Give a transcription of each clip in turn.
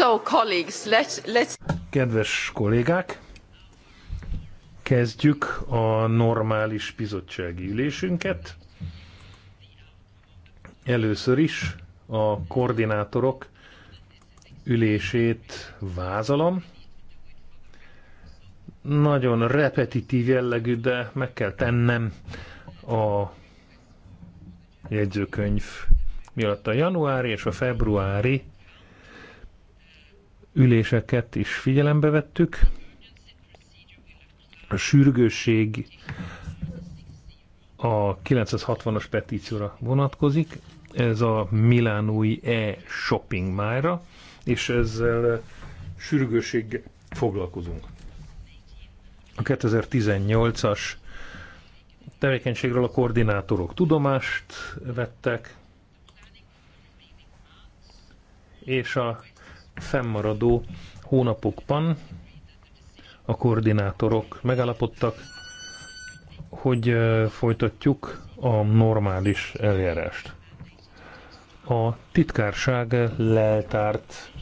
So, colleagues, let's, let's... Kedves kollégák, kezdjük a normális bizottsági ülésünket. Először is a koordinátorok ülését vázalom. Nagyon repetitív jellegű, de meg kell tennem a jegyzőkönyv miatt a januári és a februári üléseket is figyelembe vettük. A sürgősség a 960-as petícióra vonatkozik, ez a milánói e-shopping mára, és ezzel sürgősség foglalkozunk. A 2018-as tevékenységről a koordinátorok tudomást vettek, és a fennmaradó hónapokban a koordinátorok megállapodtak, hogy folytatjuk a normális eljárást. A titkárság leltárt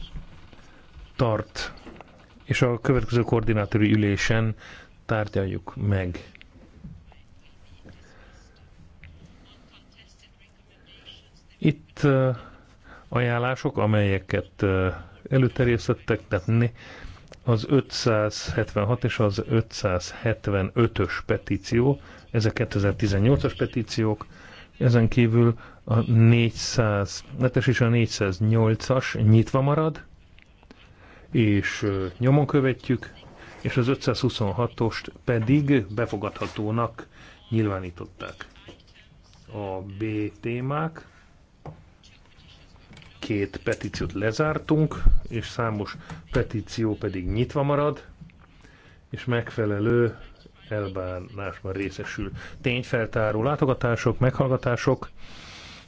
tart, és a következő koordinátori ülésen tárgyaljuk meg. Itt ajánlások, amelyeket előterjesztettek, tehát az 576 és az 575-ös petíció, ezek 2018-as petíciók, ezen kívül a 400, netes hát is a 408-as nyitva marad, és nyomon követjük, és az 526-ost pedig befogadhatónak nyilvánították. A B témák, két petíciót lezártunk, és számos petíció pedig nyitva marad, és megfelelő elbánásban részesül. Tényfeltáró látogatások, meghallgatások,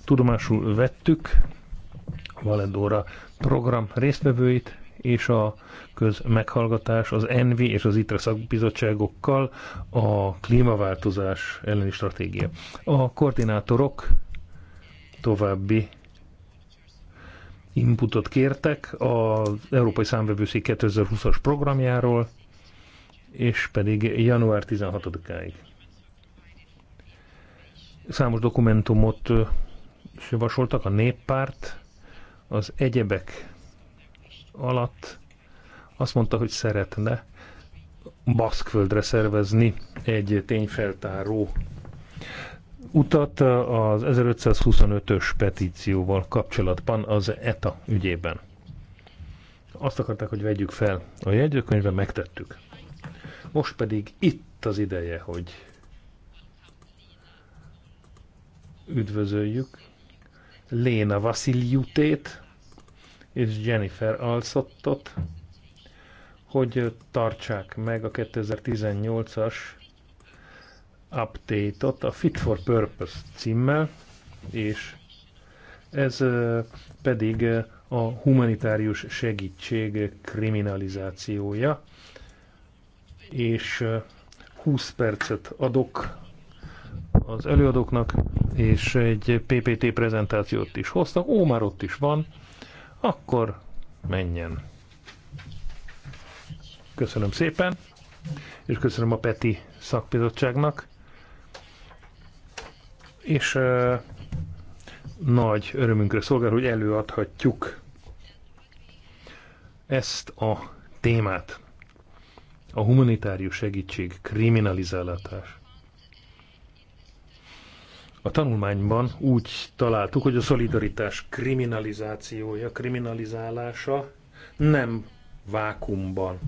tudomásul vettük a Valendóra program résztvevőit, és a közmeghallgatás az NV és az ITRA szakbizottságokkal a klímaváltozás elleni stratégia. A koordinátorok további inputot kértek az Európai Számvevőszék 2020-as programjáról, és pedig január 16-áig. Számos dokumentumot javasoltak a néppárt, az egyebek alatt azt mondta, hogy szeretne Baszkföldre szervezni egy tényfeltáró utat az 1525-ös petícióval kapcsolatban az ETA ügyében. Azt akarták, hogy vegyük fel a jegyzőkönyvben, megtettük. Most pedig itt az ideje, hogy üdvözöljük Léna Vasiljutét és Jennifer Alszottot, hogy tartsák meg a 2018-as update-ot a Fit for Purpose címmel, és ez pedig a humanitárius segítség kriminalizációja, és 20 percet adok az előadóknak, és egy PPT prezentációt is hoztam. ó, már ott is van, akkor menjen. Köszönöm szépen, és köszönöm a Peti szakbizottságnak, és ö, nagy örömünkre szolgál, hogy előadhatjuk ezt a témát. A humanitárius segítség kriminalizálatás. A tanulmányban úgy találtuk, hogy a szolidaritás kriminalizációja, kriminalizálása nem vákumban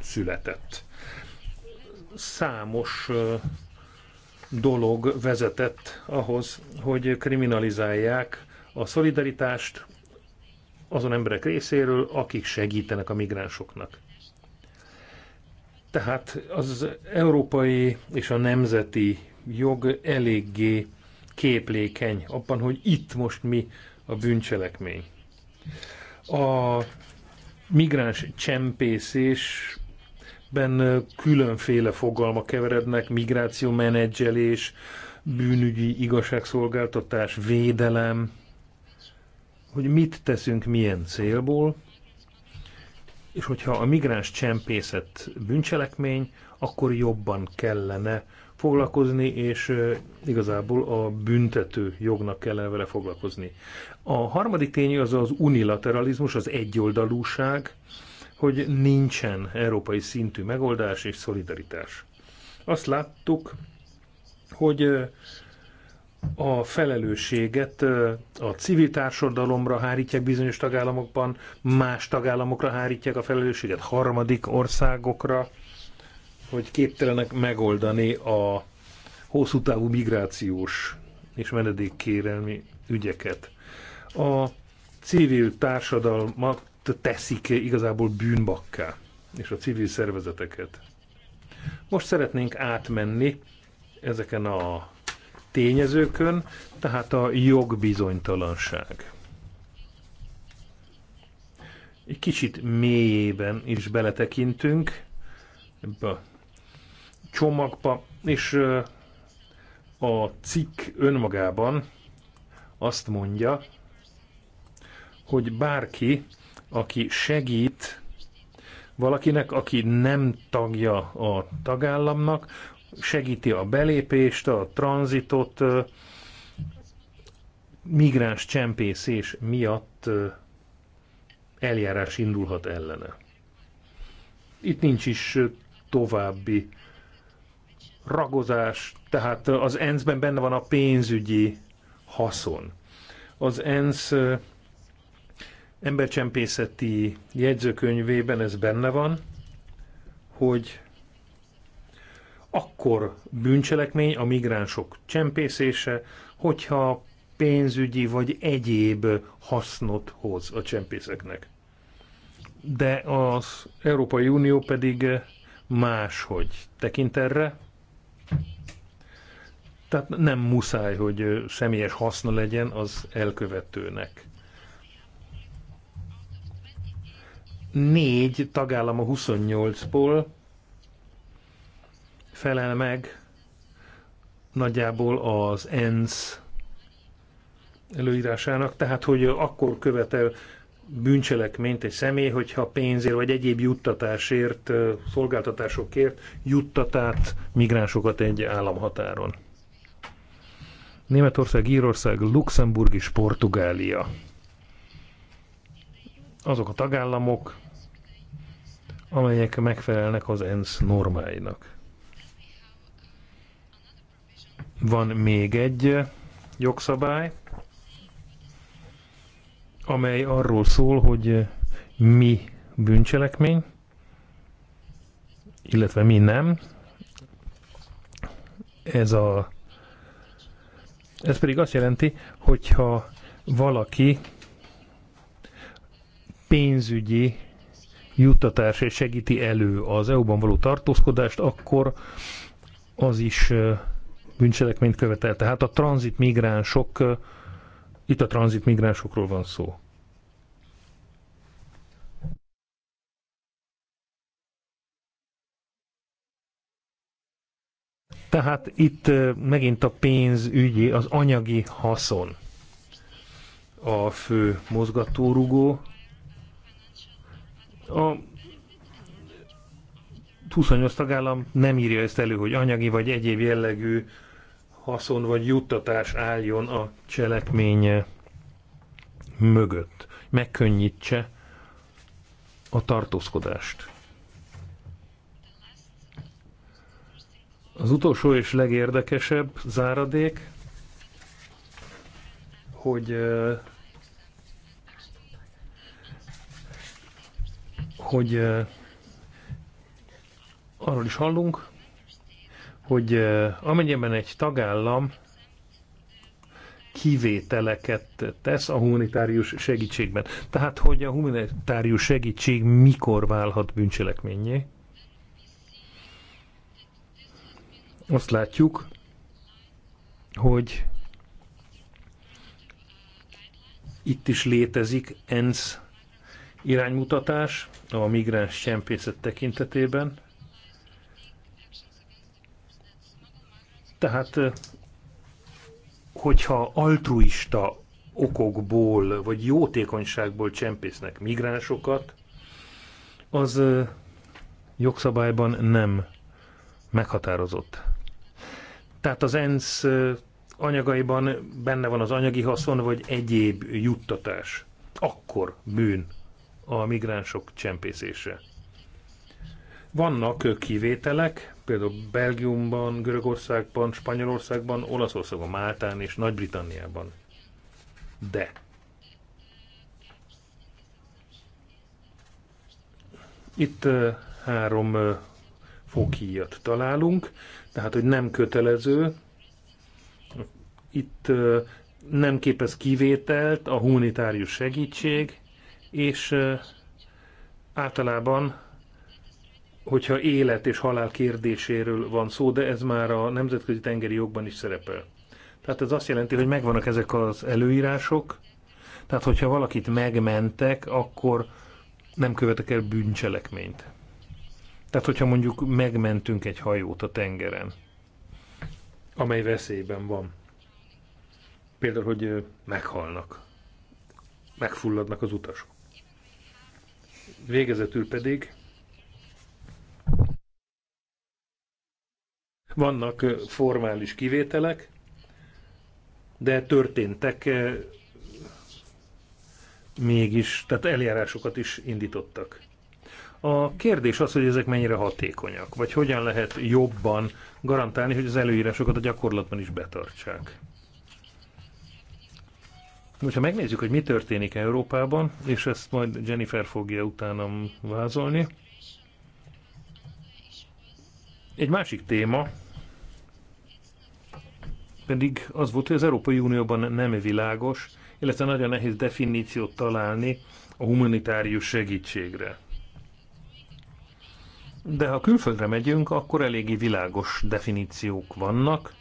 született. Számos dolog vezetett ahhoz, hogy kriminalizálják a szolidaritást azon emberek részéről, akik segítenek a migránsoknak. Tehát az európai és a nemzeti jog eléggé képlékeny abban, hogy itt most mi a bűncselekmény. A migráns csempészés ben különféle fogalmak keverednek, migráció menedzselés, bűnügyi igazságszolgáltatás, védelem, hogy mit teszünk milyen célból, és hogyha a migráns csempészet bűncselekmény, akkor jobban kellene foglalkozni, és igazából a büntető jognak kellene vele foglalkozni. A harmadik tény az az unilateralizmus, az egyoldalúság, hogy nincsen európai szintű megoldás és szolidaritás. Azt láttuk, hogy a felelősséget a civil társadalomra hárítják bizonyos tagállamokban, más tagállamokra hárítják a felelősséget, harmadik országokra, hogy képtelenek megoldani a hosszú távú migrációs és menedékkérelmi ügyeket. A civil társadalmak teszik igazából bűnbakká, és a civil szervezeteket. Most szeretnénk átmenni ezeken a tényezőkön, tehát a jogbizonytalanság. Egy kicsit mélyében is beletekintünk ebbe a csomagba, és a cikk önmagában azt mondja, hogy bárki, aki segít valakinek, aki nem tagja a tagállamnak, segíti a belépést, a tranzitot, migráns csempészés miatt eljárás indulhat ellene. Itt nincs is további ragozás, tehát az ENSZ-ben benne van a pénzügyi haszon. Az ENSZ embercsempészeti jegyzőkönyvében ez benne van, hogy akkor bűncselekmény a migránsok csempészése, hogyha pénzügyi vagy egyéb hasznot hoz a csempészeknek. De az Európai Unió pedig máshogy tekint erre, tehát nem muszáj, hogy személyes haszna legyen az elkövetőnek. négy tagállam a 28-ból felel meg nagyjából az ENSZ előírásának, tehát hogy akkor követel bűncselekményt egy személy, hogyha pénzért vagy egyéb juttatásért, szolgáltatásokért juttatát migránsokat egy államhatáron. Németország, Írország, Luxemburg és Portugália. Azok a tagállamok, amelyek megfelelnek az ENSZ normáinak. Van még egy jogszabály, amely arról szól, hogy mi bűncselekmény, illetve mi nem. Ez, a, ez pedig azt jelenti, hogyha valaki pénzügyi és segíti elő az EU-ban való tartózkodást, akkor az is bűncselekményt követel. Tehát a tranzit migránsok, itt a tranzit migránsokról van szó. Tehát itt megint a pénz ügyi, az anyagi haszon a fő mozgatórugó, a 28 tagállam nem írja ezt elő, hogy anyagi vagy egyéb jellegű haszon vagy juttatás álljon a cselekménye mögött, megkönnyítse a tartózkodást. Az utolsó és legérdekesebb záradék, hogy hogy arról is hallunk, hogy amennyiben egy tagállam kivételeket tesz a humanitárius segítségben. Tehát, hogy a humanitárius segítség mikor válhat bűncselekményé? Azt látjuk, hogy itt is létezik ENSZ iránymutatás a migráns csempészet tekintetében. Tehát, hogyha altruista okokból, vagy jótékonyságból csempésznek migránsokat, az jogszabályban nem meghatározott. Tehát az ENSZ anyagaiban benne van az anyagi haszon, vagy egyéb juttatás. Akkor bűn a migránsok csempészése. Vannak kivételek, például Belgiumban, Görögországban, Spanyolországban, Olaszországban, Máltán és Nagy-Britanniában. De itt három fokhíjat találunk, tehát hogy nem kötelező, itt nem képez kivételt a humanitárius segítség, és általában hogyha élet és halál kérdéséről van szó, de ez már a nemzetközi tengeri jogban is szerepel. Tehát ez azt jelenti, hogy megvannak ezek az előírások, tehát hogyha valakit megmentek, akkor nem követek el bűncselekményt. Tehát hogyha mondjuk megmentünk egy hajót a tengeren, amely veszélyben van, például, hogy meghalnak, megfulladnak az utasok. Végezetül pedig vannak formális kivételek, de történtek mégis, tehát eljárásokat is indítottak. A kérdés az, hogy ezek mennyire hatékonyak, vagy hogyan lehet jobban garantálni, hogy az előírásokat a gyakorlatban is betartsák ha megnézzük, hogy mi történik Európában, és ezt majd Jennifer fogja utánam vázolni. Egy másik téma pedig az volt, hogy az Európai Unióban nem világos, illetve nagyon nehéz definíciót találni a humanitárius segítségre. De ha külföldre megyünk, akkor eléggé világos definíciók vannak,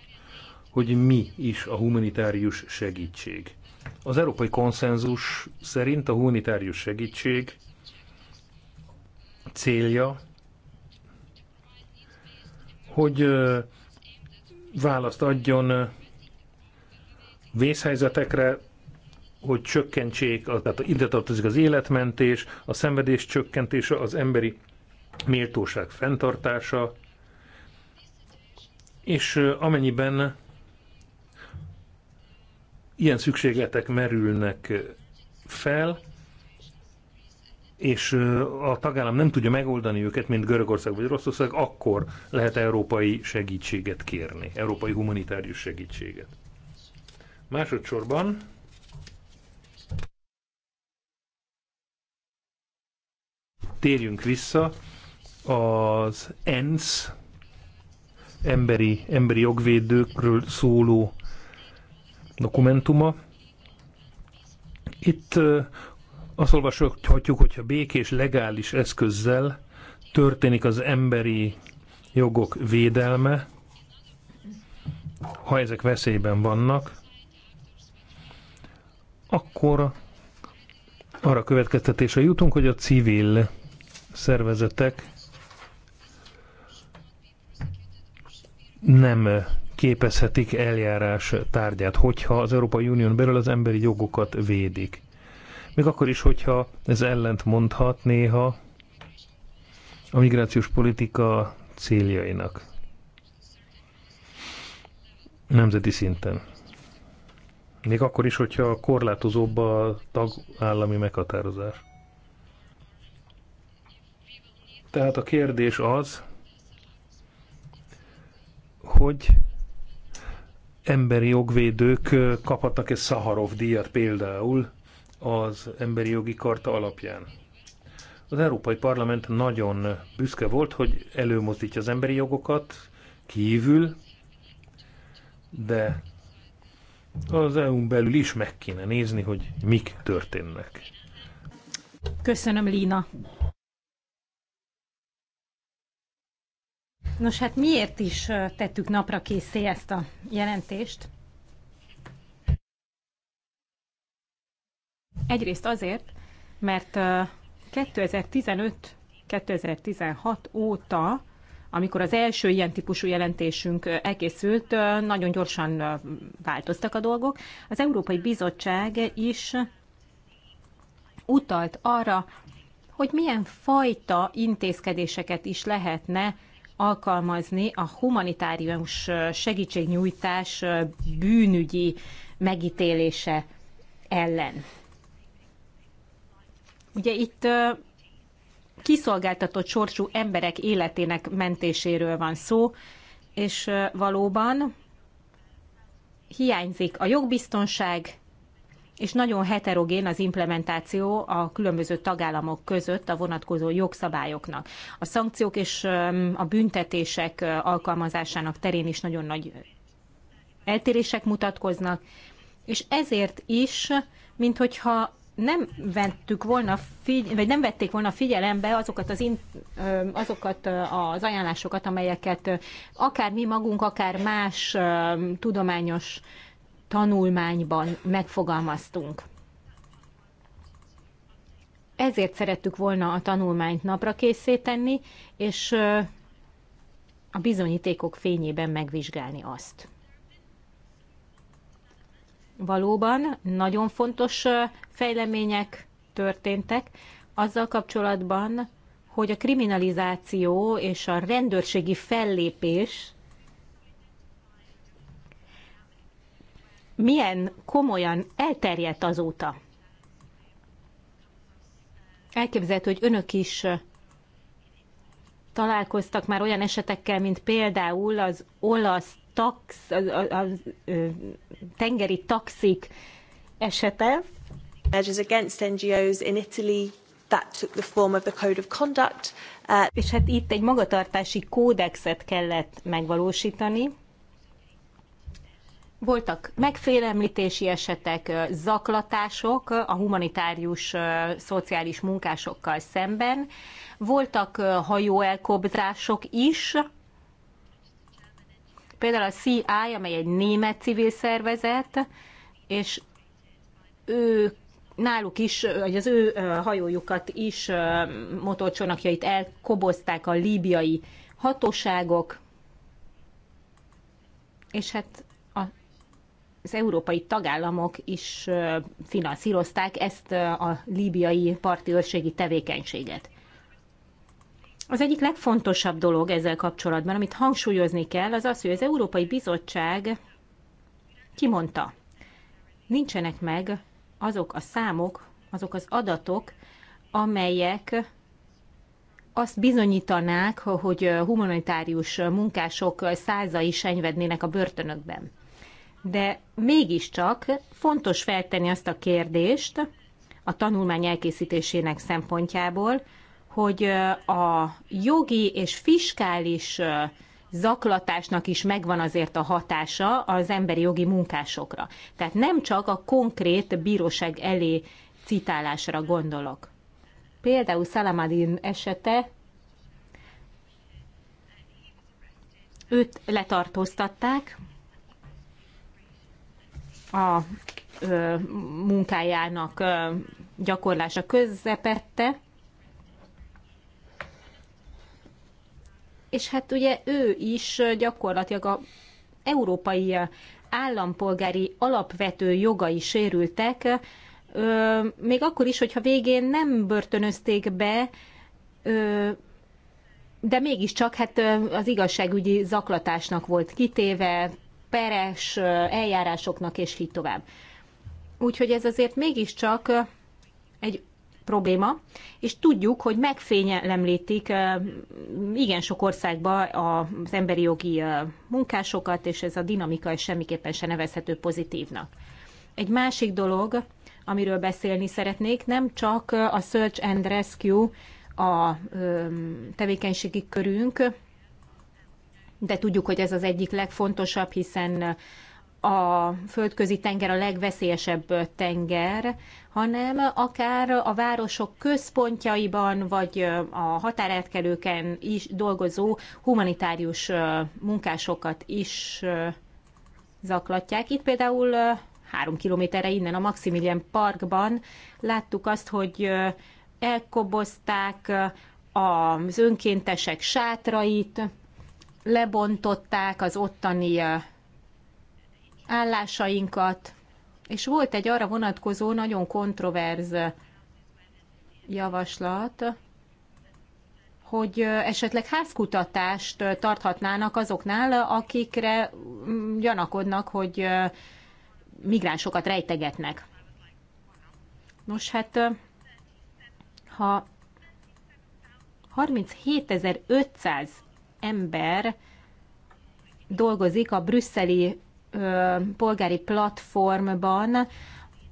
hogy mi is a humanitárius segítség. Az európai konszenzus szerint a humanitárius segítség célja, hogy választ adjon vészhelyzetekre, hogy csökkentsék, tehát ide tartozik az életmentés, a szenvedés csökkentése, az emberi méltóság fenntartása, és amennyiben ilyen szükségletek merülnek fel, és a tagállam nem tudja megoldani őket, mint Görögország vagy Oroszország, akkor lehet európai segítséget kérni, európai humanitárius segítséget. Másodszorban térjünk vissza az ENSZ emberi, emberi jogvédőkről szóló dokumentuma. Itt azt olvashatjuk, hogyha békés, legális eszközzel történik az emberi jogok védelme, ha ezek veszélyben vannak, akkor arra következtetésre jutunk, hogy a civil szervezetek nem képezhetik eljárás tárgyát, hogyha az Európai Unión belül az emberi jogokat védik. Még akkor is, hogyha ez ellent mondhat néha a migrációs politika céljainak. Nemzeti szinten. Még akkor is, hogyha korlátozóbb a tagállami meghatározás. Tehát a kérdés az, hogy emberi jogvédők kaphatnak egy Szaharov díjat például az emberi jogi karta alapján. Az Európai Parlament nagyon büszke volt, hogy előmozdítja az emberi jogokat kívül, de az EU-n belül is meg kéne nézni, hogy mik történnek. Köszönöm, Lína. Nos, hát miért is tettük napra készé ezt a jelentést? Egyrészt azért, mert 2015-2016 óta, amikor az első ilyen típusú jelentésünk elkészült, nagyon gyorsan változtak a dolgok. Az Európai Bizottság is utalt arra, hogy milyen fajta intézkedéseket is lehetne alkalmazni a humanitárius segítségnyújtás bűnügyi megítélése ellen. Ugye itt kiszolgáltatott sorsú emberek életének mentéséről van szó, és valóban hiányzik a jogbiztonság, és nagyon heterogén az implementáció a különböző tagállamok között a vonatkozó jogszabályoknak. A szankciók és a büntetések alkalmazásának terén is nagyon nagy eltérések mutatkoznak, és ezért is, mint hogyha nem vettük volna figy- vagy nem vették volna figyelembe azokat az, in- azokat az ajánlásokat, amelyeket akár mi magunk, akár más tudományos tanulmányban megfogalmaztunk. Ezért szerettük volna a tanulmányt napra készíteni, és a bizonyítékok fényében megvizsgálni azt. Valóban nagyon fontos fejlemények történtek azzal kapcsolatban, hogy a kriminalizáció és a rendőrségi fellépés milyen komolyan elterjedt azóta. Elképzelhető, hogy önök is találkoztak már olyan esetekkel, mint például az olasz tax, az, az, az, tengeri taxik esete. Measures against NGOs in Italy that took the form of the code of conduct. Uh, és hát itt egy magatartási kódexet kellett megvalósítani voltak megfélemlítési esetek, zaklatások a humanitárius szociális munkásokkal szemben, voltak hajóelkobzások is, például a CI, amely egy német civil szervezet, és ő náluk is, vagy az ő hajójukat is, motorcsónakjait elkobozták a líbiai hatóságok, és hát az európai tagállamok is finanszírozták ezt a líbiai parti őrségi tevékenységet. Az egyik legfontosabb dolog ezzel kapcsolatban, amit hangsúlyozni kell, az az, hogy az Európai Bizottság kimondta, nincsenek meg azok a számok, azok az adatok, amelyek azt bizonyítanák, hogy humanitárius munkások százai senyvednének a börtönökben de mégiscsak fontos feltenni azt a kérdést a tanulmány elkészítésének szempontjából, hogy a jogi és fiskális zaklatásnak is megvan azért a hatása az emberi jogi munkásokra. Tehát nem csak a konkrét bíróság elé citálásra gondolok. Például Salamadin esete, őt letartóztatták, a munkájának gyakorlása közepette. És hát ugye ő is gyakorlatilag a európai állampolgári alapvető jogai sérültek, még akkor is, hogyha végén nem börtönözték be, de mégiscsak hát az igazságügyi zaklatásnak volt kitéve, peres eljárásoknak, és így tovább. Úgyhogy ez azért mégiscsak egy probléma, és tudjuk, hogy megfényelemlítik igen sok országba az emberi jogi munkásokat, és ez a dinamika is semmiképpen se nevezhető pozitívnak. Egy másik dolog, amiről beszélni szeretnék, nem csak a Search and Rescue a tevékenységi körünk, de tudjuk, hogy ez az egyik legfontosabb, hiszen a földközi tenger a legveszélyesebb tenger, hanem akár a városok központjaiban, vagy a határátkelőken is dolgozó humanitárius munkásokat is zaklatják. Itt például három kilométerre innen a Maximilian Parkban láttuk azt, hogy elkobozták az önkéntesek sátrait, lebontották az ottani állásainkat, és volt egy arra vonatkozó nagyon kontroverz javaslat, hogy esetleg házkutatást tarthatnának azoknál, akikre mm, gyanakodnak, hogy migránsokat rejtegetnek. Nos, hát ha 37.500 ember dolgozik a brüsszeli ö, polgári platformban,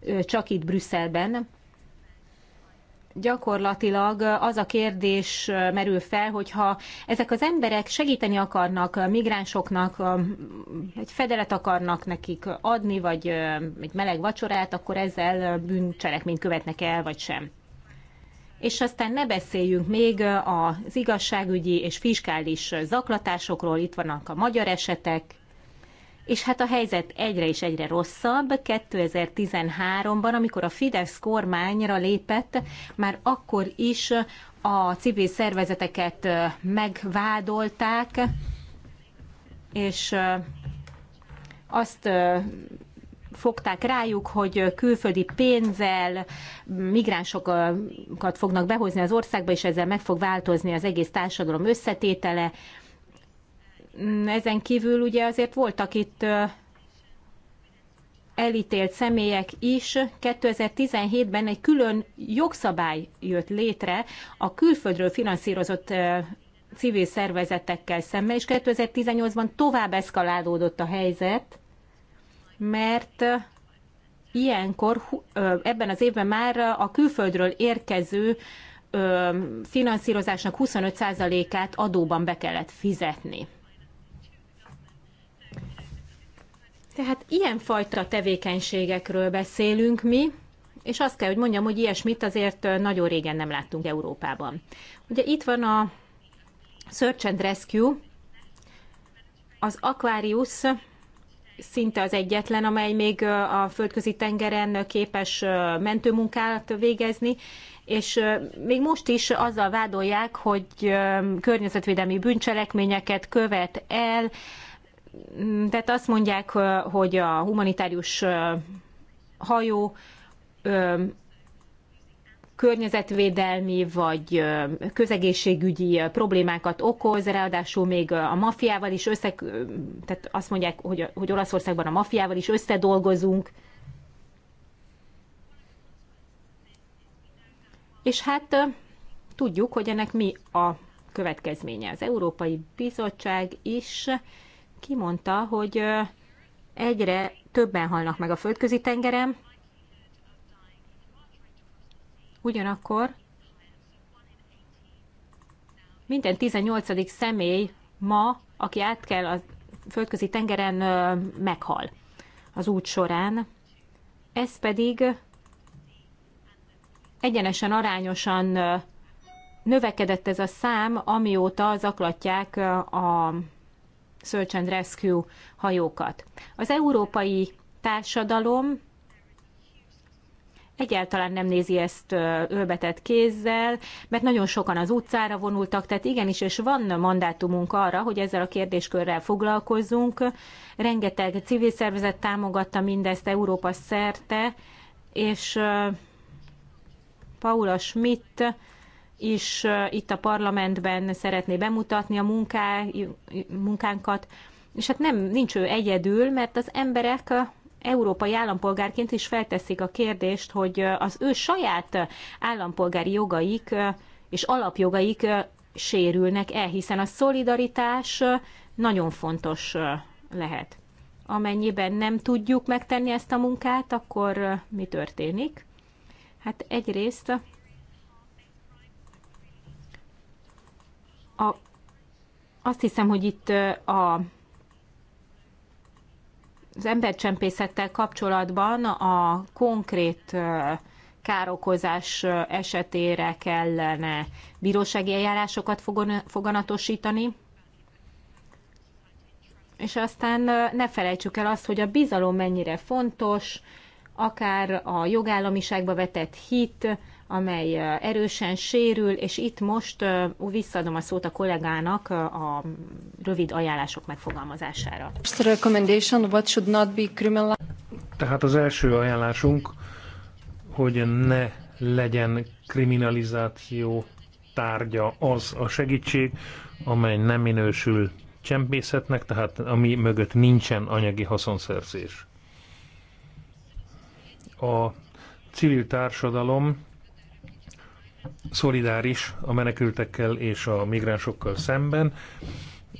ö, csak itt Brüsszelben. Gyakorlatilag az a kérdés merül fel, hogyha ezek az emberek segíteni akarnak migránsoknak, egy fedelet akarnak nekik adni, vagy egy meleg vacsorát, akkor ezzel bűncselekményt követnek el, vagy sem és aztán ne beszéljünk még az igazságügyi és fiskális zaklatásokról, itt vannak a magyar esetek, és hát a helyzet egyre és egyre rosszabb. 2013-ban, amikor a Fidesz kormányra lépett, már akkor is a civil szervezeteket megvádolták, és azt fogták rájuk, hogy külföldi pénzzel migránsokat fognak behozni az országba, és ezzel meg fog változni az egész társadalom összetétele. Ezen kívül ugye azért voltak itt elítélt személyek is 2017-ben egy külön jogszabály jött létre a külföldről finanszírozott civil szervezetekkel szemben, és 2018-ban tovább eszkalálódott a helyzet, mert ilyenkor ebben az évben már a külföldről érkező finanszírozásnak 25%-át adóban be kellett fizetni. Tehát ilyenfajta tevékenységekről beszélünk mi, és azt kell, hogy mondjam, hogy ilyesmit azért nagyon régen nem láttunk Európában. Ugye itt van a Search and Rescue, az Aquarius szinte az egyetlen, amely még a földközi tengeren képes mentőmunkát végezni, és még most is azzal vádolják, hogy környezetvédelmi bűncselekményeket követ el, mm, tehát azt mondják, hogy a humanitárius hajó környezetvédelmi vagy közegészségügyi problémákat okoz, ráadásul még a mafiával is össze, tehát azt mondják, hogy, hogy Olaszországban a mafiával is összedolgozunk. És hát tudjuk, hogy ennek mi a következménye. Az Európai Bizottság is kimondta, hogy egyre többen halnak meg a földközi tengerem, Ugyanakkor minden 18. személy ma, aki át kell a földközi tengeren, meghal az út során. Ez pedig egyenesen arányosan növekedett ez a szám, amióta zaklatják a search and rescue hajókat. Az európai társadalom egyáltalán nem nézi ezt ölbetett kézzel, mert nagyon sokan az utcára vonultak, tehát igenis, és van mandátumunk arra, hogy ezzel a kérdéskörrel foglalkozzunk. Rengeteg civil szervezet támogatta mindezt Európa szerte, és Paula Schmidt is itt a parlamentben szeretné bemutatni a munká, munkánkat, és hát nem, nincs ő egyedül, mert az emberek európai állampolgárként is felteszik a kérdést, hogy az ő saját állampolgári jogaik és alapjogaik sérülnek el, hiszen a szolidaritás nagyon fontos lehet. Amennyiben nem tudjuk megtenni ezt a munkát, akkor mi történik? Hát egyrészt a, azt hiszem, hogy itt a az embercsempészettel kapcsolatban a konkrét károkozás esetére kellene bírósági eljárásokat foganatosítani, és aztán ne felejtsük el azt, hogy a bizalom mennyire fontos, akár a jogállamiságba vetett hit, amely erősen sérül, és itt most visszaadom a szót a kollégának a rövid ajánlások megfogalmazására. Tehát az első ajánlásunk, hogy ne legyen kriminalizáció tárgya az a segítség, amely nem minősül csempészetnek, tehát ami mögött nincsen anyagi haszonszerzés. A civil társadalom szolidáris a menekültekkel és a migránsokkal szemben,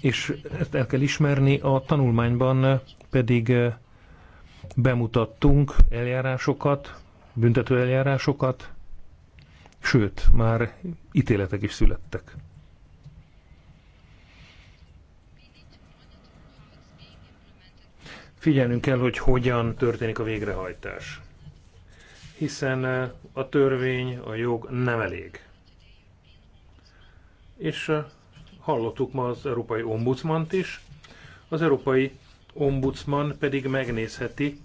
és ezt el kell ismerni, a tanulmányban pedig eh, bemutattunk eljárásokat, büntető eljárásokat, sőt, már ítéletek is születtek. Figyelnünk kell, hogy hogyan történik a végrehajtás hiszen a törvény, a jog nem elég. És hallottuk ma az Európai Ombudsmant is, az Európai Ombudsman pedig megnézheti,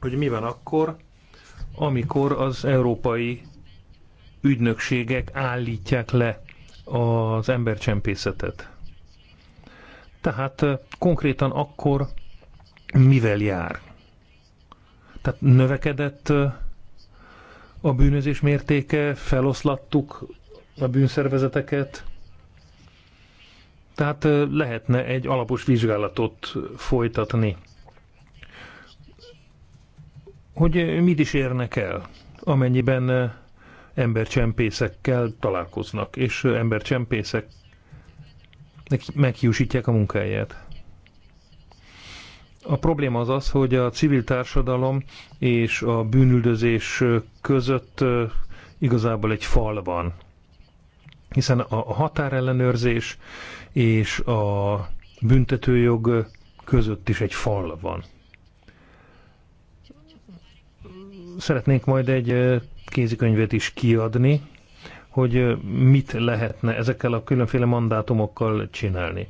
hogy mi van akkor, amikor az európai ügynökségek állítják le az embercsempészetet. Tehát konkrétan akkor mivel jár? Tehát növekedett a bűnözés mértéke, feloszlattuk a bűnszervezeteket, tehát lehetne egy alapos vizsgálatot folytatni. Hogy mit is érnek el, amennyiben embercsempészekkel találkoznak, és embercsempészek meghiúsítják a munkáját. A probléma az az, hogy a civil társadalom és a bűnüldözés között igazából egy fal van. Hiszen a határellenőrzés és a büntetőjog között is egy fal van. Szeretnénk majd egy kézikönyvet is kiadni, hogy mit lehetne ezekkel a különféle mandátumokkal csinálni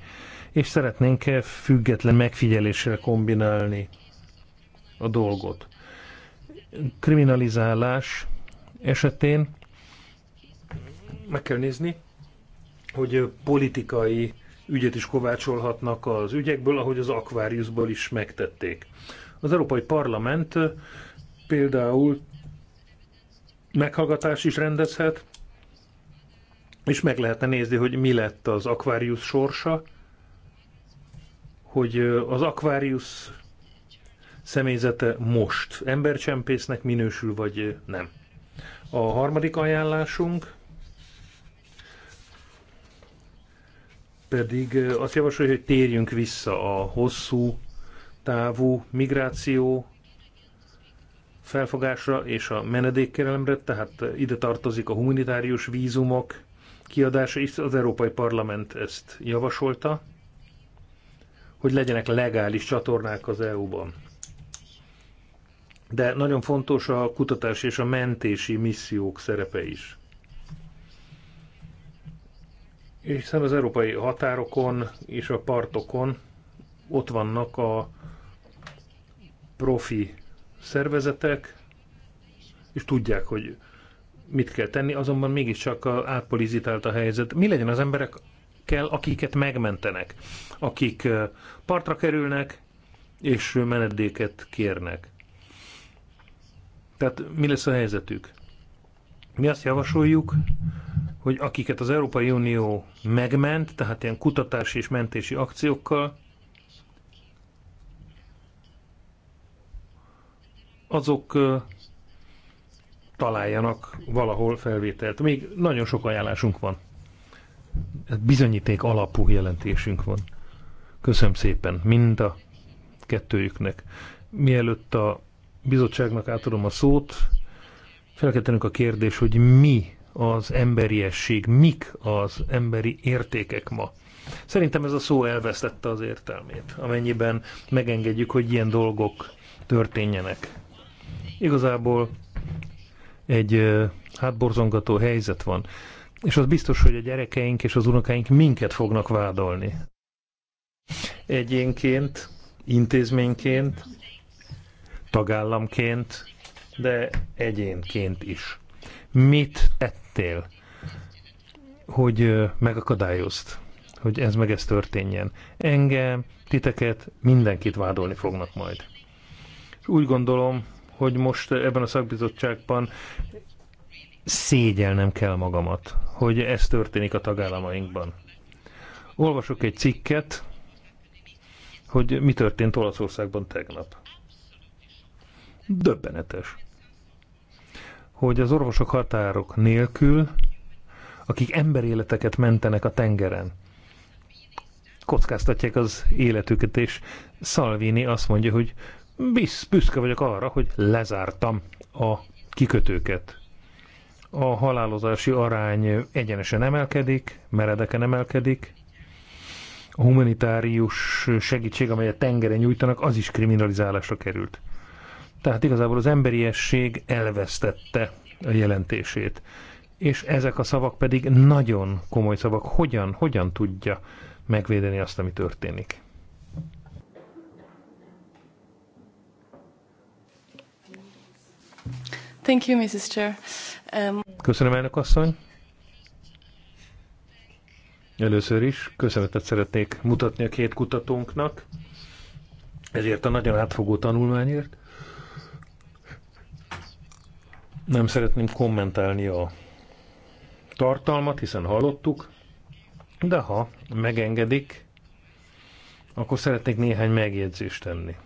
és szeretnénk független megfigyelésre kombinálni a dolgot. Kriminalizálás esetén meg kell nézni, hogy politikai ügyet is kovácsolhatnak az ügyekből, ahogy az akváriusból is megtették. Az Európai Parlament például meghallgatás is rendezhet, és meg lehetne nézni, hogy mi lett az akvárius sorsa, hogy az Aquarius személyzete most embercsempésznek minősül, vagy nem. A harmadik ajánlásunk pedig azt javasolja, hogy térjünk vissza a hosszú távú migráció felfogásra és a menedékkérelemre, tehát ide tartozik a humanitárius vízumok kiadása is, az Európai Parlament ezt javasolta hogy legyenek legális csatornák az EU-ban. De nagyon fontos a kutatás és a mentési missziók szerepe is. Hiszen az európai határokon és a partokon ott vannak a profi szervezetek, és tudják, hogy mit kell tenni, azonban mégiscsak átpolizitált a helyzet. Mi legyen az emberek kell, akiket megmentenek, akik partra kerülnek és menedéket kérnek. Tehát mi lesz a helyzetük? Mi azt javasoljuk, hogy akiket az Európai Unió megment, tehát ilyen kutatási és mentési akciókkal, azok találjanak valahol felvételt. Még nagyon sok ajánlásunk van. Hát bizonyíték alapú jelentésünk van. Köszönöm szépen mind a kettőjüknek. Mielőtt a bizottságnak átadom a szót, felkettenünk a kérdés, hogy mi az emberiesség, mik az emberi értékek ma. Szerintem ez a szó elvesztette az értelmét, amennyiben megengedjük, hogy ilyen dolgok történjenek. Igazából egy hátborzongató helyzet van. És az biztos, hogy a gyerekeink és az unokáink minket fognak vádolni. Egyénként, intézményként, tagállamként, de egyénként is. Mit tettél, hogy megakadályozt, hogy ez meg ez történjen? Engem, titeket, mindenkit vádolni fognak majd. úgy gondolom, hogy most ebben a szakbizottságban szégyelnem kell magamat, hogy ez történik a tagállamainkban. Olvasok egy cikket, hogy mi történt Olaszországban tegnap. Döbbenetes. Hogy az orvosok határok nélkül, akik emberéleteket mentenek a tengeren, kockáztatják az életüket, és Salvini azt mondja, hogy büszke vagyok arra, hogy lezártam a kikötőket a halálozási arány egyenesen emelkedik, meredeken emelkedik, a humanitárius segítség, amelyet tengere nyújtanak, az is kriminalizálásra került. Tehát igazából az emberiesség elvesztette a jelentését. És ezek a szavak pedig nagyon komoly szavak. Hogyan, hogyan tudja megvédeni azt, ami történik? Thank you, Mrs. Chair. Um... Köszönöm, elnök asszony. Először is köszönetet szeretnék mutatni a két kutatónknak, ezért a nagyon átfogó tanulmányért. Nem szeretném kommentálni a tartalmat, hiszen hallottuk, de ha megengedik, akkor szeretnék néhány megjegyzést tenni.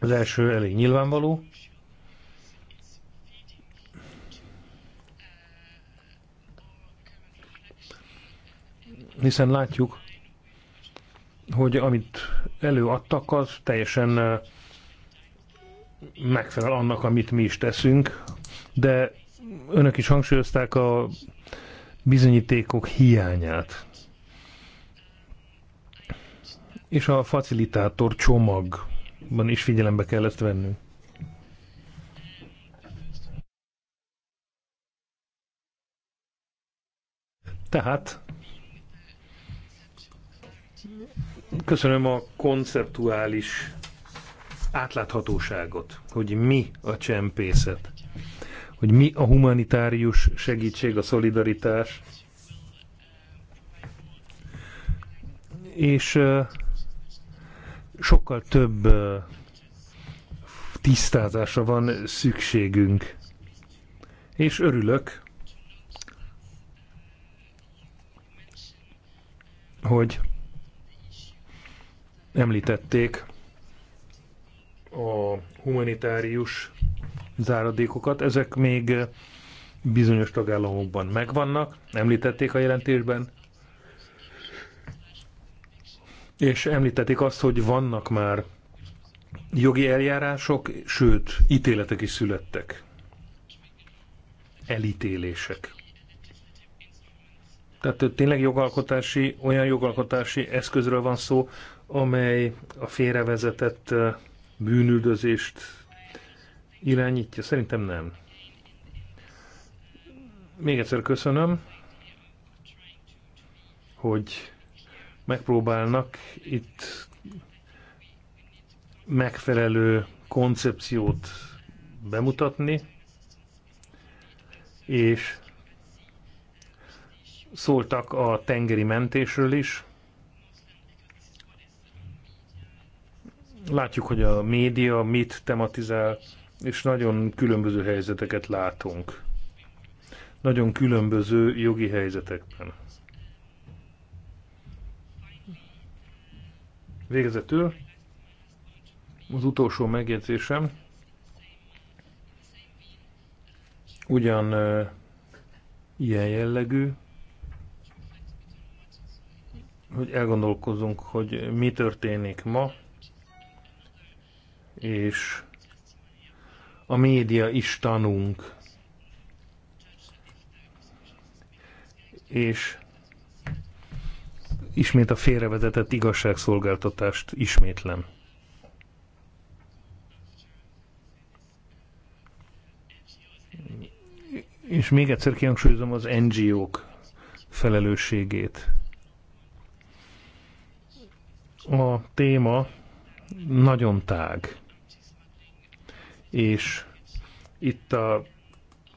Az első elég nyilvánvaló, hiszen látjuk, hogy amit előadtak, az teljesen megfelel annak, amit mi is teszünk, de önök is hangsúlyozták a bizonyítékok hiányát. És a facilitátor csomagban is figyelembe kell ezt vennünk. Tehát Köszönöm a konceptuális átláthatóságot, hogy mi a csempészet, hogy mi a humanitárius segítség, a szolidaritás. És sokkal több tisztázásra van szükségünk. És örülök, hogy Említették a humanitárius záradékokat. Ezek még bizonyos tagállamokban megvannak, említették a jelentésben, és említették azt, hogy vannak már jogi eljárások, sőt, ítéletek is születtek. Elítélések. Tehát tényleg jogalkotási, olyan jogalkotási eszközről van szó, amely a félrevezetett bűnüldözést irányítja? Szerintem nem. Még egyszer köszönöm, hogy megpróbálnak itt megfelelő koncepciót bemutatni, és szóltak a tengeri mentésről is, Látjuk, hogy a média mit tematizál, és nagyon különböző helyzeteket látunk. Nagyon különböző jogi helyzetekben. Végezetül az utolsó megjegyzésem ugyan uh, ilyen jellegű, hogy elgondolkozunk, hogy mi történik ma, és a média is tanunk. És ismét a félrevezetett igazságszolgáltatást ismétlem. És még egyszer kihangsúlyozom az NGO-k felelősségét. A téma nagyon tág és itt a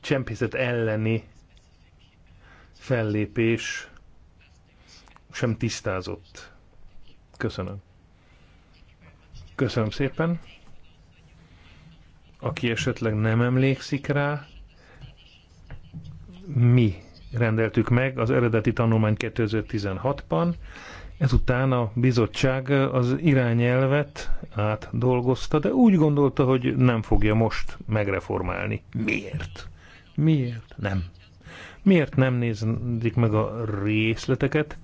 csempészet elleni fellépés sem tisztázott. Köszönöm. Köszönöm szépen. Aki esetleg nem emlékszik rá, mi rendeltük meg az eredeti tanulmány 2016-ban, Ezután a bizottság az irányelvet átdolgozta, de úgy gondolta, hogy nem fogja most megreformálni. Miért? Miért? Nem. Miért nem nézik meg a részleteket?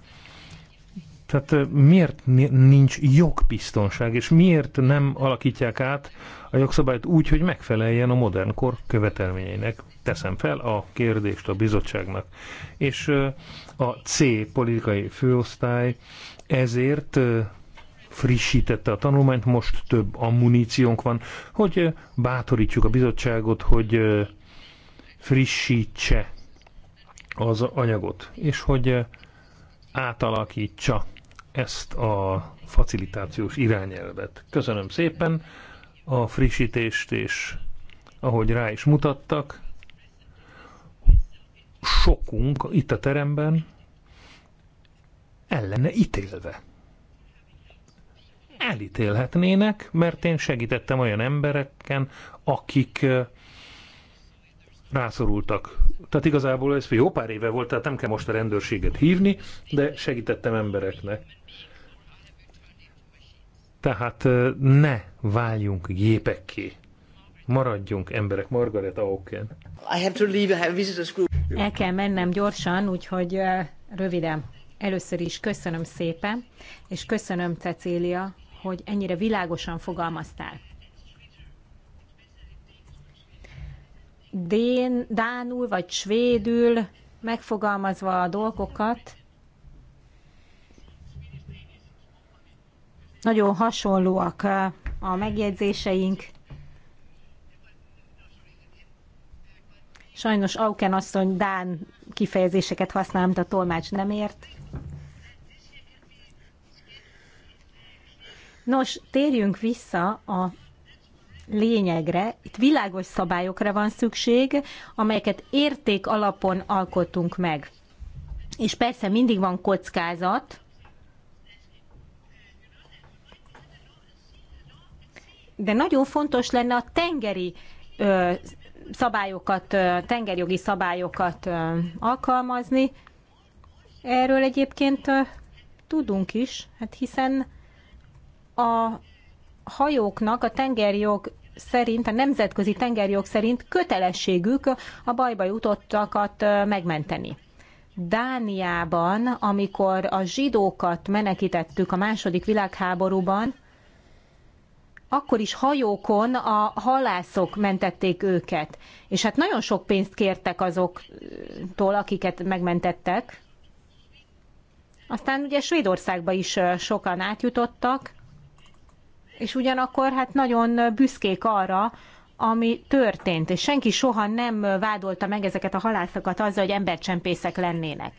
Tehát miért nincs jogbiztonság, és miért nem alakítják át a jogszabályt úgy, hogy megfeleljen a modern kor követelményeinek? Teszem fel a kérdést a bizottságnak. És a C politikai főosztály ezért frissítette a tanulmányt, most több ammuníciónk van, hogy bátorítjuk a bizottságot, hogy frissítse az anyagot, és hogy átalakítsa ezt a facilitációs irányelvet. Köszönöm szépen a frissítést, és ahogy rá is mutattak, sokunk itt a teremben ellene ítélve. Elítélhetnének, mert én segítettem olyan embereken, akik rászorultak. Tehát igazából ez jó pár éve volt, tehát nem kell most a rendőrséget hívni, de segítettem embereknek. Tehát ne váljunk gépekké. Maradjunk emberek. Margaret Auken. I have to leave, I have visitors group. El kell mennem gyorsan, úgyhogy röviden. Először is köszönöm szépen, és köszönöm, Cecília, hogy ennyire világosan fogalmaztál. Dén, Dánul vagy svédül megfogalmazva a dolgokat, Nagyon hasonlóak a megjegyzéseink. Sajnos Auken asszony Dán kifejezéseket használ, amit a tolmács nem ért. Nos, térjünk vissza a lényegre. Itt világos szabályokra van szükség, amelyeket érték alapon alkotunk meg. És persze mindig van kockázat, de nagyon fontos lenne a tengeri szabályokat, tengerjogi szabályokat alkalmazni. Erről egyébként tudunk is, hát hiszen a hajóknak a tengerjog szerint, a nemzetközi tengerjog szerint kötelességük a bajba jutottakat megmenteni. Dániában, amikor a zsidókat menekítettük a második világháborúban, akkor is hajókon a halászok mentették őket. És hát nagyon sok pénzt kértek azoktól, akiket megmentettek. Aztán ugye Svédországba is sokan átjutottak, és ugyanakkor hát nagyon büszkék arra, ami történt, és senki soha nem vádolta meg ezeket a halászokat azzal, hogy embercsempészek lennének.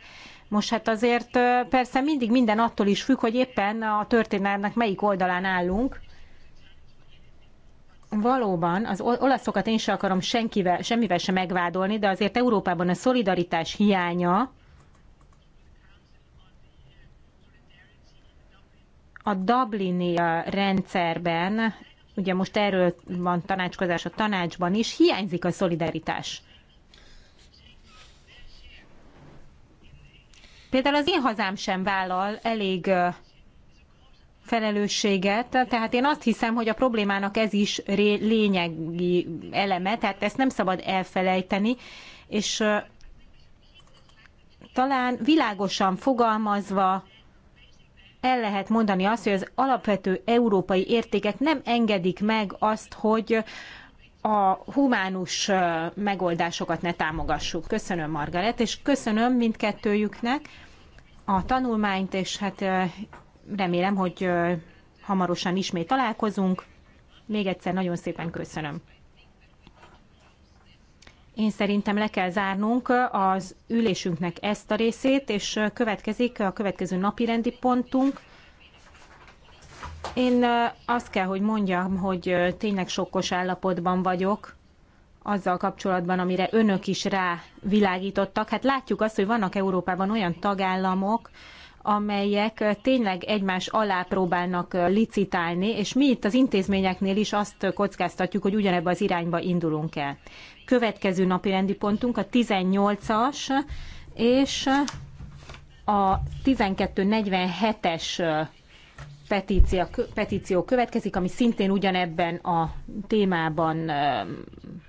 Most hát azért persze mindig minden attól is függ, hogy éppen a történelmnek melyik oldalán állunk, valóban az olaszokat én sem akarom senkivel, semmivel sem megvádolni, de azért Európában a szolidaritás hiánya a Dublini rendszerben, ugye most erről van tanácskozás a tanácsban is, hiányzik a szolidaritás. Például az én hazám sem vállal elég felelősséget. Tehát én azt hiszem, hogy a problémának ez is lényegi eleme, tehát ezt nem szabad elfelejteni, és talán világosan fogalmazva el lehet mondani azt, hogy az alapvető európai értékek nem engedik meg azt, hogy a humánus megoldásokat ne támogassuk. Köszönöm, Margaret, és köszönöm mindkettőjüknek a tanulmányt, és hát remélem, hogy hamarosan ismét találkozunk. Még egyszer nagyon szépen köszönöm. Én szerintem le kell zárnunk az ülésünknek ezt a részét, és következik a következő napi rendi pontunk. Én azt kell, hogy mondjam, hogy tényleg sokkos állapotban vagyok azzal kapcsolatban, amire önök is rávilágítottak. Hát látjuk azt, hogy vannak Európában olyan tagállamok, amelyek tényleg egymás alá próbálnak licitálni, és mi itt az intézményeknél is azt kockáztatjuk, hogy ugyanebbe az irányba indulunk el. Következő napi rendi pontunk a 18-as és a 1247-es petíció, petíció következik, ami szintén ugyanebben a témában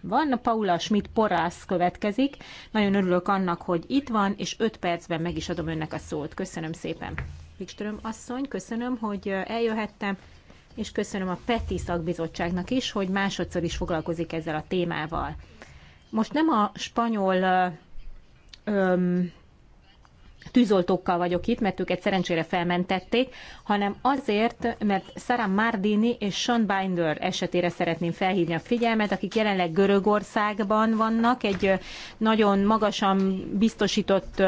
van. Paula Schmidt Porász következik. Nagyon örülök annak, hogy itt van, és 5 percben meg is adom önnek a szót. Köszönöm szépen. Wikström asszony, köszönöm, hogy eljöhettem, és köszönöm a PETI szakbizottságnak is, hogy másodszor is foglalkozik ezzel a témával. Most nem a spanyol öm, tűzoltókkal vagyok itt, mert őket szerencsére felmentették, hanem azért, mert Sarah Mardini és Sean Binder esetére szeretném felhívni a figyelmet, akik jelenleg Görögországban vannak, egy nagyon magasan biztosított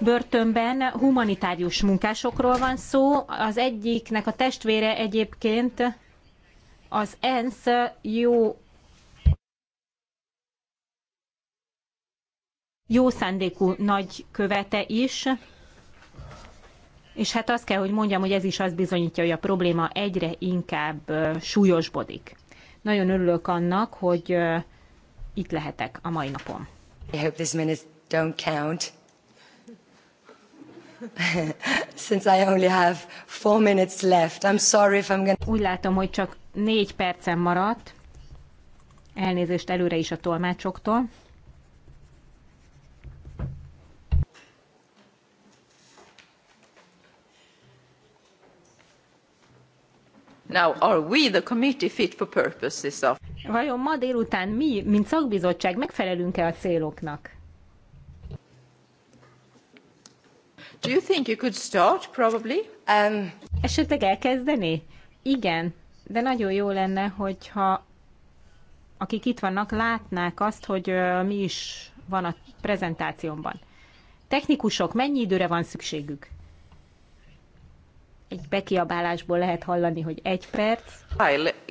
börtönben humanitárius munkásokról van szó. Az egyiknek a testvére egyébként az ENSZ jó jó szándékú nagykövete is, és hát azt kell, hogy mondjam, hogy ez is azt bizonyítja, hogy a probléma egyre inkább súlyosbodik. Nagyon örülök annak, hogy itt lehetek a mai napon. I hope don't count. Since I only have four minutes left, I'm sorry if I'm gonna... Úgy látom, hogy csak négy percem maradt. Elnézést előre is a tolmácsoktól. Now, are we the committee fit for Vajon ma délután mi, mint szakbizottság megfelelünk-e a céloknak? Do you think you could start, probably? Um... Esetleg elkezdeni? Igen, de nagyon jó lenne, hogyha akik itt vannak, látnák azt, hogy mi is van a prezentációmban. Technikusok, mennyi időre van szükségük? egy bekiabálásból lehet hallani, hogy egy perc.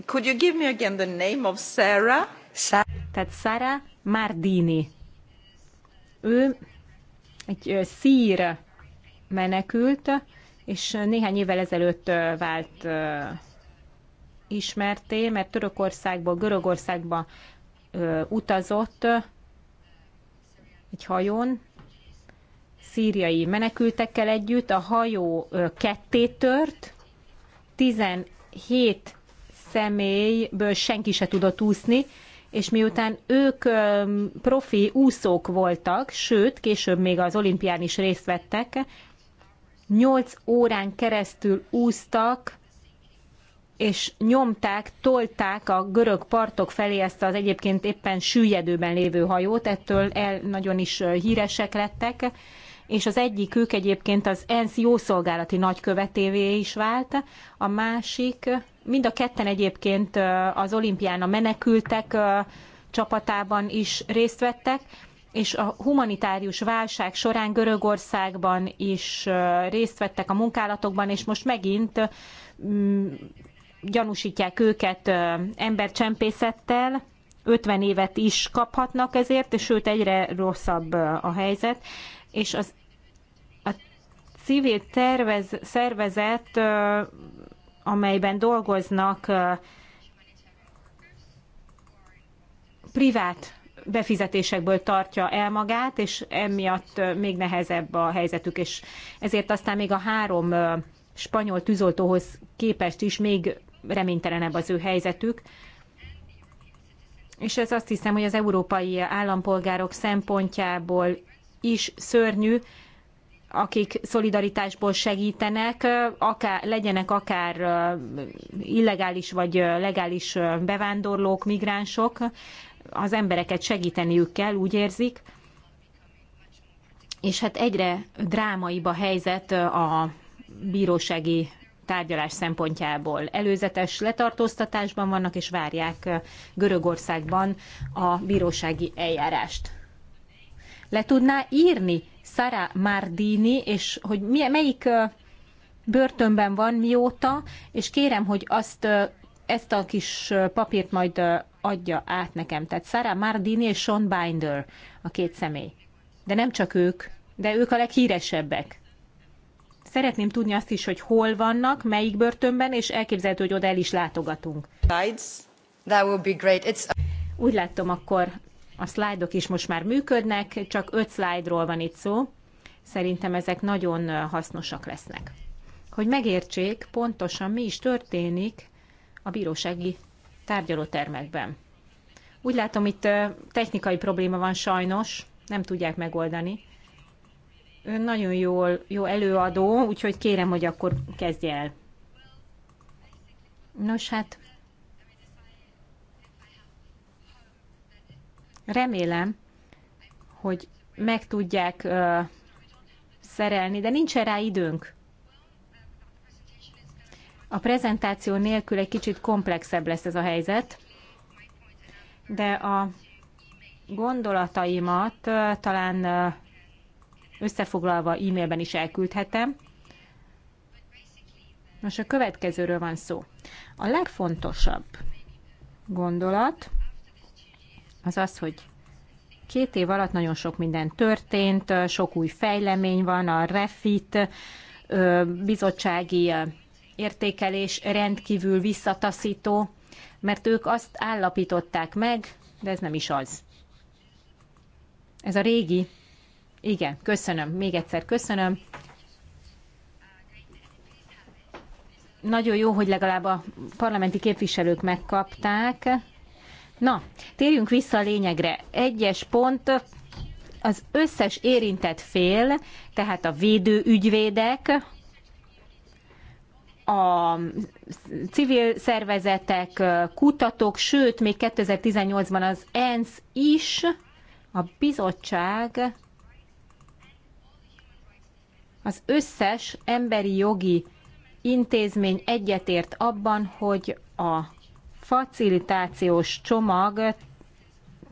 Could you give me again the name of Sarah? Sa- Tehát Sarah Mardini. Ő egy szír menekült, és néhány évvel ezelőtt vált ismerté, mert Törökországból, Görögországba utazott egy hajón, szíriai menekültekkel együtt a hajó ketté tört, 17 személyből senki se tudott úszni, és miután ők profi úszók voltak, sőt, később még az olimpián is részt vettek, 8 órán keresztül úsztak, és nyomták, tolták a görög partok felé ezt az egyébként éppen süllyedőben lévő hajót, ettől el nagyon is híresek lettek, és az egyik ők egyébként az ENSZ jószolgálati nagykövetévé is vált, a másik, mind a ketten egyébként az olimpián a menekültek csapatában is részt vettek, és a humanitárius válság során Görögországban is részt vettek a munkálatokban, és most megint gyanúsítják őket embercsempészettel, 50 évet is kaphatnak ezért, és sőt egyre rosszabb a helyzet, és az civil tervez, szervezet, amelyben dolgoznak privát befizetésekből tartja el magát, és emiatt még nehezebb a helyzetük, és ezért aztán még a három spanyol tűzoltóhoz képest is még reménytelenebb az ő helyzetük. És ez azt hiszem, hogy az európai állampolgárok szempontjából is szörnyű, akik szolidaritásból segítenek, akár, legyenek akár illegális vagy legális bevándorlók, migránsok, az embereket segíteniük kell, úgy érzik. És hát egyre drámaibb a helyzet a bírósági tárgyalás szempontjából. Előzetes letartóztatásban vannak, és várják Görögországban a bírósági eljárást. Le tudná írni Sara Mardini, és hogy melyik börtönben van mióta, és kérem, hogy azt ezt a kis papírt majd adja át nekem. Tehát Sara Mardini és Sean Binder a két személy. De nem csak ők, de ők a leghíresebbek. Szeretném tudni azt is, hogy hol vannak, melyik börtönben, és elképzelhető, hogy oda el is látogatunk. Úgy látom, akkor a szlájdok is most már működnek, csak öt szlájdról van itt szó. Szerintem ezek nagyon hasznosak lesznek. Hogy megértsék pontosan, mi is történik a bírósági tárgyalótermekben. Úgy látom, itt technikai probléma van sajnos, nem tudják megoldani. Ön nagyon jól, jó előadó, úgyhogy kérem, hogy akkor kezdje el. Nos, hát Remélem, hogy meg tudják szerelni, de nincsen rá időnk. A prezentáció nélkül egy kicsit komplexebb lesz ez a helyzet, de a gondolataimat talán összefoglalva e-mailben is elküldhetem. Most a következőről van szó. A legfontosabb gondolat az az, hogy két év alatt nagyon sok minden történt, sok új fejlemény van, a REFIT bizottsági értékelés rendkívül visszataszító, mert ők azt állapították meg, de ez nem is az. Ez a régi. Igen, köszönöm, még egyszer köszönöm. Nagyon jó, hogy legalább a parlamenti képviselők megkapták. Na, térjünk vissza a lényegre. Egyes pont az összes érintett fél, tehát a védő ügyvédek, a civil szervezetek, kutatók, sőt, még 2018-ban az ENSZ is, a bizottság az összes emberi jogi intézmény egyetért abban, hogy a facilitációs csomag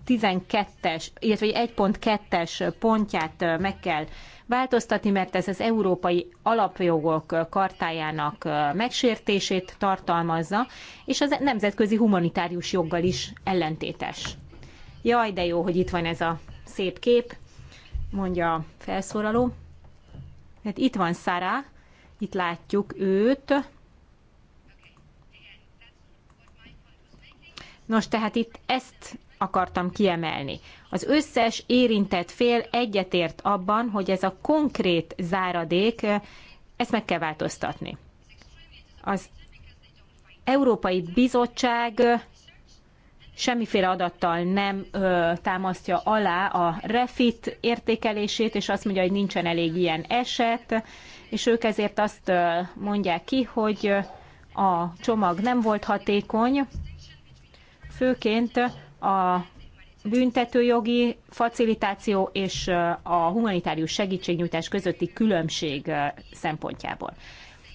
12-es, illetve 1.2-es pontját meg kell változtatni, mert ez az Európai Alapjogok kartájának megsértését tartalmazza, és az nemzetközi humanitárius joggal is ellentétes. Jaj, de jó, hogy itt van ez a szép kép, mondja a felszólaló. Hát itt van Szara, itt látjuk őt, Nos, tehát itt ezt akartam kiemelni. Az összes érintett fél egyetért abban, hogy ez a konkrét záradék, ezt meg kell változtatni. Az Európai Bizottság semmiféle adattal nem ö, támasztja alá a refit értékelését, és azt mondja, hogy nincsen elég ilyen eset, és ők ezért azt ö, mondják ki, hogy a csomag nem volt hatékony, főként a büntetőjogi facilitáció és a humanitárius segítségnyújtás közötti különbség szempontjából.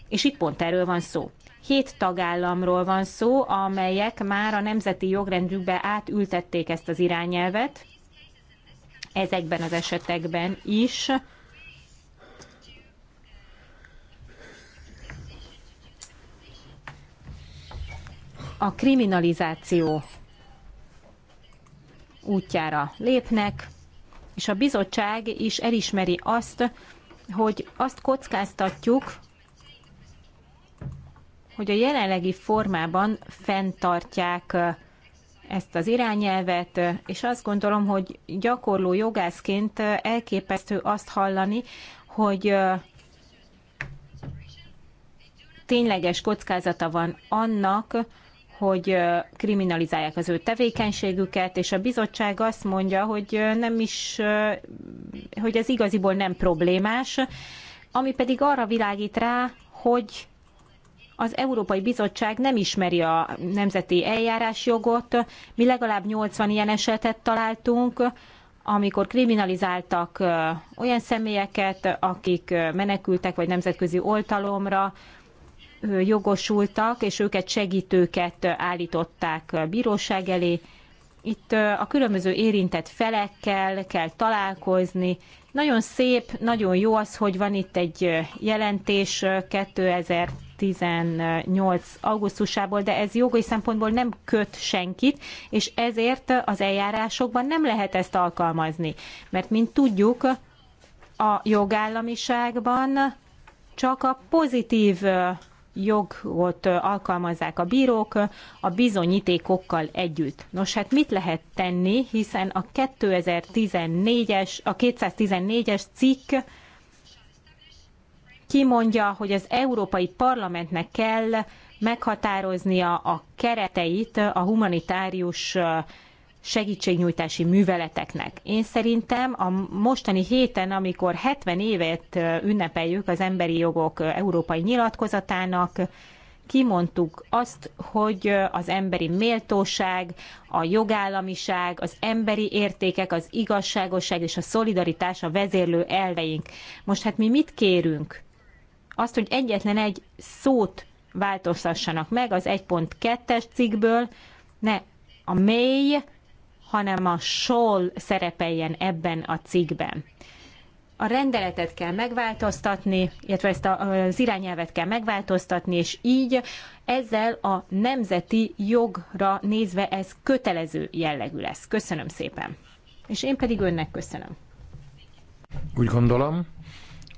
És itt pont erről van szó. Hét tagállamról van szó, amelyek már a nemzeti jogrendjükbe átültették ezt az irányelvet. Ezekben az esetekben is a kriminalizáció útjára lépnek, és a bizottság is elismeri azt, hogy azt kockáztatjuk, hogy a jelenlegi formában fenntartják ezt az irányelvet, és azt gondolom, hogy gyakorló jogászként elképesztő azt hallani, hogy tényleges kockázata van annak, hogy kriminalizálják az ő tevékenységüket, és a bizottság azt mondja, hogy nem is, hogy ez igaziból nem problémás, ami pedig arra világít rá, hogy az Európai Bizottság nem ismeri a nemzeti eljárásjogot. Mi legalább 80 ilyen esetet találtunk, amikor kriminalizáltak olyan személyeket, akik menekültek vagy nemzetközi oltalomra jogosultak, és őket segítőket állították bíróság elé. Itt a különböző érintett felekkel kell találkozni. Nagyon szép, nagyon jó az, hogy van itt egy jelentés 2018. augusztusából, de ez jogi szempontból nem köt senkit, és ezért az eljárásokban nem lehet ezt alkalmazni. Mert mint tudjuk, a jogállamiságban csak a pozitív jogot alkalmazzák a bírók a bizonyítékokkal együtt. Nos, hát mit lehet tenni, hiszen a 2014-es, a 214-es cikk kimondja, hogy az Európai Parlamentnek kell meghatároznia a kereteit a humanitárius segítségnyújtási műveleteknek. Én szerintem a mostani héten, amikor 70 évet ünnepeljük az emberi jogok európai nyilatkozatának, kimondtuk azt, hogy az emberi méltóság, a jogállamiság, az emberi értékek, az igazságosság és a szolidaritás a vezérlő elveink. Most hát mi mit kérünk? Azt, hogy egyetlen egy szót változtassanak meg az 1.2-es cikkből, ne a mély, hanem a sol szerepeljen ebben a cikkben. A rendeletet kell megváltoztatni, illetve ezt az irányelvet kell megváltoztatni, és így ezzel a nemzeti jogra nézve ez kötelező jellegű lesz. Köszönöm szépen. És én pedig önnek köszönöm. Úgy gondolom,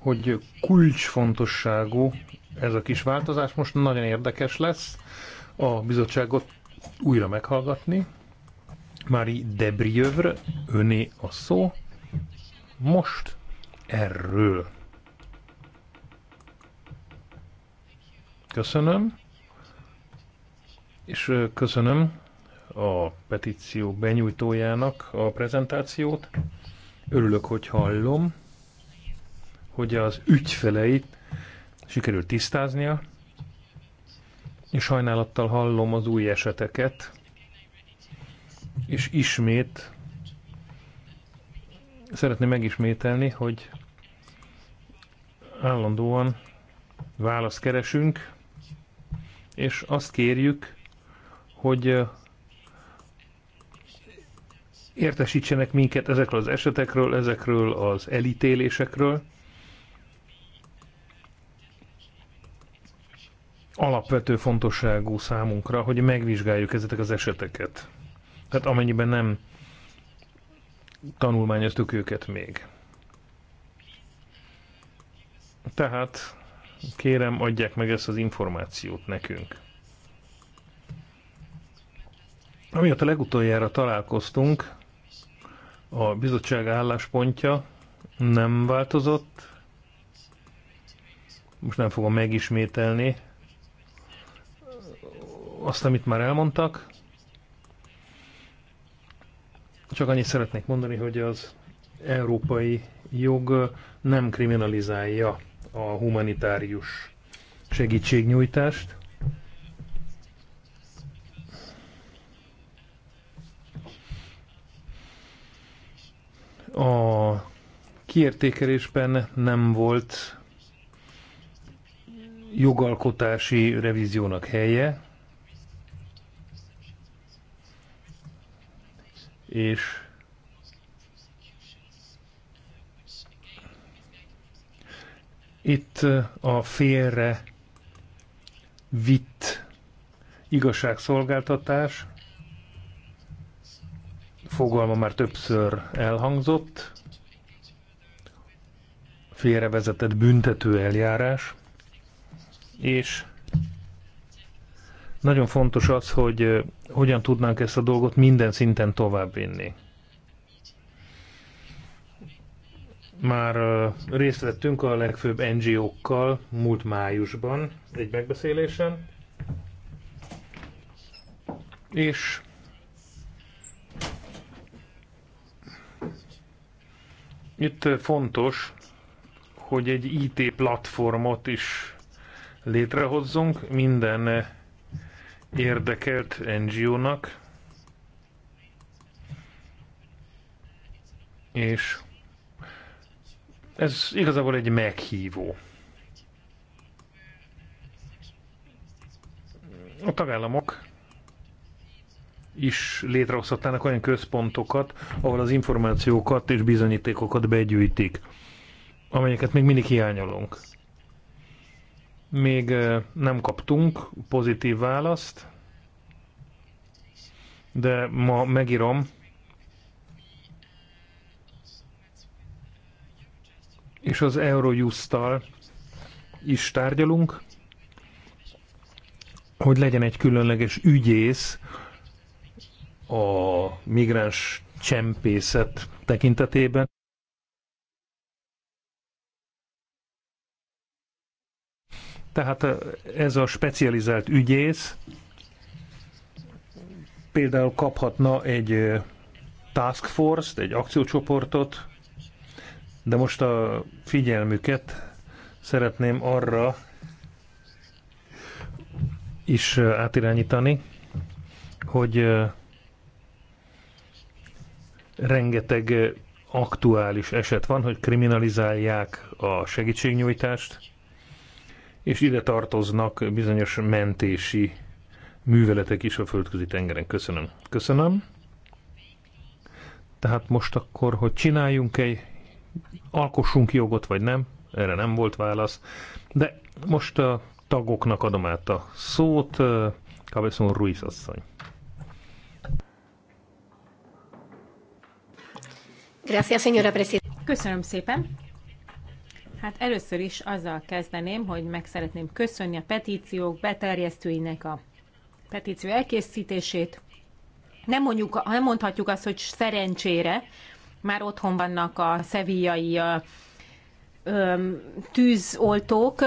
hogy kulcsfontosságú ez a kis változás. Most nagyon érdekes lesz a bizottságot újra meghallgatni, Mári Debriövr, öné a szó. Most erről. Köszönöm. És köszönöm a petíció benyújtójának a prezentációt. Örülök, hogy hallom, hogy az ügyfeleit sikerült tisztáznia, és sajnálattal hallom az új eseteket, és ismét szeretném megismételni, hogy állandóan választ keresünk, és azt kérjük, hogy értesítsenek minket ezekről az esetekről, ezekről az elítélésekről. Alapvető fontosságú számunkra, hogy megvizsgáljuk ezeket az eseteket hát amennyiben nem tanulmányoztuk őket még. Tehát kérem, adják meg ezt az információt nekünk. Amióta legutoljára találkoztunk, a bizottság álláspontja nem változott. Most nem fogom megismételni azt, amit már elmondtak. Csak annyit szeretnék mondani, hogy az európai jog nem kriminalizálja a humanitárius segítségnyújtást. A kiértékelésben nem volt jogalkotási revíziónak helye, és itt uh, a félre vitt igazságszolgáltatás fogalma már többször elhangzott, félrevezetett büntető eljárás, és nagyon fontos az, hogy hogyan tudnánk ezt a dolgot minden szinten továbbvinni. Már részt vettünk a legfőbb NGO-kkal múlt májusban egy megbeszélésen, és itt fontos, hogy egy IT platformot is létrehozzunk minden érdekelt NGO-nak, és ez igazából egy meghívó. A tagállamok is létrehozhatnának olyan központokat, ahol az információkat és bizonyítékokat begyűjtik, amelyeket még mindig hiányolunk. Még nem kaptunk pozitív választ, de ma megírom, és az Eurojust-tal is tárgyalunk, hogy legyen egy különleges ügyész a migráns csempészet tekintetében. Tehát ez a specializált ügyész például kaphatna egy task force-t, egy akciócsoportot, de most a figyelmüket szeretném arra is átirányítani, hogy rengeteg aktuális eset van, hogy kriminalizálják a segítségnyújtást, és ide tartoznak bizonyos mentési műveletek is a földközi tengeren. Köszönöm. Köszönöm. Tehát most akkor, hogy csináljunk egy, alkossunk jogot, vagy nem, erre nem volt válasz. De most a tagoknak adom át a szót, Cabezon Ruiz asszony. Köszönöm szépen. Hát először is azzal kezdeném, hogy meg szeretném köszönni a petíciók beterjesztőinek a petíció elkészítését. Nem, mondjuk, nem mondhatjuk azt, hogy szerencsére, már otthon vannak a szevíjai tűzoltók.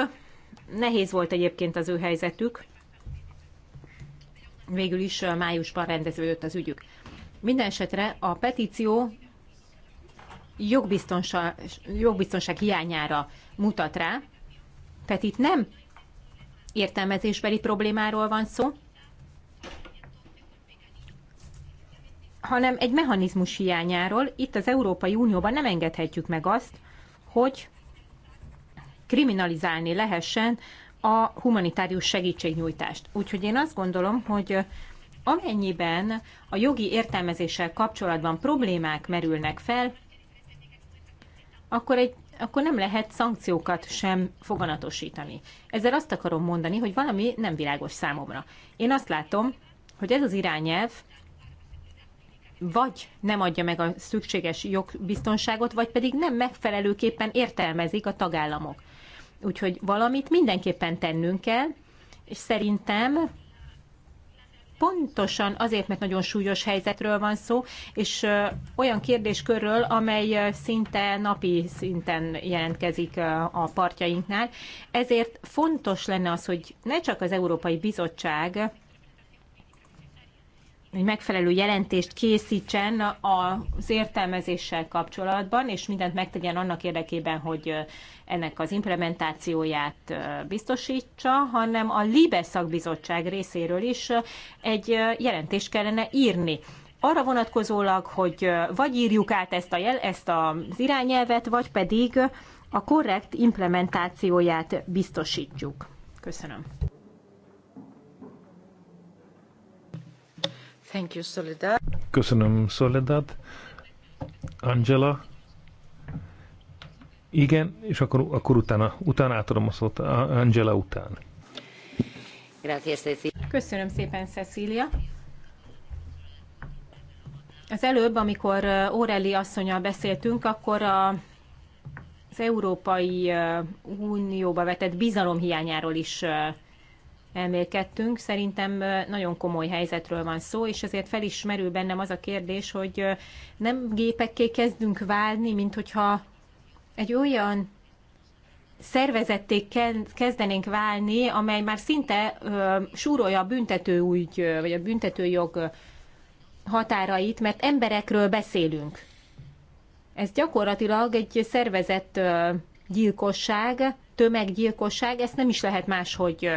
Nehéz volt egyébként az ő helyzetük. Végül is májusban rendeződött az ügyük. Mindenesetre a petíció jogbiztonság, jogbiztonság hiányára mutat rá. Tehát itt nem értelmezésbeli problémáról van szó, hanem egy mechanizmus hiányáról. Itt az Európai Unióban nem engedhetjük meg azt, hogy kriminalizálni lehessen a humanitárius segítségnyújtást. Úgyhogy én azt gondolom, hogy amennyiben a jogi értelmezéssel kapcsolatban problémák merülnek fel, akkor, egy, akkor nem lehet szankciókat sem foganatosítani. Ezzel azt akarom mondani, hogy valami nem világos számomra. Én azt látom, hogy ez az irányelv vagy nem adja meg a szükséges jogbiztonságot, vagy pedig nem megfelelőképpen értelmezik a tagállamok. Úgyhogy valamit mindenképpen tennünk kell, és szerintem pontosan azért, mert nagyon súlyos helyzetről van szó, és olyan kérdéskörről, amely szinte napi szinten jelentkezik a partjainknál. Ezért fontos lenne az, hogy ne csak az Európai Bizottság egy megfelelő jelentést készítsen az értelmezéssel kapcsolatban, és mindent megtegyen annak érdekében, hogy ennek az implementációját biztosítsa, hanem a LIBE szakbizottság részéről is egy jelentést kellene írni arra vonatkozólag, hogy vagy írjuk át ezt, a jel, ezt az irányelvet, vagy pedig a korrekt implementációját biztosítjuk. Köszönöm. Thank you, Soledad. Köszönöm, Soledad. Angela. Igen, és akkor, akkor utána, utána átadom a szót Angela után. Köszönöm szépen, Cecília. Az előbb, amikor Óreli uh, asszonyal beszéltünk, akkor a, az Európai uh, Unióba vetett bizalom hiányáról is uh, elmélkedtünk. Szerintem nagyon komoly helyzetről van szó, és ezért felismerül bennem az a kérdés, hogy nem gépekké kezdünk válni, mint hogyha egy olyan szervezetté kezdenénk válni, amely már szinte súrolja a úgy, vagy a büntetőjog határait, mert emberekről beszélünk. Ez gyakorlatilag egy szervezett gyilkosság, tömeggyilkosság, ezt nem is lehet máshogy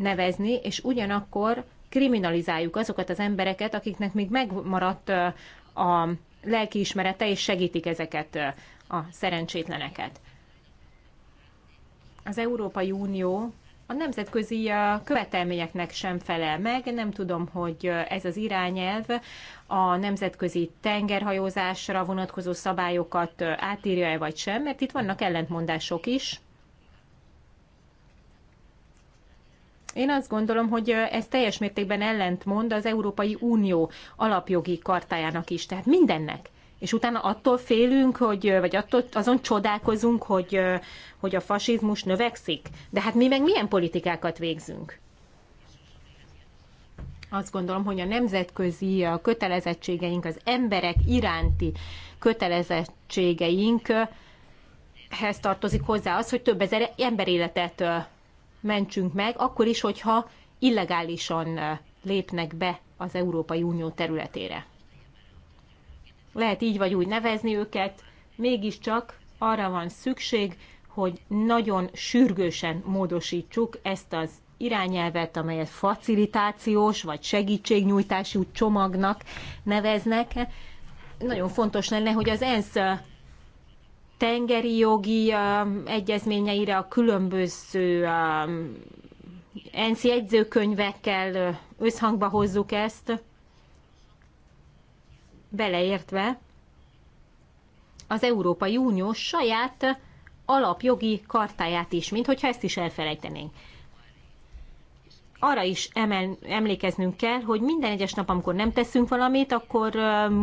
nevezni, és ugyanakkor kriminalizáljuk azokat az embereket, akiknek még megmaradt a lelkiismerete, és segítik ezeket a szerencsétleneket. Az Európai Unió a nemzetközi követelményeknek sem felel meg. Nem tudom, hogy ez az irányelv a nemzetközi tengerhajózásra vonatkozó szabályokat átírja-e vagy sem, mert itt vannak ellentmondások is. Én azt gondolom, hogy ez teljes mértékben ellentmond az Európai Unió alapjogi kartájának is, tehát mindennek. És utána attól félünk, hogy, vagy attól, azon csodálkozunk, hogy, hogy a fasizmus növekszik. De hát mi meg milyen politikákat végzünk? Azt gondolom, hogy a nemzetközi kötelezettségeink, az emberek iránti kötelezettségeinkhez tartozik hozzá az, hogy több ezer emberéletet mentsünk meg, akkor is, hogyha illegálisan lépnek be az Európai Unió területére. Lehet így vagy úgy nevezni őket, mégiscsak arra van szükség, hogy nagyon sürgősen módosítsuk ezt az irányelvet, amelyet facilitációs vagy segítségnyújtási csomagnak neveznek. Nagyon fontos lenne, hogy az ENSZ tengeri jogi um, egyezményeire, a különböző ENSZ um, jegyzőkönyvekkel uh, összhangba hozzuk ezt, beleértve az Európai Unió saját alapjogi kartáját is, mint hogyha ezt is elfelejtenénk arra is emel, emlékeznünk kell, hogy minden egyes nap, amikor nem teszünk valamit, akkor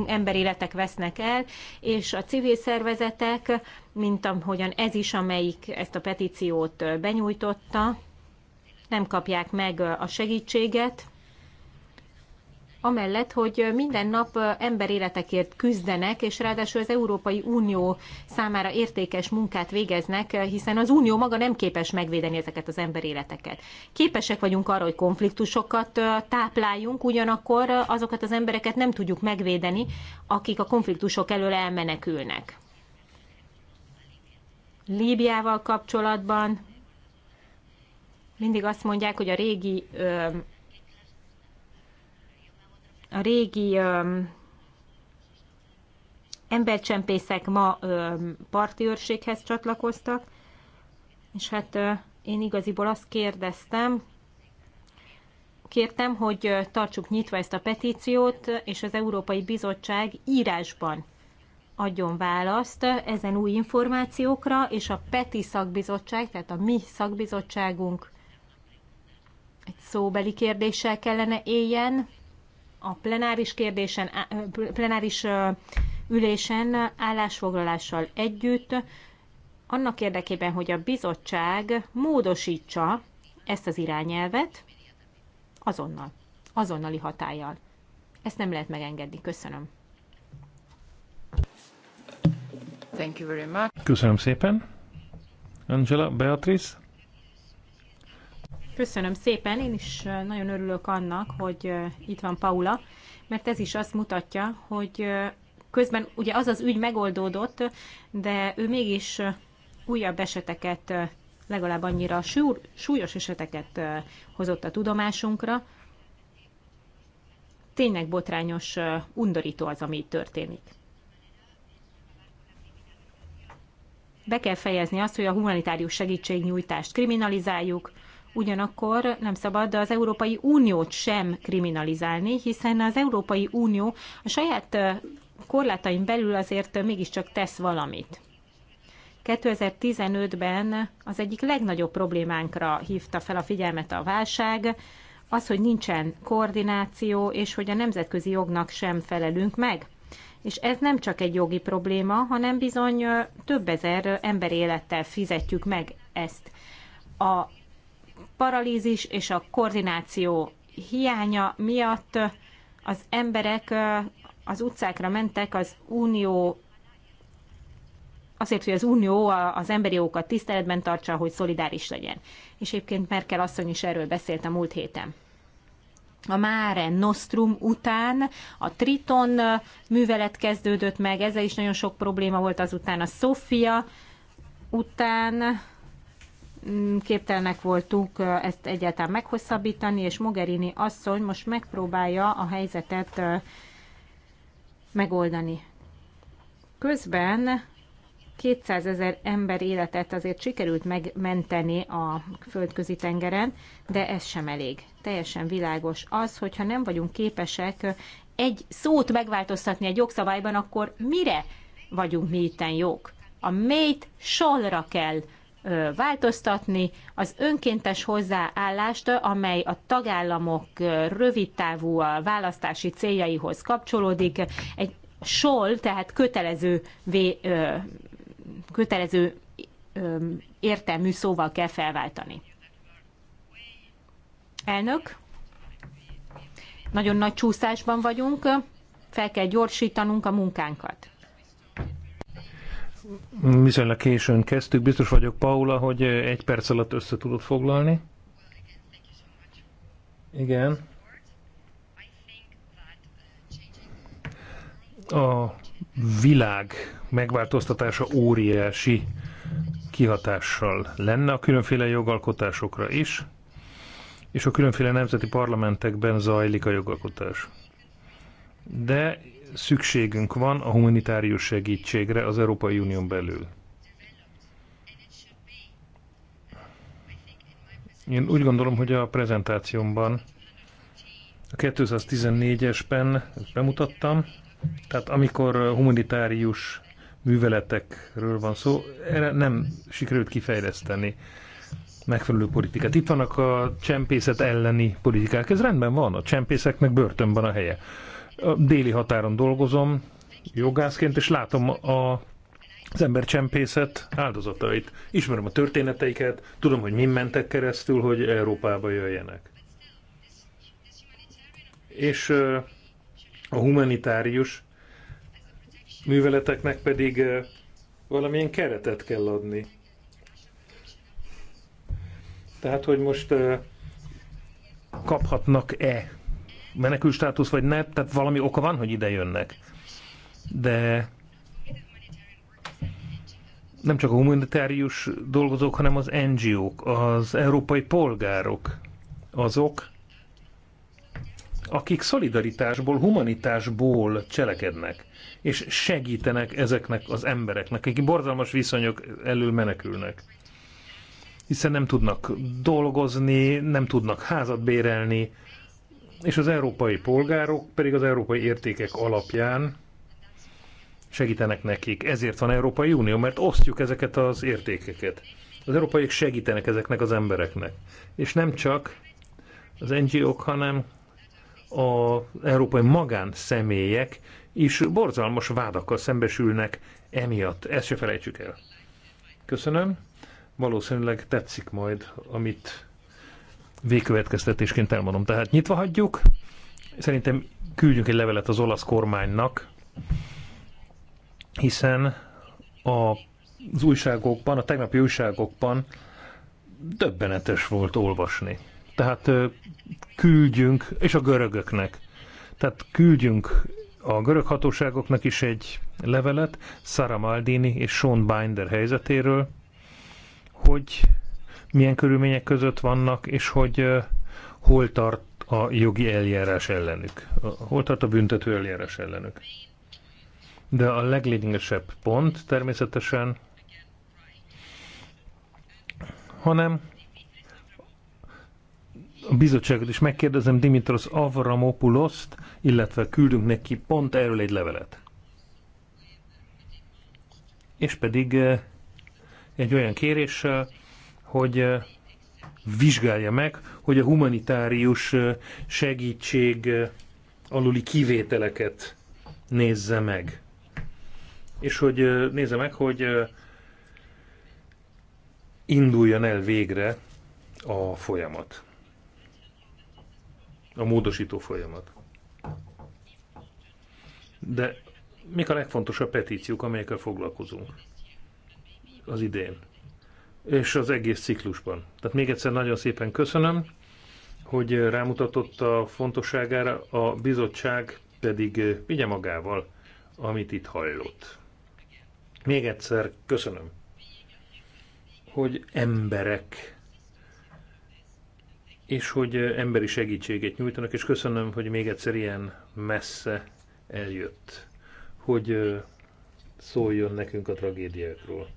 emberéletek vesznek el, és a civil szervezetek, mint ahogyan ez is, amelyik ezt a petíciót benyújtotta, nem kapják meg a segítséget, amellett, hogy minden nap emberéletekért küzdenek, és ráadásul az Európai Unió számára értékes munkát végeznek, hiszen az Unió maga nem képes megvédeni ezeket az emberéleteket. Képesek vagyunk arra, hogy konfliktusokat tápláljunk, ugyanakkor azokat az embereket nem tudjuk megvédeni, akik a konfliktusok elől elmenekülnek. Líbiával kapcsolatban mindig azt mondják, hogy a régi a régi um, embercsempészek ma um, parti őrséghez csatlakoztak, és hát uh, én igaziból azt kérdeztem, kértem, hogy tartsuk nyitva ezt a petíciót, és az Európai Bizottság írásban adjon választ ezen új információkra, és a PETI szakbizottság, tehát a mi szakbizottságunk egy szóbeli kérdéssel kellene éljen, a plenáris kérdésen, plenáris ülésen állásfoglalással együtt, annak érdekében, hogy a bizottság módosítsa ezt az irányelvet azonnal, azonnali hatállyal. Ezt nem lehet megengedni. Köszönöm. Thank you very much. Köszönöm szépen. Angela, Beatrice. Köszönöm szépen, én is nagyon örülök annak, hogy itt van Paula, mert ez is azt mutatja, hogy közben ugye az az ügy megoldódott, de ő mégis újabb eseteket, legalább annyira súlyos eseteket hozott a tudomásunkra. Tényleg botrányos, undorító az, ami itt történik. Be kell fejezni azt, hogy a humanitárius segítségnyújtást kriminalizáljuk, Ugyanakkor nem szabad az Európai Uniót sem kriminalizálni, hiszen az Európai Unió a saját korlátaim belül azért mégiscsak tesz valamit. 2015-ben az egyik legnagyobb problémánkra hívta fel a figyelmet a válság, az, hogy nincsen koordináció, és hogy a nemzetközi jognak sem felelünk meg. És ez nem csak egy jogi probléma, hanem bizony több ezer ember élettel fizetjük meg ezt. A paralízis és a koordináció hiánya miatt az emberek az utcákra mentek az unió azért, hogy az unió az emberi jogokat tiszteletben tartsa, hogy szolidáris legyen. És egyébként Merkel asszony is erről beszélt a múlt héten. A Mare Nostrum után a Triton művelet kezdődött meg, ezzel is nagyon sok probléma volt azután a Sofia után, Mm, képtelenek voltunk ezt egyáltalán meghosszabbítani, és Mogherini asszony most megpróbálja a helyzetet megoldani. Közben 200 ezer ember életet azért sikerült megmenteni a földközi tengeren, de ez sem elég. Teljesen világos az, hogyha nem vagyunk képesek egy szót megváltoztatni egy jogszabályban, akkor mire vagyunk mi itten jók? A mélyt solra kell változtatni. Az önkéntes hozzáállást, amely a tagállamok rövidtávú választási céljaihoz kapcsolódik, egy sol, tehát kötelező, vé, kötelező értelmű szóval kell felváltani. Elnök, nagyon nagy csúszásban vagyunk, fel kell gyorsítanunk a munkánkat viszonylag későn kezdtük. Biztos vagyok, Paula, hogy egy perc alatt össze tudod foglalni. Igen. A világ megváltoztatása óriási kihatással lenne a különféle jogalkotásokra is, és a különféle nemzeti parlamentekben zajlik a jogalkotás. De szükségünk van a humanitárius segítségre az Európai Unión belül. Én úgy gondolom, hogy a prezentációmban a 214-esben bemutattam, tehát amikor humanitárius műveletekről van szó, erre nem sikerült kifejleszteni megfelelő politikát. Itt vannak a csempészet elleni politikák, ez rendben van, a csempészeknek börtönben a helye a déli határon dolgozom jogászként, és látom a az embercsempészet áldozatait. Ismerem a történeteiket, tudom, hogy mi mentek keresztül, hogy Európába jöjjenek. És a humanitárius műveleteknek pedig valamilyen keretet kell adni. Tehát, hogy most kaphatnak-e menekül státusz, vagy nem, tehát valami oka van, hogy ide jönnek. De nem csak a humanitárius dolgozók, hanem az NGO-k, az európai polgárok, azok, akik szolidaritásból, humanitásból cselekednek, és segítenek ezeknek az embereknek, akik borzalmas viszonyok elől menekülnek. Hiszen nem tudnak dolgozni, nem tudnak házat bérelni, és az európai polgárok pedig az európai értékek alapján segítenek nekik. Ezért van Európai Unió, mert osztjuk ezeket az értékeket. Az európaiak segítenek ezeknek az embereknek. És nem csak az NGO-k, hanem az európai magánszemélyek is borzalmas vádakkal szembesülnek emiatt. Ezt se felejtsük el. Köszönöm. Valószínűleg tetszik majd, amit végkövetkeztetésként elmondom. Tehát nyitva hagyjuk, szerintem küldjünk egy levelet az olasz kormánynak, hiszen a, az újságokban, a tegnapi újságokban döbbenetes volt olvasni. Tehát küldjünk, és a görögöknek. Tehát küldjünk a görög hatóságoknak is egy levelet Sara Maldini és Sean Binder helyzetéről, hogy milyen körülmények között vannak, és hogy hol tart a jogi eljárás ellenük, hol tart a büntető eljárás ellenük. De a leglényegesebb pont természetesen, hanem a bizottságot is megkérdezem Dimitros Avramopoulos-t, illetve küldünk neki pont erről egy levelet. És pedig egy olyan kéréssel, hogy vizsgálja meg, hogy a humanitárius segítség aluli kivételeket nézze meg. És hogy nézze meg, hogy induljon el végre a folyamat. A módosító folyamat. De mik a legfontosabb petíciók, amelyekkel foglalkozunk az idén? és az egész ciklusban. Tehát még egyszer nagyon szépen köszönöm, hogy rámutatott a fontosságára, a bizottság pedig vigye magával, amit itt hallott. Még egyszer köszönöm, hogy emberek és hogy emberi segítséget nyújtanak, és köszönöm, hogy még egyszer ilyen messze eljött, hogy szóljon nekünk a tragédiákról.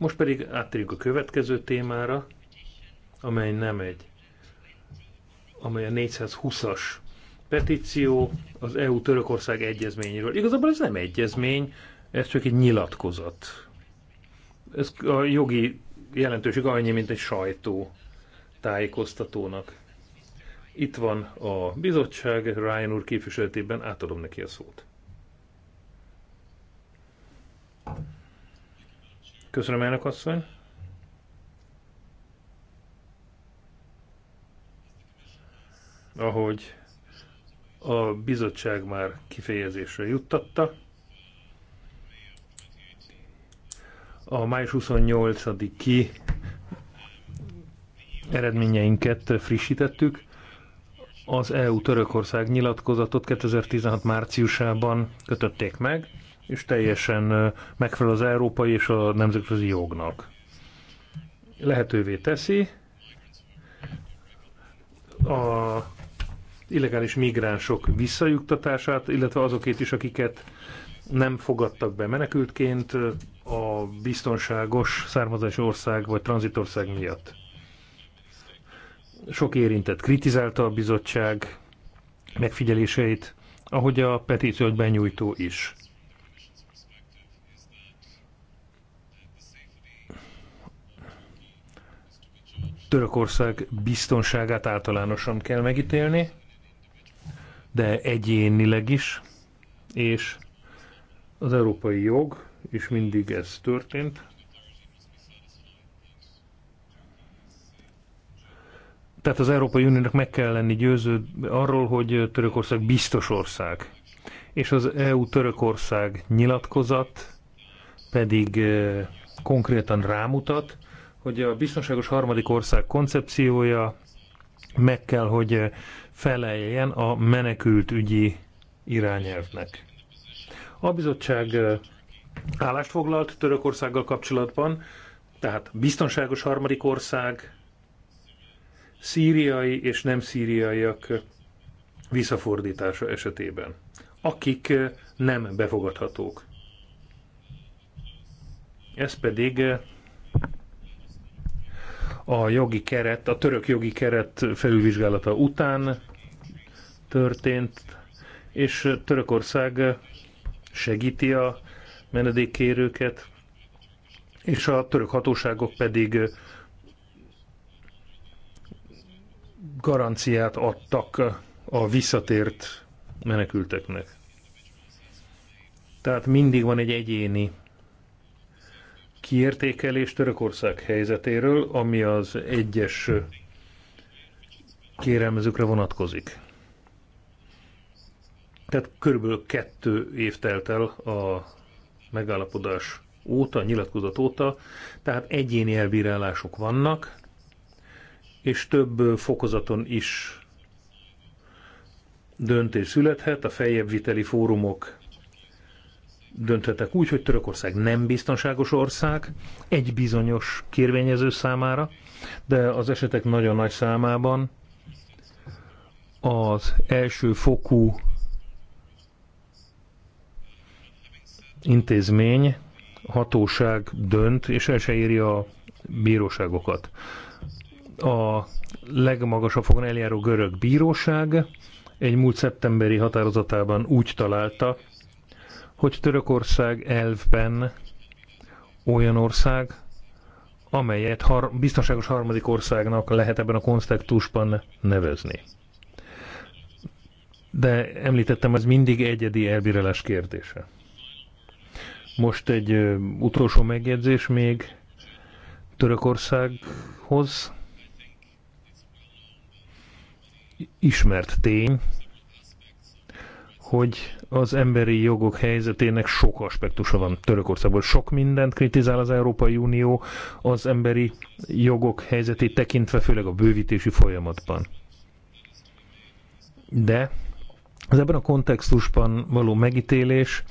Most pedig áttérjük a következő témára, amely nem egy, amely a 420-as petíció az EU-Törökország egyezményéről. Igazából ez nem egyezmény, ez csak egy nyilatkozat. Ez a jogi jelentőség annyi, mint egy sajtó tájékoztatónak. Itt van a bizottság, Ryan úr képviseletében, átadom neki a szót. Köszönöm, elnök asszony. Ahogy a bizottság már kifejezésre juttatta, a május 28-i eredményeinket frissítettük. Az EU-Törökország nyilatkozatot 2016 márciusában kötötték meg, és teljesen megfelel az európai és a nemzetközi jognak. Lehetővé teszi a illegális migránsok visszajuttatását, illetve azokét is, akiket nem fogadtak be menekültként a biztonságos származási ország vagy tranzitország miatt. Sok érintett kritizálta a bizottság megfigyeléseit, ahogy a petíciót benyújtó is. Törökország biztonságát általánosan kell megítélni, de egyénileg is, és az európai jog, és mindig ez történt. Tehát az Európai Uniónak meg kell lenni győződve arról, hogy Törökország biztos ország. És az EU-Törökország nyilatkozat pedig eh, konkrétan rámutat, hogy a biztonságos harmadik ország koncepciója meg kell, hogy feleljen a menekült ügyi irányelvnek. A bizottság állást foglalt Törökországgal kapcsolatban, tehát biztonságos harmadik ország, szíriai és nem szíriaiak visszafordítása esetében, akik nem befogadhatók. Ez pedig a jogi keret, a török jogi keret felülvizsgálata után történt, és Törökország segíti a menedékkérőket, és a török hatóságok pedig garanciát adtak a visszatért menekülteknek. Tehát mindig van egy egyéni kiértékelés Törökország helyzetéről, ami az egyes kérelmezőkre vonatkozik. Tehát körülbelül kettő év telt el a megállapodás óta, a nyilatkozat óta, tehát egyéni elbírálások vannak, és több fokozaton is döntés születhet, a feljebbviteli fórumok dönthetek úgy, hogy Törökország nem biztonságos ország egy bizonyos kérvényező számára, de az esetek nagyon nagy számában az első fokú intézmény, hatóság dönt, és el se írja a bíróságokat. A legmagasabb fogon eljáró görög bíróság egy múlt szeptemberi határozatában úgy találta, hogy Törökország elvben olyan ország, amelyet har- biztonságos harmadik országnak lehet ebben a konstektusban nevezni. De említettem, ez mindig egyedi elbírálás kérdése. Most egy utolsó megjegyzés még Törökországhoz. Ismert tény, hogy az emberi jogok helyzetének sok aspektusa van Törökországból. Sok mindent kritizál az Európai Unió az emberi jogok helyzetét tekintve, főleg a bővítési folyamatban. De az ebben a kontextusban való megítélés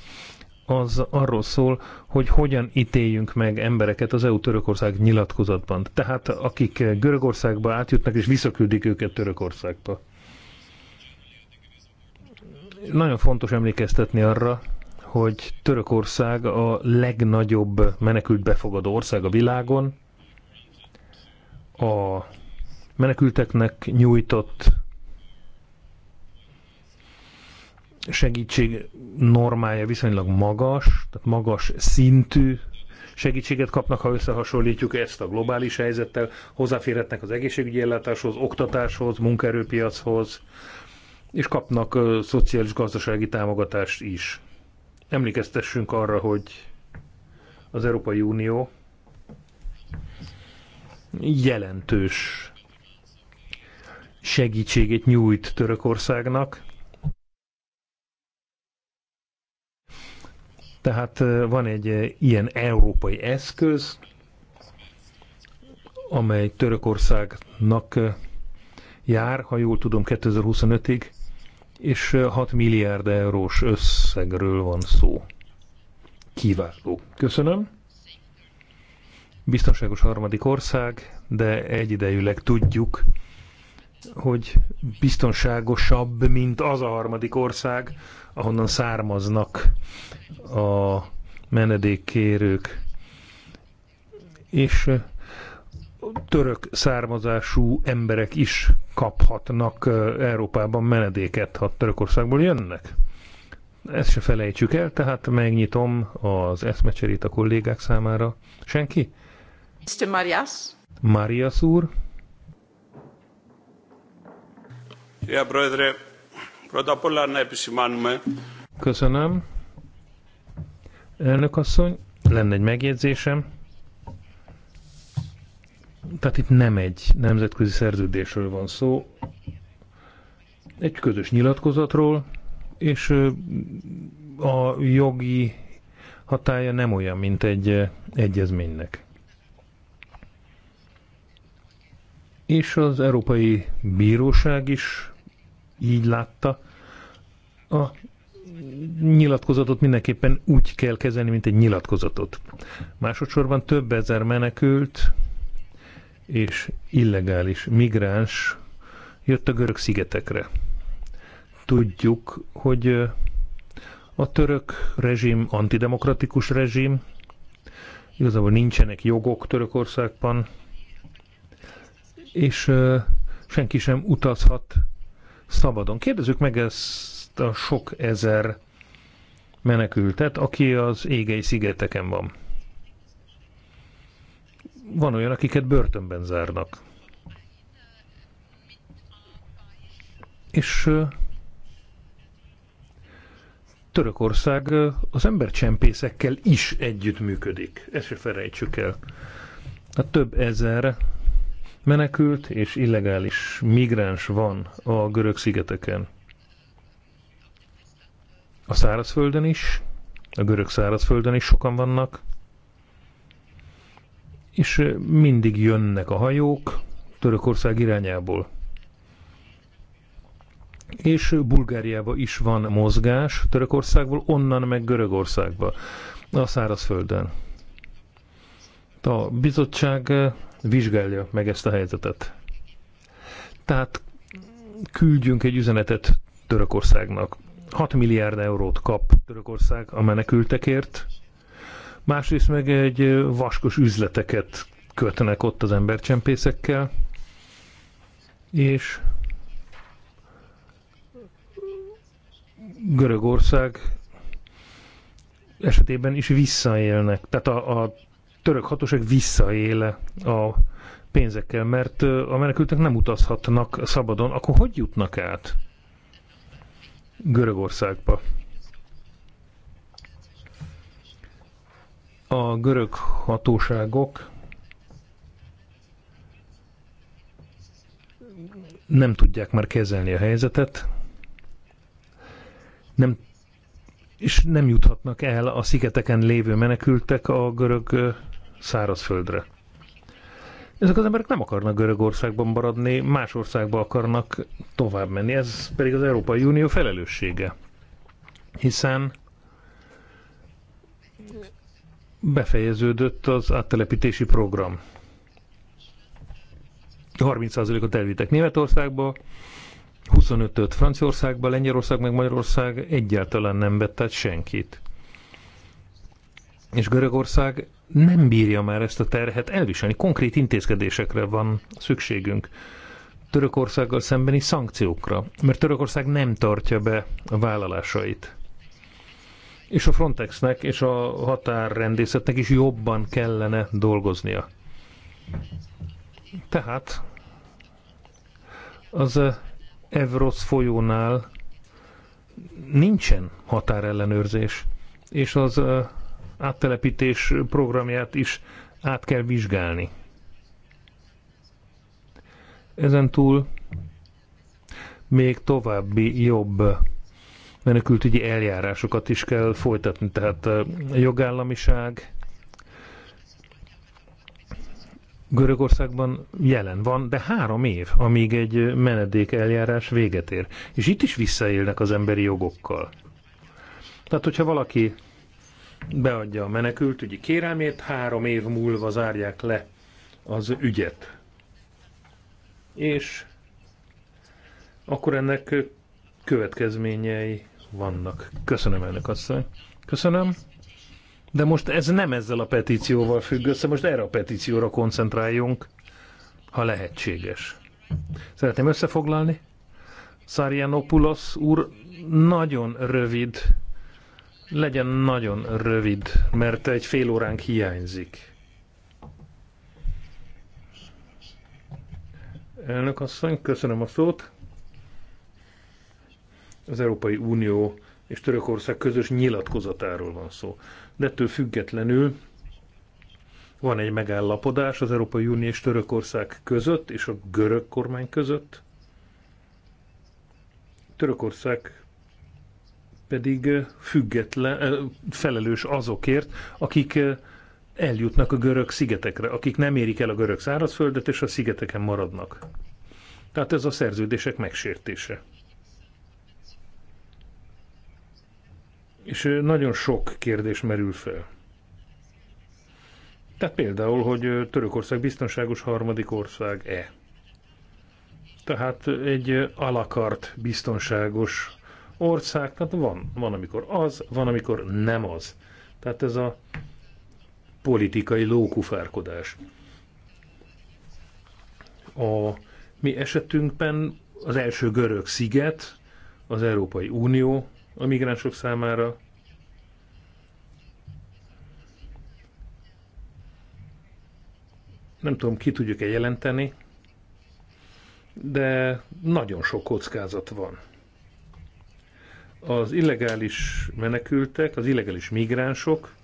az arról szól, hogy hogyan ítéljünk meg embereket az EU-Törökország nyilatkozatban. Tehát akik Görögországba átjutnak és visszaküldik őket Törökországba. Nagyon fontos emlékeztetni arra, hogy Törökország a legnagyobb menekült befogadó ország a világon. A menekülteknek nyújtott segítség normája viszonylag magas, tehát magas szintű segítséget kapnak, ha összehasonlítjuk ezt a globális helyzettel, hozzáférhetnek az egészségügyi ellátáshoz, oktatáshoz, munkaerőpiachoz, és kapnak szociális gazdasági támogatást is. Emlékeztessünk arra, hogy az Európai Unió jelentős segítségét nyújt Törökországnak. Tehát van egy ilyen európai eszköz, amely Törökországnak jár, ha jól tudom, 2025-ig, és 6 milliárd eurós összegről van szó. Kiváló. Köszönöm. Biztonságos harmadik ország, de egyidejűleg tudjuk, hogy biztonságosabb, mint az a harmadik ország, ahonnan származnak a menedékkérők. És török származású emberek is kaphatnak Európában menedéket, ha Törökországból jönnek? Ezt se felejtsük el, tehát megnyitom az eszmecserét a kollégák számára. Senki? Mr. Marias? Marias úr? Ja, brödre, πρώτα απ' όλα Köszönöm. Elnök asszony, lenne egy megjegyzésem. Tehát itt nem egy nemzetközi szerződésről van szó, egy közös nyilatkozatról, és a jogi hatája nem olyan, mint egy egyezménynek. És az Európai Bíróság is így látta. A nyilatkozatot mindenképpen úgy kell kezelni, mint egy nyilatkozatot. Másodszorban több ezer menekült és illegális migráns jött a görög szigetekre. Tudjuk, hogy a török rezsim antidemokratikus rezsim, igazából nincsenek jogok Törökországban, és senki sem utazhat szabadon. Kérdezzük meg ezt a sok ezer menekültet, aki az égei szigeteken van van olyan, akiket börtönben zárnak. És Törökország az embercsempészekkel is együttműködik. Ezt se felejtsük el. A több ezer menekült és illegális migráns van a görög szigeteken. A szárazföldön is, a görög szárazföldön is sokan vannak, és mindig jönnek a hajók Törökország irányából. És Bulgáriába is van mozgás Törökországból, onnan meg Görögországba, a szárazföldön. A bizottság vizsgálja meg ezt a helyzetet. Tehát küldjünk egy üzenetet Törökországnak. 6 milliárd eurót kap Törökország a menekültekért, másrészt meg egy vaskos üzleteket kötnek ott az embercsempészekkel, és Görögország esetében is visszaélnek. Tehát a, a török hatóság visszaéle a pénzekkel, mert a menekültek nem utazhatnak szabadon, akkor hogy jutnak át Görögországba? a görög hatóságok nem tudják már kezelni a helyzetet, nem, és nem juthatnak el a szigeteken lévő menekültek a görög szárazföldre. Ezek az emberek nem akarnak Görögországban maradni, más országba akarnak tovább menni. Ez pedig az Európai Unió felelőssége. Hiszen befejeződött az áttelepítési program. 30%-ot elvittek Németországba, 25-öt Franciaországba, Lengyelország meg Magyarország egyáltalán nem vett senkit. És Görögország nem bírja már ezt a terhet elviselni. Konkrét intézkedésekre van szükségünk. Törökországgal szembeni szankciókra, mert Törökország nem tartja be a vállalásait és a Frontexnek és a határrendészetnek is jobban kellene dolgoznia. Tehát az Evrosz folyónál nincsen határellenőrzés, és az áttelepítés programját is át kell vizsgálni. Ezen túl még további jobb menekültügyi eljárásokat is kell folytatni, tehát a jogállamiság Görögországban jelen van, de három év, amíg egy menedék eljárás véget ér. És itt is visszaélnek az emberi jogokkal. Tehát, hogyha valaki beadja a menekültügyi kérelmét, három év múlva zárják le az ügyet. És akkor ennek következményei vannak. Köszönöm, elnök asszony. Köszönöm. De most ez nem ezzel a petícióval függ össze, most erre a petícióra koncentráljunk, ha lehetséges. Szeretném összefoglalni. Szarianopoulos úr, nagyon rövid, legyen nagyon rövid, mert egy fél óránk hiányzik. Elnök asszony, köszönöm a szót az Európai Unió és Törökország közös nyilatkozatáról van szó. De ettől függetlenül van egy megállapodás az Európai Unió és Törökország között és a görög kormány között. Törökország pedig független, eh, felelős azokért, akik eh, eljutnak a görög szigetekre, akik nem érik el a görög szárazföldet, és a szigeteken maradnak. Tehát ez a szerződések megsértése. És nagyon sok kérdés merül fel. Tehát például, hogy Törökország biztonságos harmadik ország-e? Tehát egy alakart biztonságos ország, tehát van, van amikor az, van amikor nem az. Tehát ez a politikai lókufárkodás. A mi esetünkben az első görög sziget, az Európai Unió, a migránsok számára. Nem tudom, ki tudjuk-e jelenteni, de nagyon sok kockázat van. Az illegális menekültek, az illegális migránsok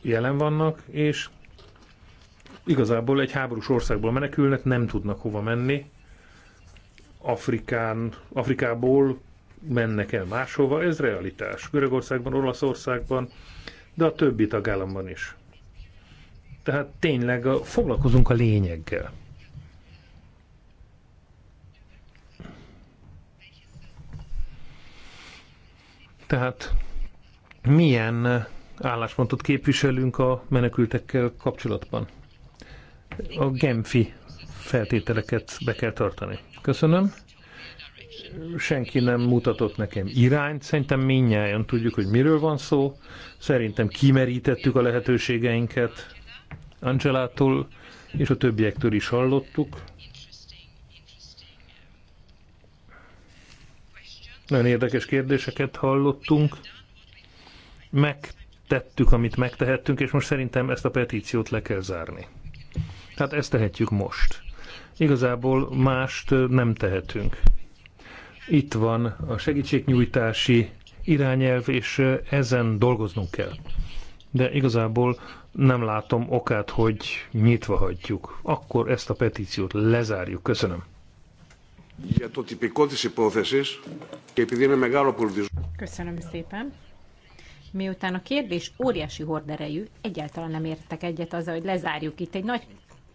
jelen vannak, és igazából egy háborús országból menekülnek, nem tudnak hova menni. Afrikán, Afrikából mennek el máshova, ez realitás. Görögországban, Olaszországban, de a többi tagállamban is. Tehát tényleg a, foglalkozunk a lényeggel. Tehát milyen álláspontot képviselünk a menekültekkel kapcsolatban? a Genfi feltételeket be kell tartani. Köszönöm. Senki nem mutatott nekem irányt, szerintem minnyáján tudjuk, hogy miről van szó. Szerintem kimerítettük a lehetőségeinket. Angelától és a többiektől is hallottuk. Nagyon érdekes kérdéseket hallottunk. Megtettük, amit megtehettünk, és most szerintem ezt a petíciót le kell zárni. Hát ezt tehetjük most. Igazából mást nem tehetünk. Itt van a segítségnyújtási irányelv, és ezen dolgoznunk kell. De igazából nem látom okát, hogy nyitva hagyjuk. Akkor ezt a petíciót lezárjuk. Köszönöm. Köszönöm szépen. Miután a kérdés óriási horderejű, egyáltalán nem értek egyet azzal, hogy lezárjuk itt egy nagy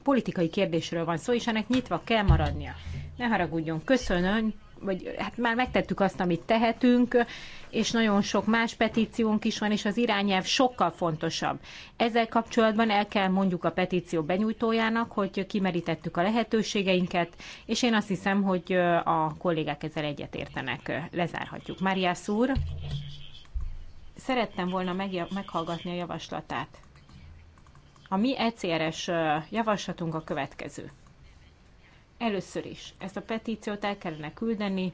politikai kérdésről van szó, és ennek nyitva kell maradnia. Ne haragudjon, köszönöm, vagy hát már megtettük azt, amit tehetünk, és nagyon sok más petíciónk is van, és az irányelv sokkal fontosabb. Ezzel kapcsolatban el kell mondjuk a petíció benyújtójának, hogy kimerítettük a lehetőségeinket, és én azt hiszem, hogy a kollégák ezzel egyetértenek. Lezárhatjuk. Máriász úr, szerettem volna meghallgatni a javaslatát. A mi ECRS javaslatunk a következő. Először is ezt a petíciót el kellene küldeni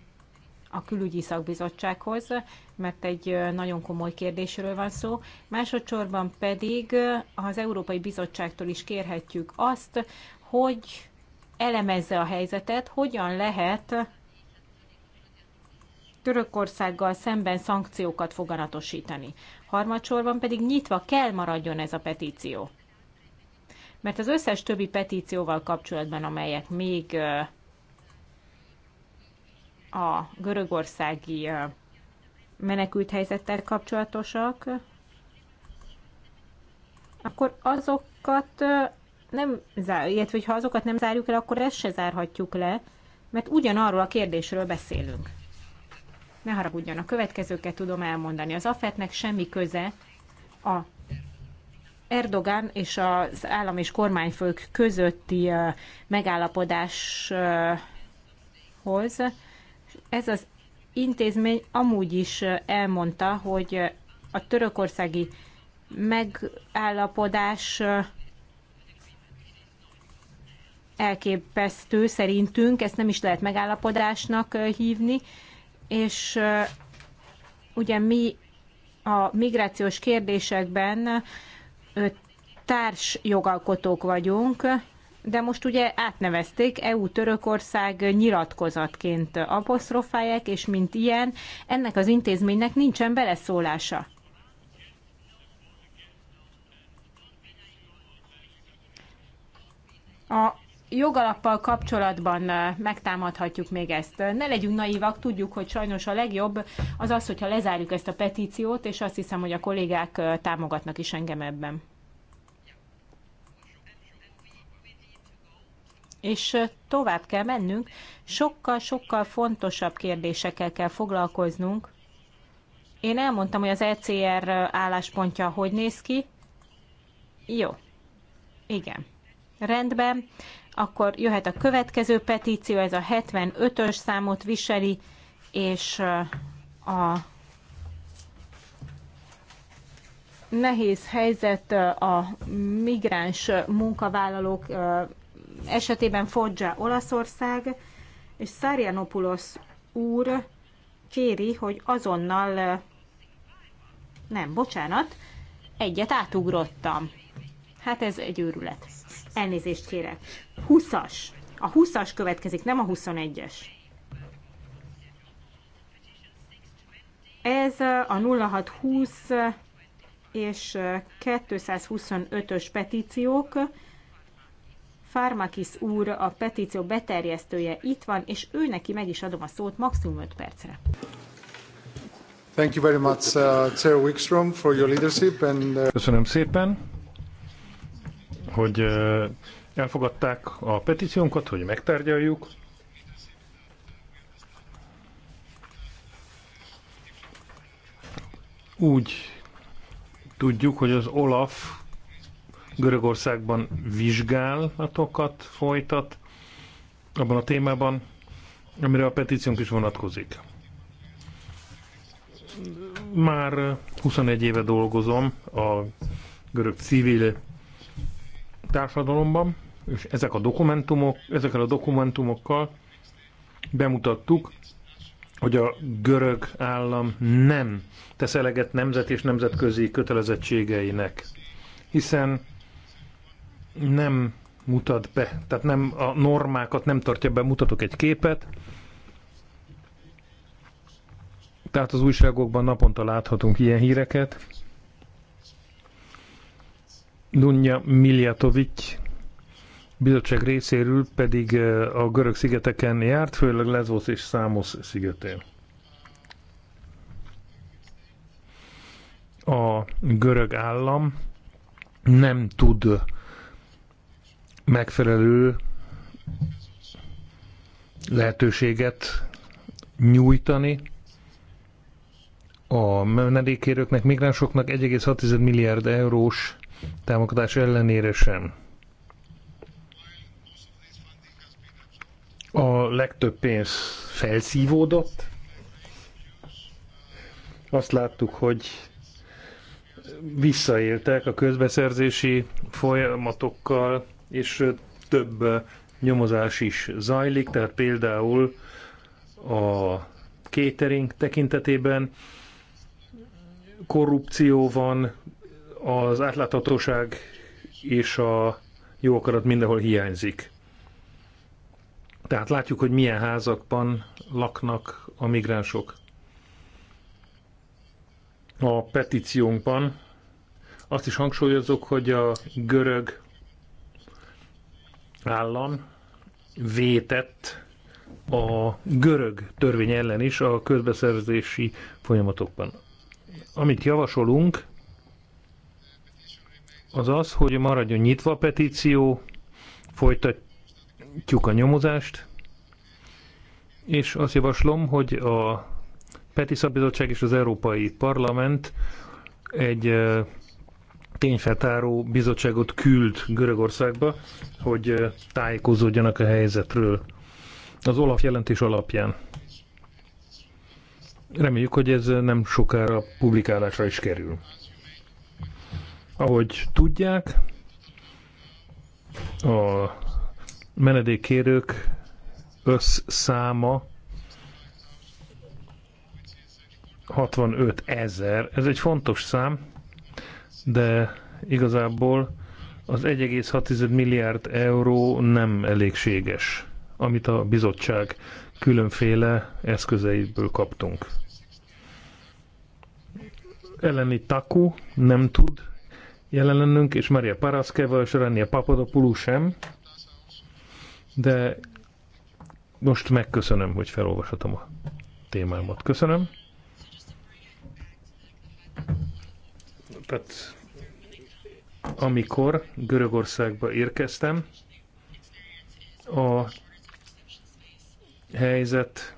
a külügyi szakbizottsághoz, mert egy nagyon komoly kérdésről van szó. Másodszorban pedig az Európai Bizottságtól is kérhetjük azt, hogy elemezze a helyzetet, hogyan lehet Törökországgal szemben szankciókat foganatosítani. Harmadsorban pedig nyitva kell maradjon ez a petíció mert az összes többi petícióval kapcsolatban, amelyek még a görögországi menekült helyzettel kapcsolatosak, akkor azokat nem zárjuk, illetve ha azokat nem zárjuk el, akkor ezt se zárhatjuk le, mert ugyanarról a kérdésről beszélünk. Ne haragudjon, a következőket tudom elmondani. Az afet semmi köze a Erdogan és az állam és kormányfők közötti megállapodáshoz. Ez az intézmény amúgy is elmondta, hogy a törökországi megállapodás elképesztő szerintünk, ezt nem is lehet megállapodásnak hívni, és ugye mi a migrációs kérdésekben társ jogalkotók vagyunk, de most ugye átnevezték EU-Törökország nyilatkozatként apostrofálják, és mint ilyen, ennek az intézménynek nincsen beleszólása. A jogalappal kapcsolatban megtámadhatjuk még ezt. Ne legyünk naívak, tudjuk, hogy sajnos a legjobb az az, hogyha lezárjuk ezt a petíciót, és azt hiszem, hogy a kollégák támogatnak is engem ebben. És tovább kell mennünk, sokkal-sokkal fontosabb kérdésekkel kell foglalkoznunk. Én elmondtam, hogy az ECR álláspontja hogy néz ki. Jó. Igen. Rendben. Akkor jöhet a következő petíció, ez a 75-ös számot viseli, és a nehéz helyzet a migráns munkavállalók esetében Foggia Olaszország, és Szárjanopoulos úr kéri, hogy azonnal, nem, bocsánat, egyet átugrottam. Hát ez egy őrület. Elnézést kérek. 20-as. A 20-as következik, nem a 21-es. Ez a 0620 és 225-ös petíciók. Farmakis úr a petíció beterjesztője itt van, és ő neki meg is adom a szót maximum 5 percre. Thank you very much, uh, Chair Wickstrom, for your leadership and, uh... Köszönöm szépen hogy elfogadták a petíciónkat, hogy megtárgyaljuk. Úgy tudjuk, hogy az Olaf Görögországban vizsgálatokat folytat abban a témában, amire a petíciónk is vonatkozik. Már 21 éve dolgozom a görög civil társadalomban, és ezek a dokumentumok, ezekkel a dokumentumokkal bemutattuk, hogy a görög állam nem tesz eleget nemzet és nemzetközi kötelezettségeinek, hiszen nem mutat be, tehát nem a normákat nem tartja be, mutatok egy képet, tehát az újságokban naponta láthatunk ilyen híreket, Dunja Miljatovic bizottság részéről pedig eh, a görög szigeteken járt, főleg Lesbos és Számosz szigetén. A görög állam nem tud megfelelő lehetőséget nyújtani a menedékérőknek, migránsoknak 1,6 milliárd eurós támogatás ellenére sem. A legtöbb pénz felszívódott. Azt láttuk, hogy visszaéltek a közbeszerzési folyamatokkal, és több nyomozás is zajlik, tehát például a catering tekintetében korrupció van, az átláthatóság és a jó akarat mindenhol hiányzik. Tehát látjuk, hogy milyen házakban laknak a migránsok. A petíciónkban azt is hangsúlyozok, hogy a görög állam vétett a görög törvény ellen is a közbeszerzési folyamatokban. Amit javasolunk, az az, hogy maradjon nyitva a petíció, folytatjuk a nyomozást, és azt javaslom, hogy a Peti Szabizottság és az Európai Parlament egy tényfeltáró bizottságot küld Görögországba, hogy tájékozódjanak a helyzetről az Olaf jelentés alapján. Reméljük, hogy ez nem sokára publikálásra is kerül. Ahogy tudják, a menedékkérők összszáma 65 ezer. Ez egy fontos szám, de igazából az 1,6 milliárd euró nem elégséges, amit a bizottság különféle eszközeiből kaptunk. Eleni Taku nem tud jelen lennünk, és Maria Paraszkeva és Rania Papadopoulou sem, de most megköszönöm, hogy felolvashatom a témámat. Köszönöm. Tehát, amikor Görögországba érkeztem, a helyzet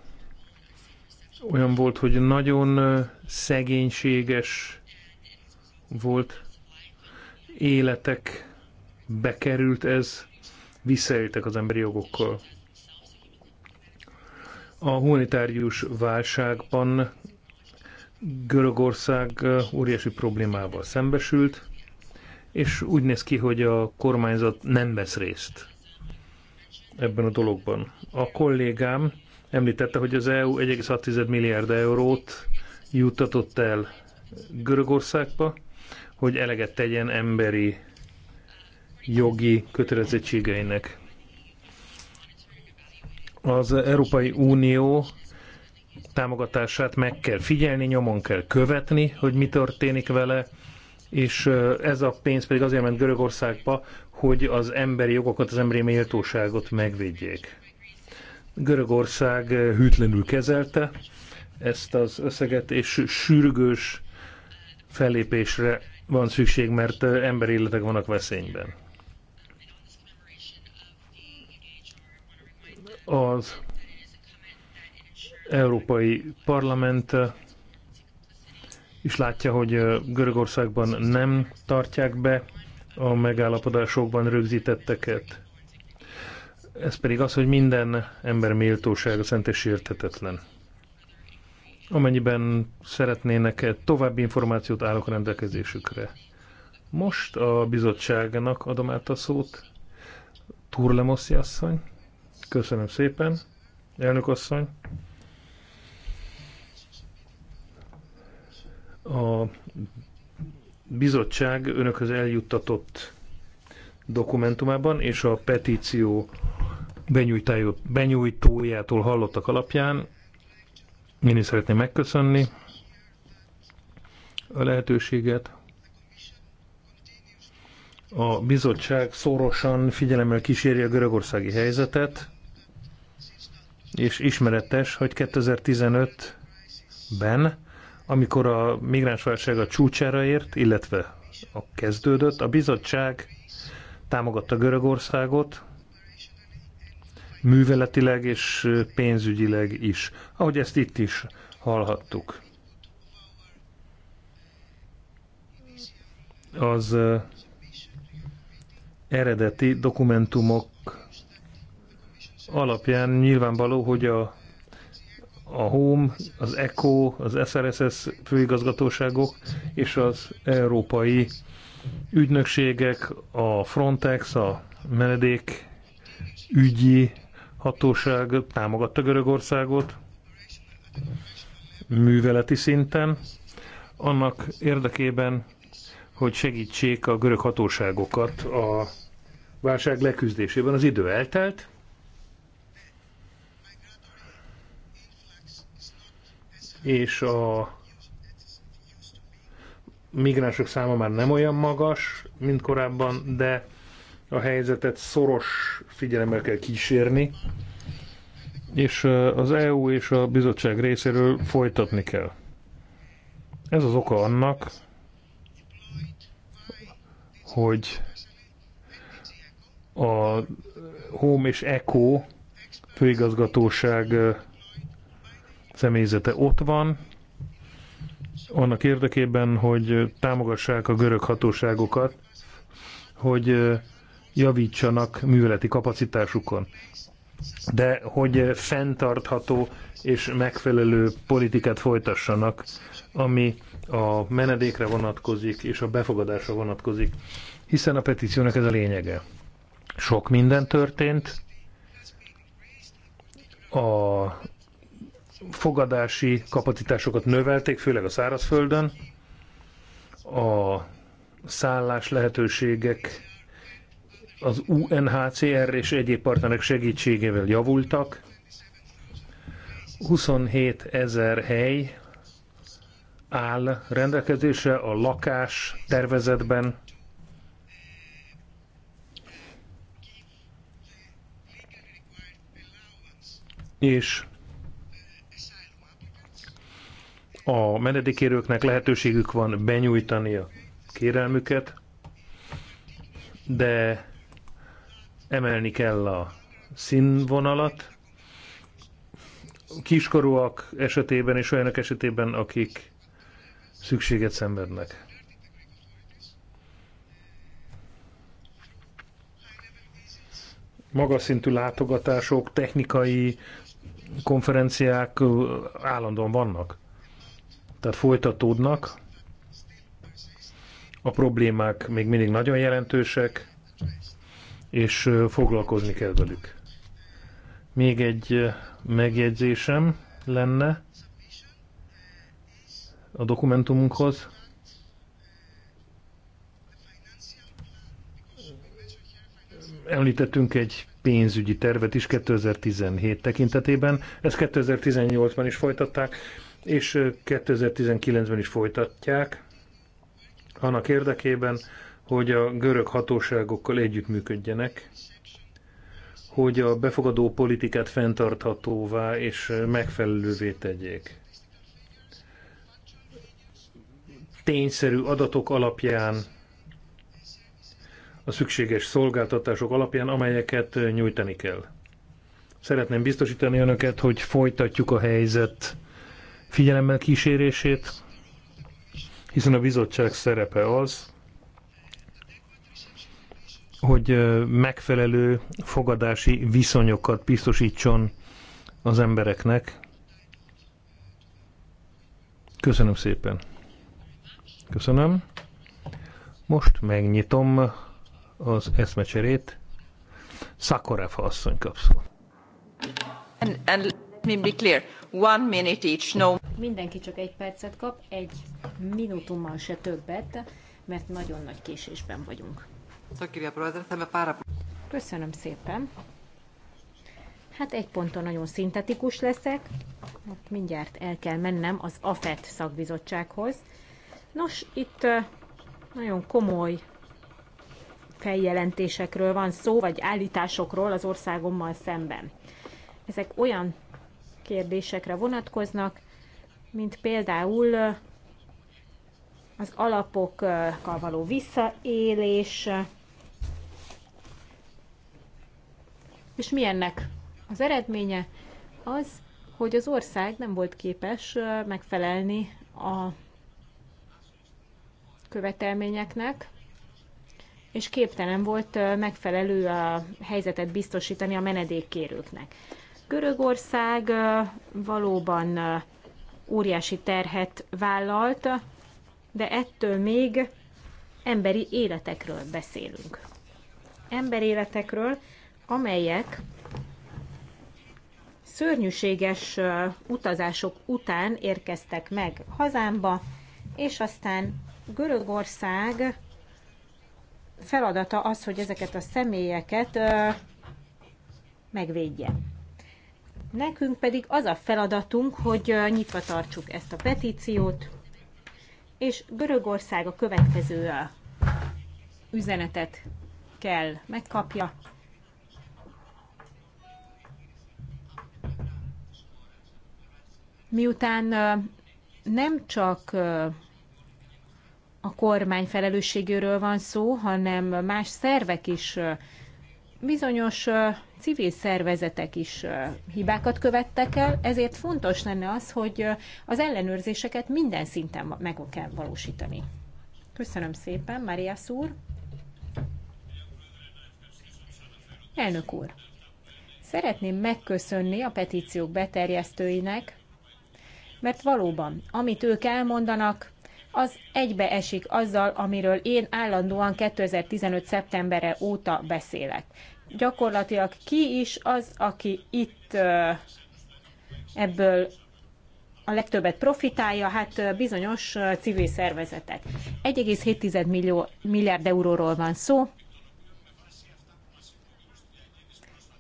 olyan volt, hogy nagyon szegénységes volt életek bekerült ez, visszaéltek az emberi jogokkal. A humanitárius válságban Görögország óriási problémával szembesült, és úgy néz ki, hogy a kormányzat nem vesz részt ebben a dologban. A kollégám említette, hogy az EU 1,6 milliárd eurót juttatott el Görögországba, hogy eleget tegyen emberi jogi kötelezettségeinek. Az Európai Unió támogatását meg kell figyelni, nyomon kell követni, hogy mi történik vele, és ez a pénz pedig azért ment Görögországba, hogy az emberi jogokat, az emberi méltóságot megvédjék. Görögország hűtlenül kezelte ezt az összeget, és sürgős fellépésre van szükség, mert emberi életek vannak veszélyben. Az Európai Parlament is látja, hogy Görögországban nem tartják be a megállapodásokban rögzítetteket. Ez pedig az, hogy minden ember méltósága szent és Amennyiben szeretnének -e további információt, állok a rendelkezésükre. Most a bizottságnak adom át a szót. Turlemoszi asszony. Köszönöm szépen. Elnök asszony. A bizottság önökhöz eljuttatott dokumentumában és a petíció benyújtójától hallottak alapján én is szeretném megköszönni a lehetőséget. A bizottság szorosan figyelemmel kíséri a görögországi helyzetet, és ismeretes, hogy 2015-ben, amikor a migránsválság a csúcsára ért, illetve a kezdődött, a bizottság támogatta Görögországot, műveletileg és pénzügyileg is, ahogy ezt itt is hallhattuk. Az eredeti dokumentumok alapján nyilvánvaló, hogy a, a HOME, az ECO, az SRSS főigazgatóságok és az európai ügynökségek, a Frontex, a menedék ügyi hatóság támogatta Görögországot műveleti szinten, annak érdekében, hogy segítsék a görög hatóságokat a válság leküzdésében. Az idő eltelt, és a migránsok száma már nem olyan magas, mint korábban, de a helyzetet szoros figyelemmel kell kísérni, és az EU és a bizottság részéről folytatni kell. Ez az oka annak, hogy a Home és Eco főigazgatóság személyzete ott van, annak érdekében, hogy támogassák a görög hatóságokat, hogy javítsanak műveleti kapacitásukon. De hogy fenntartható és megfelelő politikát folytassanak, ami a menedékre vonatkozik és a befogadásra vonatkozik, hiszen a petíciónak ez a lényege. Sok minden történt, a fogadási kapacitásokat növelték, főleg a szárazföldön, a szállás lehetőségek az UNHCR és egyéb partnerek segítségével javultak. 27 ezer hely áll rendelkezésre a lakás tervezetben. És a menedékérőknek lehetőségük van benyújtani a kérelmüket, de emelni kell a színvonalat, kiskorúak esetében és olyanok esetében, akik szükséget szenvednek. Magas szintű látogatások, technikai konferenciák állandóan vannak. Tehát folytatódnak. A problémák még mindig nagyon jelentősek, és foglalkozni kell velük. Még egy megjegyzésem lenne a dokumentumunkhoz. Említettünk egy pénzügyi tervet is 2017 tekintetében. Ezt 2018-ban is folytatták, és 2019-ben is folytatják. Annak érdekében, hogy a görög hatóságokkal együttműködjenek, hogy a befogadó politikát fenntarthatóvá és megfelelővé tegyék. Tényszerű adatok alapján, a szükséges szolgáltatások alapján, amelyeket nyújtani kell. Szeretném biztosítani önöket, hogy folytatjuk a helyzet figyelemmel kísérését, hiszen a bizottság szerepe az, hogy megfelelő fogadási viszonyokat biztosítson az embereknek. Köszönöm szépen. Köszönöm. Most megnyitom az eszmecserét. Szakorefa asszony kapszol. And, and let me be clear. One minute each, no. Mindenki csak egy percet kap, egy minutummal se többet, mert nagyon nagy késésben vagyunk. Köszönöm szépen. Hát egy ponton nagyon szintetikus leszek, mert hát mindjárt el kell mennem az AFET szakbizottsághoz. Nos, itt nagyon komoly feljelentésekről van szó, vagy állításokról az országommal szemben. Ezek olyan kérdésekre vonatkoznak, mint például az alapokkal való visszaélés, És mi ennek az eredménye? Az, hogy az ország nem volt képes megfelelni a követelményeknek, és képtelen volt megfelelő a helyzetet biztosítani a menedékkérőknek. Görögország valóban óriási terhet vállalt, de ettől még emberi életekről beszélünk. Emberi életekről, amelyek szörnyűséges utazások után érkeztek meg hazámba, és aztán Görögország feladata az, hogy ezeket a személyeket megvédje. Nekünk pedig az a feladatunk, hogy nyitva tartsuk ezt a petíciót, és Görögország a következő üzenetet kell megkapja. miután nem csak a kormány felelősségéről van szó, hanem más szervek is, bizonyos civil szervezetek is hibákat követtek el, ezért fontos lenne az, hogy az ellenőrzéseket minden szinten meg kell valósítani. Köszönöm szépen, Maria úr. Elnök úr, szeretném megköszönni a petíciók beterjesztőinek, mert valóban, amit ők elmondanak, az egybeesik azzal, amiről én állandóan 2015. szeptembere óta beszélek. Gyakorlatilag ki is az, aki itt ebből a legtöbbet profitálja, hát bizonyos civil szervezetek. 1,7 millió, milliárd euróról van szó.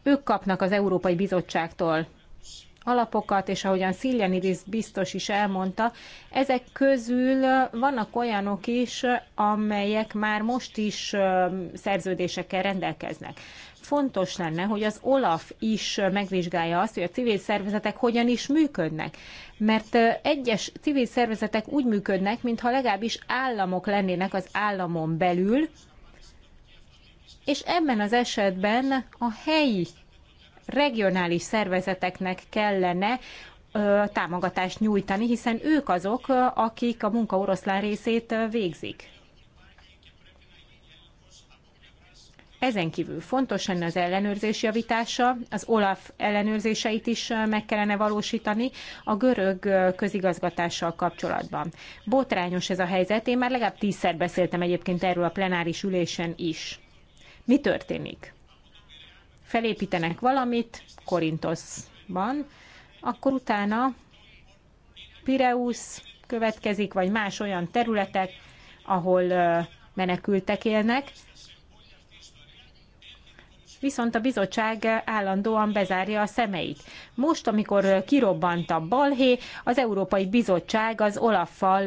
Ők kapnak az Európai Bizottságtól alapokat, és ahogyan Sziljanidis biztos is elmondta, ezek közül vannak olyanok is, amelyek már most is szerződésekkel rendelkeznek. Fontos lenne, hogy az OLAF is megvizsgálja azt, hogy a civil szervezetek hogyan is működnek. Mert egyes civil szervezetek úgy működnek, mintha legalábbis államok lennének az államon belül, és ebben az esetben a helyi regionális szervezeteknek kellene támogatást nyújtani, hiszen ők azok, akik a munka oroszlán részét végzik. Ezen kívül fontos lenne az ellenőrzés javítása, az OLAF ellenőrzéseit is meg kellene valósítani a görög közigazgatással kapcsolatban. Botrányos ez a helyzet, én már legalább tízszer beszéltem egyébként erről a plenáris ülésen is. Mi történik? felépítenek valamit Korintoszban, akkor utána Pireusz következik, vagy más olyan területek, ahol menekültek élnek, viszont a bizottság állandóan bezárja a szemeit. Most, amikor kirobbant a balhé, az Európai Bizottság az Olaffal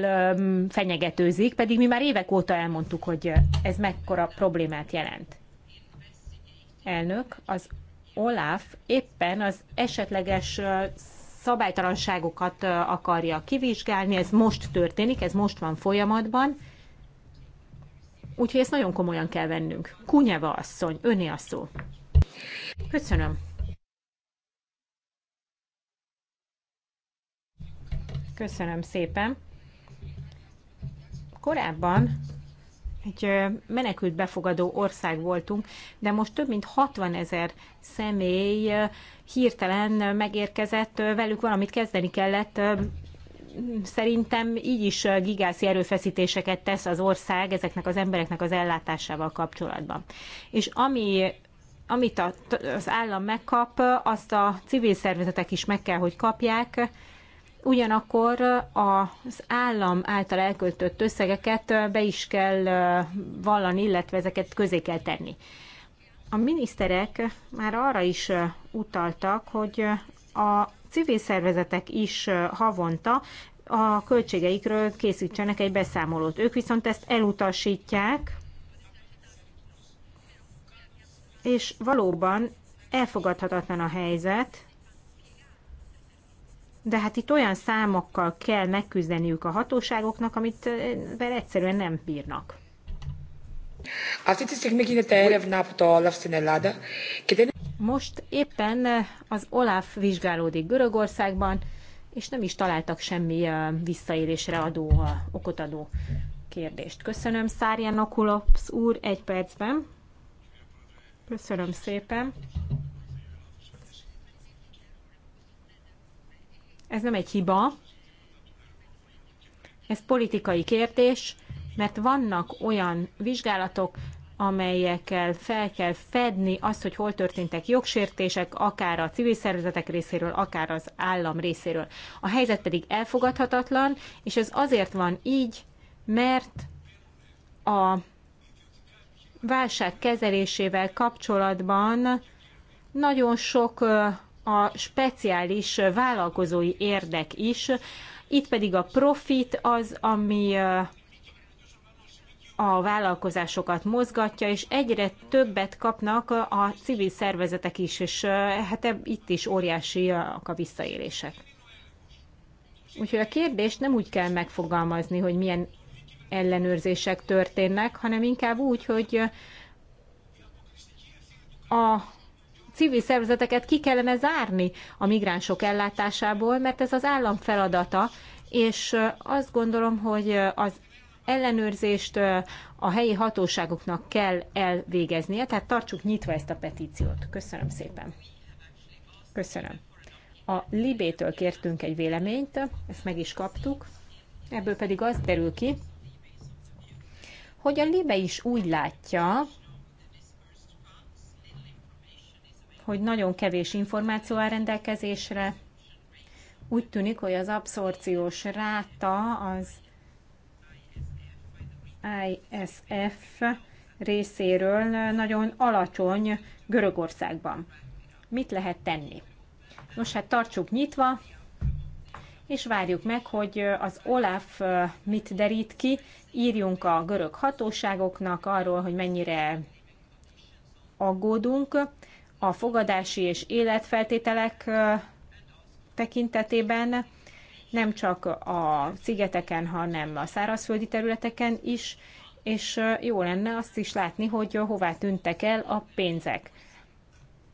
fenyegetőzik, pedig mi már évek óta elmondtuk, hogy ez mekkora problémát jelent elnök, az Olaf éppen az esetleges szabálytalanságokat akarja kivizsgálni, ez most történik, ez most van folyamatban, úgyhogy ezt nagyon komolyan kell vennünk. Kunyeva asszony, öné a szó. Köszönöm. Köszönöm szépen. Korábban egy menekült befogadó ország voltunk, de most több mint 60 ezer személy hirtelen megérkezett, velük valamit kezdeni kellett, szerintem így is gigászi erőfeszítéseket tesz az ország ezeknek az embereknek az ellátásával kapcsolatban. És ami amit az állam megkap, azt a civil szervezetek is meg kell, hogy kapják, ugyanakkor az állam által elköltött összegeket be is kell vallani, illetve ezeket közé kell tenni. A miniszterek már arra is utaltak, hogy a civil szervezetek is havonta a költségeikről készítsenek egy beszámolót. Ők viszont ezt elutasítják, és valóban elfogadhatatlan a helyzet, de hát itt olyan számokkal kell megküzdeniük a hatóságoknak, amit egyszerűen nem bírnak. most éppen az Olaf vizsgálódik Görögországban, és nem is találtak semmi visszaélésre adó, okot adó kérdést. Köszönöm, Szárján Akulops úr, egy percben. Köszönöm szépen. Ez nem egy hiba, ez politikai kérdés, mert vannak olyan vizsgálatok, amelyekkel fel kell fedni azt, hogy hol történtek jogsértések, akár a civil szervezetek részéről, akár az állam részéről. A helyzet pedig elfogadhatatlan, és ez azért van így, mert a válság kezelésével kapcsolatban nagyon sok a speciális vállalkozói érdek is, itt pedig a profit az, ami a vállalkozásokat mozgatja, és egyre többet kapnak a civil szervezetek is, és hát e, itt is óriásiak a visszaélések. Úgyhogy a kérdést nem úgy kell megfogalmazni, hogy milyen ellenőrzések történnek, hanem inkább úgy, hogy a civil szervezeteket ki kellene zárni a migránsok ellátásából, mert ez az állam feladata, és azt gondolom, hogy az ellenőrzést a helyi hatóságoknak kell elvégeznie, tehát tartsuk nyitva ezt a petíciót. Köszönöm szépen. Köszönöm. A Libétől kértünk egy véleményt, ezt meg is kaptuk, ebből pedig az derül ki, hogy a Libe is úgy látja, hogy nagyon kevés információ áll rendelkezésre. Úgy tűnik, hogy az abszorciós ráta az ISF részéről nagyon alacsony Görögországban. Mit lehet tenni? Nos, hát tartsuk nyitva, és várjuk meg, hogy az Olaf mit derít ki, írjunk a görög hatóságoknak arról, hogy mennyire aggódunk, a fogadási és életfeltételek tekintetében nem csak a szigeteken, hanem a szárazföldi területeken is, és jó lenne azt is látni, hogy hová tűntek el a pénzek.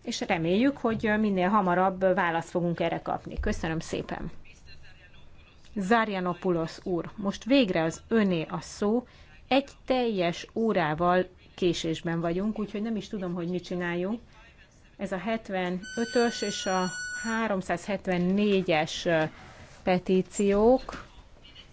És reméljük, hogy minél hamarabb választ fogunk erre kapni. Köszönöm szépen! Zárjanopulos úr, most végre az öné a szó, egy teljes órával késésben vagyunk, úgyhogy nem is tudom, hogy mit csináljunk. Ez a 75-ös és a 374-es petíciók.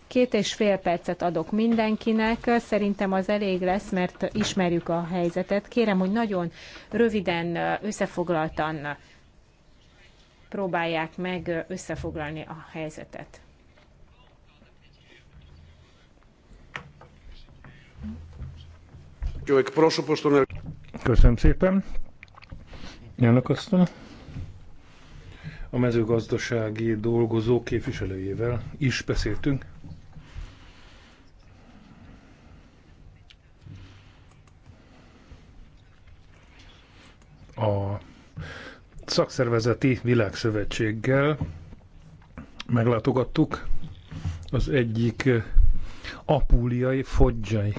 Két és fél percet adok mindenkinek, szerintem az elég lesz, mert ismerjük a helyzetet. Kérem, hogy nagyon röviden, összefoglaltan próbálják meg összefoglalni a helyzetet. Köszönöm szépen. Elnök asztal. a mezőgazdasági dolgozó képviselőjével is beszéltünk. A szakszervezeti világszövetséggel meglátogattuk az egyik Apúliai fogyjai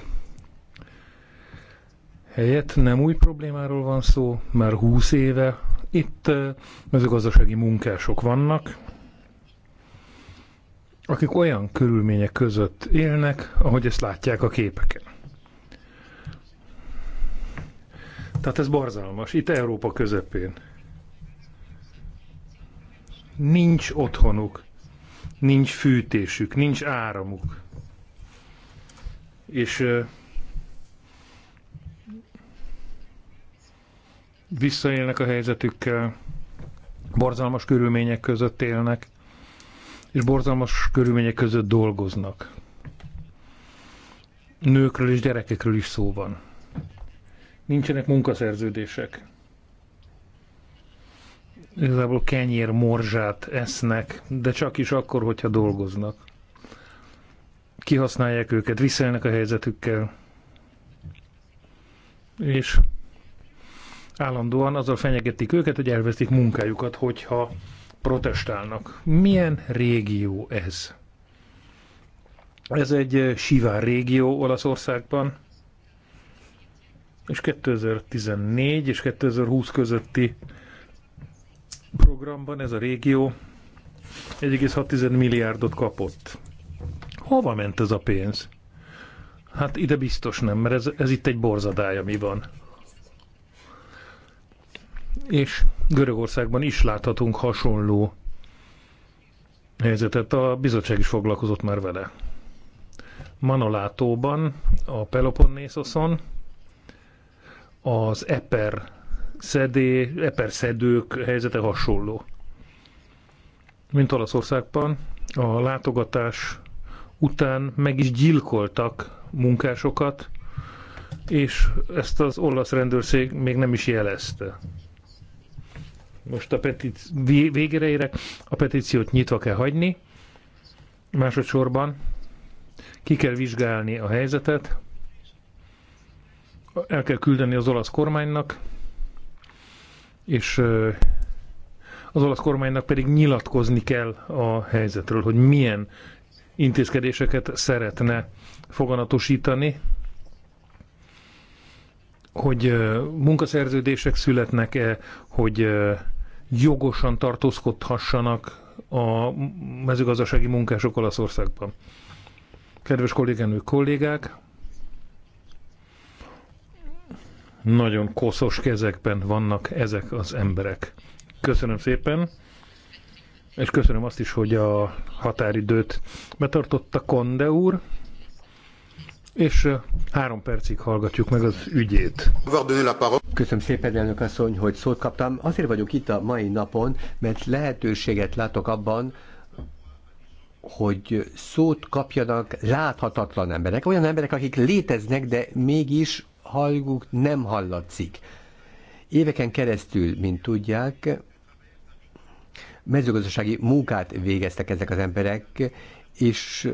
helyett Nem új problémáról van szó, már 20 éve. Itt mezőgazdasági munkások vannak, akik olyan körülmények között élnek, ahogy ezt látják a képeken. Tehát ez borzalmas, itt Európa közepén. Nincs otthonuk, nincs fűtésük, nincs áramuk. És visszaélnek a helyzetükkel, borzalmas körülmények között élnek, és borzalmas körülmények között dolgoznak. Nőkről és gyerekekről is szó van. Nincsenek munkaszerződések. Igazából kenyér morzsát esznek, de csak is akkor, hogyha dolgoznak. Kihasználják őket, visszaélnek a helyzetükkel. És állandóan azzal fenyegetik őket, hogy elveszik munkájukat, hogyha protestálnak. Milyen régió ez? Ez egy sivár régió Olaszországban, és 2014 és 2020 közötti programban ez a régió 1,6 milliárdot kapott. Hova ment ez a pénz? Hát ide biztos nem, mert ez, ez itt egy borzadája mi van és Görögországban is láthatunk hasonló helyzetet. A bizottság is foglalkozott már vele. Manolátóban, a Peloponnészoszon az eper, szedé, eper szedők helyzete hasonló. Mint Olaszországban, a látogatás után meg is gyilkoltak munkásokat, és ezt az olasz rendőrség még nem is jelezte most a petíció végére érek, a petíciót nyitva kell hagyni, másodszorban ki kell vizsgálni a helyzetet, el kell küldeni az olasz kormánynak, és az olasz kormánynak pedig nyilatkozni kell a helyzetről, hogy milyen intézkedéseket szeretne foganatosítani, hogy munkaszerződések születnek-e, hogy jogosan tartózkodhassanak a mezőgazdasági munkások Olaszországban. Kedves kolléganők, kollégák, nagyon koszos kezekben vannak ezek az emberek. Köszönöm szépen, és köszönöm azt is, hogy a határidőt betartotta Konde úr és három percig hallgatjuk meg az ügyét. Köszönöm szépen, elnök asszony, hogy szót kaptam. Azért vagyok itt a mai napon, mert lehetőséget látok abban, hogy szót kapjanak láthatatlan emberek, olyan emberek, akik léteznek, de mégis hallguk nem hallatszik. Éveken keresztül, mint tudják, mezőgazdasági munkát végeztek ezek az emberek, és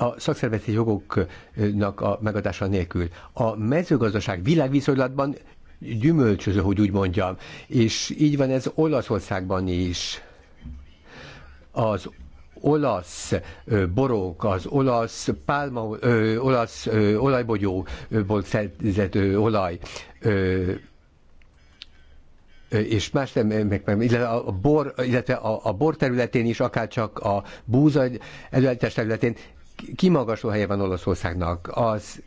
a szakszervezeti jogoknak a megadása nélkül. A mezőgazdaság világviszonylatban gyümölcsöző, hogy úgy mondjam, és így van ez Olaszországban is. Az olasz borok, az olasz, pálma, ö, olasz ö, olajbogyóból szerzett ö, olaj, ö, és más nem, meg, meg, illetve a bor, illetve a, a bor területén is, akár csak a búza előállítás területén kimagasló helye van Olaszországnak. Az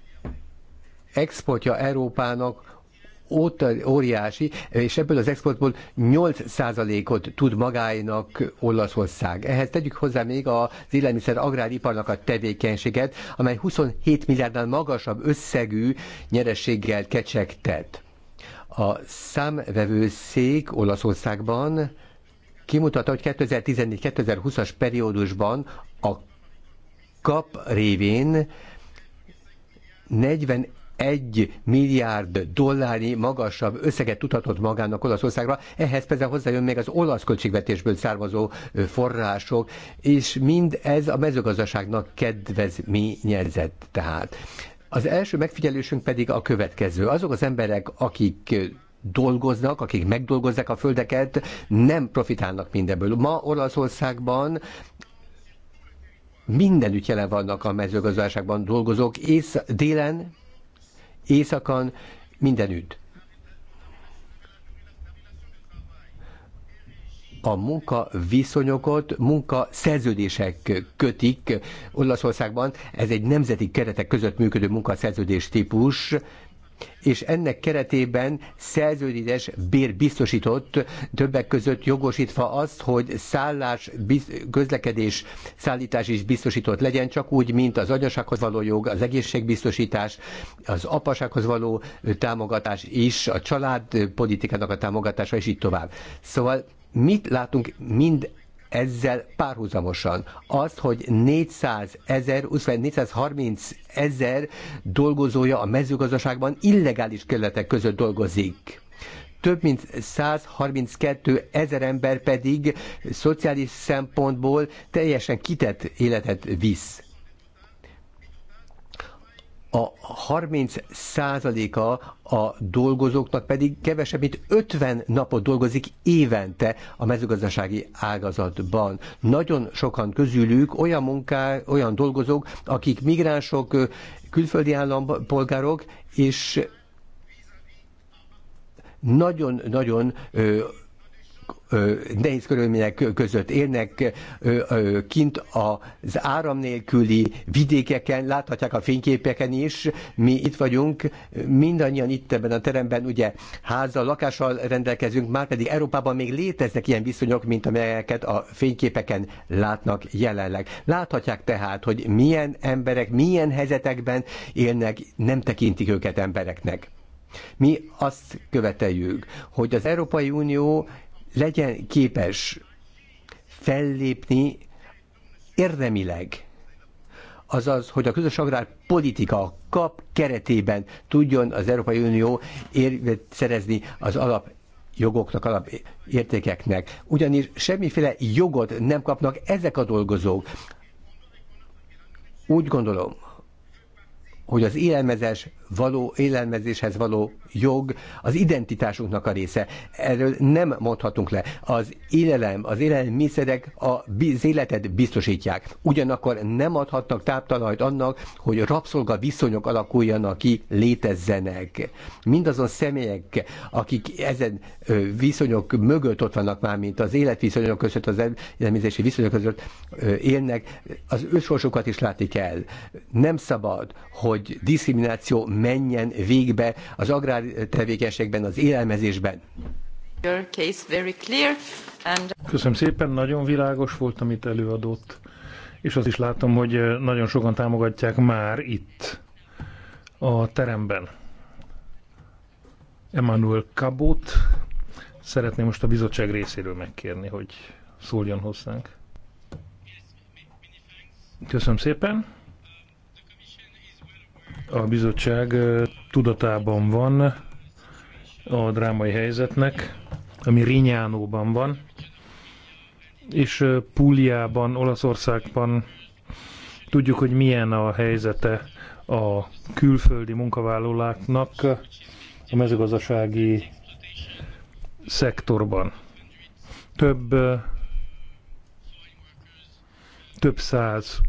exportja Európának óta óriási, és ebből az exportból 8%-ot tud magáinak Olaszország. Ehhez tegyük hozzá még az élelmiszer agráriparnak a tevékenységet, amely 27 milliárdnál magasabb összegű nyerességgel kecsegtet. A számvevőszék Olaszországban kimutatta, hogy 2014-2020-as periódusban a kap révén 40 egy milliárd dollárnyi magasabb összeget tudhatott magának Olaszországra, ehhez persze hozzájön még az olasz költségvetésből származó források, és mind ez a mezőgazdaságnak kedvezményezett tehát. Az első megfigyelésünk pedig a következő. Azok az emberek, akik dolgoznak, akik megdolgozzák a földeket, nem profitálnak mindebből. Ma Olaszországban mindenütt jelen vannak a mezőgazdaságban dolgozók, ész, délen, éjszakan, mindenütt. a munka viszonyokat, munka szerződések kötik Olaszországban. Ez egy nemzeti keretek között működő munkaszerződés típus, és ennek keretében szerződéses bér biztosított, többek között jogosítva azt, hogy szállás, biz, közlekedés, szállítás is biztosított legyen, csak úgy, mint az anyasághoz való jog, az egészségbiztosítás, az apasághoz való támogatás is, a családpolitikának a támogatása, és így tovább. Szóval mit látunk mind ezzel párhuzamosan azt, hogy 400 ezer, 430 ezer dolgozója a mezőgazdaságban illegális kerületek között dolgozik több mint 132 ezer ember pedig szociális szempontból teljesen kitett életet visz a 30 százaléka a dolgozóknak pedig kevesebb, mint 50 napot dolgozik évente a mezőgazdasági ágazatban. Nagyon sokan közülük olyan munká, olyan dolgozók, akik migránsok, külföldi állampolgárok, és nagyon-nagyon nehéz körülmények között élnek kint az áram nélküli vidékeken, láthatják a fényképeken is, mi itt vagyunk, mindannyian itt ebben a teremben ugye házzal, lakással rendelkezünk, már pedig Európában még léteznek ilyen viszonyok, mint amelyeket a fényképeken látnak jelenleg. Láthatják tehát, hogy milyen emberek, milyen helyzetekben élnek, nem tekintik őket embereknek. Mi azt követeljük, hogy az Európai Unió legyen képes fellépni érdemileg, azaz, hogy a közös agrárpolitika kap keretében tudjon az Európai Unió érve szerezni az alap jogoknak, alapértékeknek. Ugyanis semmiféle jogot nem kapnak ezek a dolgozók. Úgy gondolom, hogy az élelmezés való élelmezéshez való jog az identitásunknak a része. Erről nem mondhatunk le. Az élelem, az élelmiszerek az életet biztosítják. Ugyanakkor nem adhatnak táptalajt annak, hogy rabszolga viszonyok alakuljanak ki, létezzenek. Mindazon személyek, akik ezen viszonyok mögött ott vannak már, mint az életviszonyok között, az élelmezési viszonyok között élnek, az ősorsokat is látni kell. Nem szabad, hogy diszkrimináció menjen végbe az agrártevékenységben, az élelmezésben. Köszönöm szépen, nagyon világos volt, amit előadott, és azt is látom, hogy eh, nagyon sokan támogatják már itt a teremben. Emmanuel Cabot, szeretném most a bizottság részéről megkérni, hogy szóljon hozzánk. Köszönöm szépen a bizottság tudatában van a drámai helyzetnek, ami Rinyánóban van, és Púliában, Olaszországban tudjuk, hogy milyen a helyzete a külföldi munkavállalóknak a mezőgazdasági szektorban. Több, több száz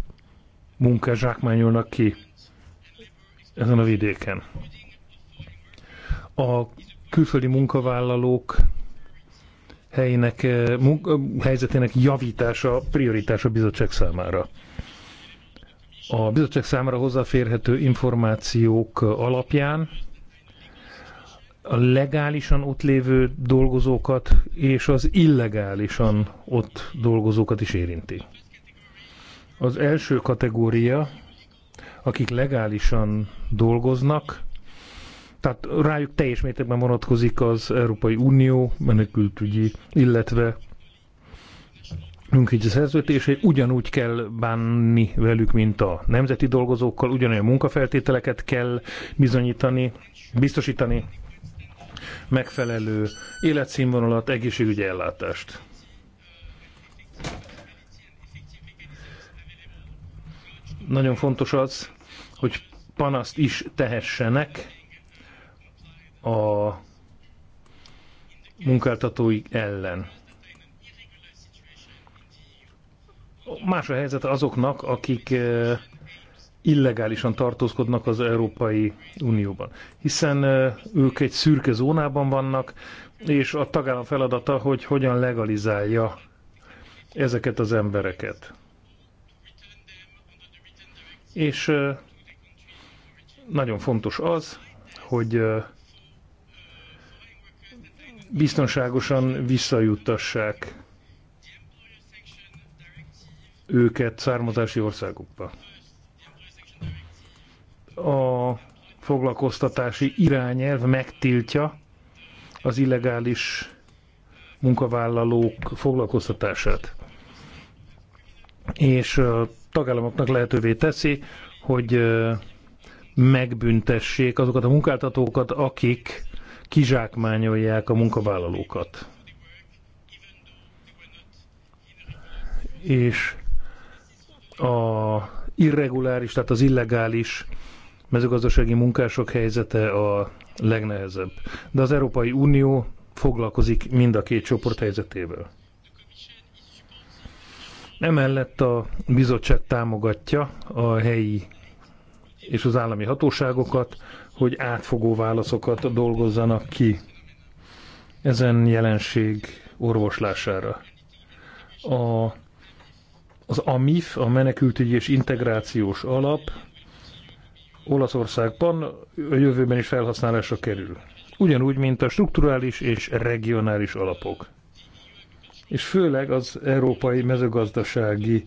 munkás zsákmányolnak ki ezen a vidéken. A külföldi munkavállalók helyének, eh, eh, helyzetének javítása prioritás a bizottság számára. A bizottság számára hozzáférhető információk alapján a legálisan ott lévő dolgozókat és az illegálisan ott dolgozókat is érinti. Az első kategória akik legálisan dolgoznak, tehát rájuk teljes mértékben vonatkozik az Európai Unió menekültügyi, illetve munkahelyi szerződése, ugyanúgy kell bánni velük, mint a nemzeti dolgozókkal, ugyanolyan munkafeltételeket kell bizonyítani, biztosítani, megfelelő életszínvonalat, egészségügyi ellátást. nagyon fontos az, hogy panaszt is tehessenek a munkáltatói ellen. Más a helyzet azoknak, akik eh, illegálisan tartózkodnak az Európai Unióban, hiszen eh, ők egy szürke zónában vannak, és a tagállam feladata, hogy hogyan legalizálja ezeket az embereket. És nagyon fontos az, hogy biztonságosan visszajuttassák őket származási országukba. A foglalkoztatási irányelv megtiltja az illegális munkavállalók foglalkoztatását. És tagállamoknak lehetővé teszi, hogy megbüntessék azokat a munkáltatókat, akik kizsákmányolják a munkavállalókat. És a irreguláris, tehát az illegális mezőgazdasági munkások helyzete a legnehezebb. De az Európai Unió foglalkozik mind a két csoport helyzetével. Emellett a bizottság támogatja a helyi és az állami hatóságokat, hogy átfogó válaszokat dolgozzanak ki ezen jelenség orvoslására. A, az AMIF, a Menekültügyi és Integrációs Alap Olaszországban a jövőben is felhasználásra kerül. Ugyanúgy, mint a strukturális és regionális alapok és főleg az európai mezőgazdasági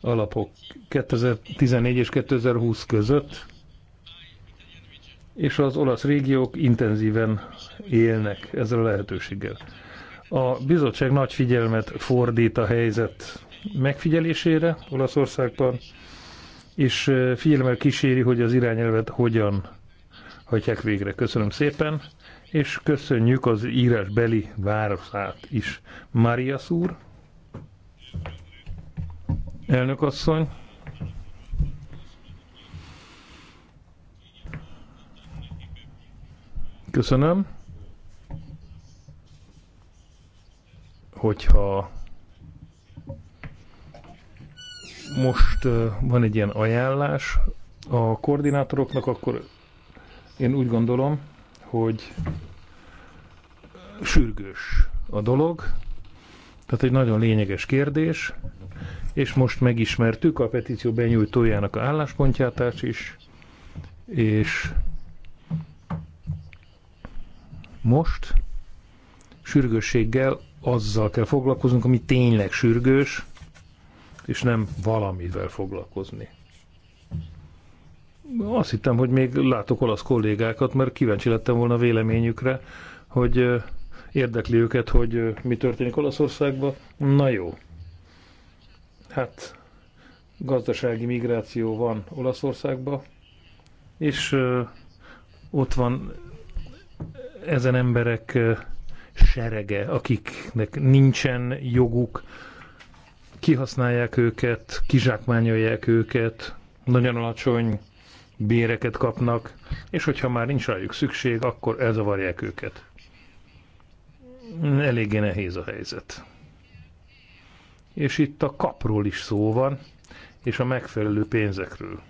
alapok 2014 és 2020 között, és az olasz régiók intenzíven élnek ezzel a lehetőséggel. A bizottság nagy figyelmet fordít a helyzet megfigyelésére Olaszországban, és figyelemmel kíséri, hogy az irányelvet hogyan hagyják végre. Köszönöm szépen! és köszönjük az írásbeli városát is. Mária úr, elnök asszony, köszönöm, hogyha most van egy ilyen ajánlás a koordinátoroknak, akkor én úgy gondolom, hogy sürgős a dolog, tehát egy nagyon lényeges kérdés, és most megismertük a petíció benyújtójának a álláspontját is, és most sürgősséggel azzal kell foglalkoznunk, ami tényleg sürgős, és nem valamivel foglalkozni azt hittem, hogy még látok olasz kollégákat, mert kíváncsi lettem volna véleményükre, hogy érdekli őket, hogy mi történik Olaszországban. Na jó. Hát gazdasági migráció van Olaszországba, és ott van ezen emberek serege, akiknek nincsen joguk, kihasználják őket, kizsákmányolják őket, nagyon alacsony béreket kapnak, és hogyha már nincs rájuk szükség, akkor elzavarják őket. Eléggé nehéz a helyzet. És itt a kapról is szó van, és a megfelelő pénzekről.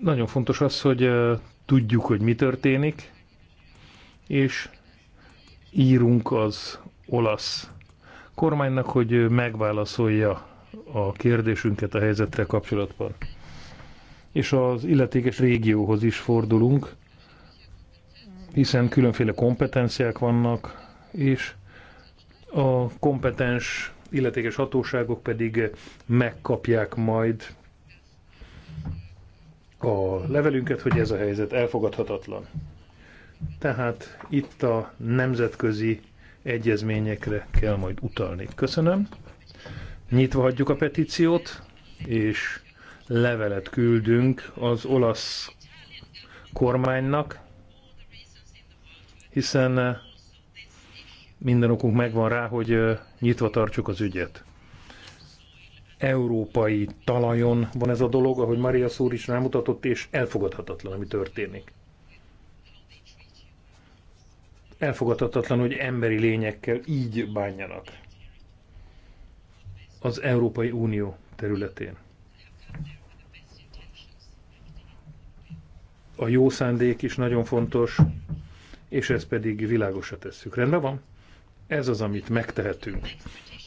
Nagyon fontos az, hogy tudjuk, hogy mi történik, és írunk az olasz kormánynak, hogy megválaszolja a kérdésünket a helyzetre kapcsolatban. És az illetékes régióhoz is fordulunk, hiszen különféle kompetenciák vannak, és a kompetens illetékes hatóságok pedig megkapják majd a levelünket, hogy ez a helyzet elfogadhatatlan. Tehát itt a nemzetközi egyezményekre kell majd utalni. Köszönöm nyitva hagyjuk a petíciót, és levelet küldünk az olasz kormánynak, hiszen eh, minden okunk megvan rá, hogy eh, nyitva tartsuk az ügyet. Európai talajon van ez a dolog, ahogy Maria Szúr is rámutatott, és elfogadhatatlan, ami történik. Elfogadhatatlan, hogy emberi lényekkel így bánjanak az Európai Unió területén. A jó szándék is nagyon fontos, és ezt pedig világosra tesszük. Rendben van? Ez az, amit megtehetünk.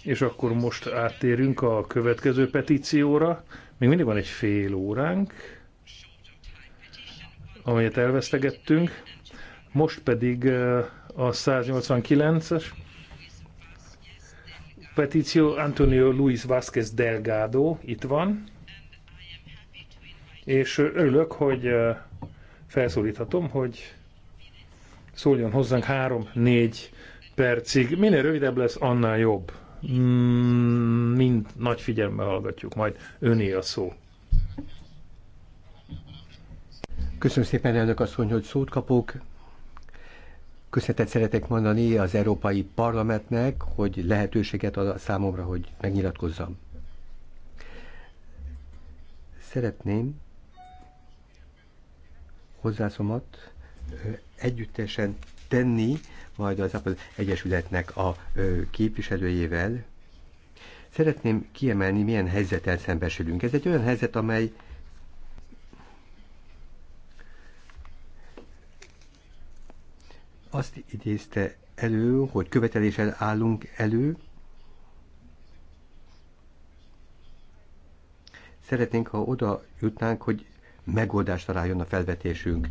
És akkor most áttérünk a következő petícióra. Még mindig van egy fél óránk, amelyet elvesztegettünk. Most pedig eh, a 189-es, petíció Antonio Luis Vázquez Delgado itt van, és örülök, hogy felszólíthatom, hogy szóljon hozzánk három-négy percig. Minél rövidebb lesz, annál jobb. Mm, Mind nagy figyelemmel hallgatjuk, majd öné a szó. Köszönöm szépen, elnök asszony, hogy szót kapok köszönetet szeretek mondani az Európai Parlamentnek, hogy lehetőséget ad a számomra, hogy megnyilatkozzam. Szeretném hozzászomat együttesen tenni majd az Egyesületnek a képviselőjével. Szeretném kiemelni, milyen helyzeten szembesülünk. Ez egy olyan helyzet, amely azt idézte elő, hogy követeléssel állunk elő. Szeretnénk, ha oda jutnánk, hogy megoldást találjon a felvetésünk.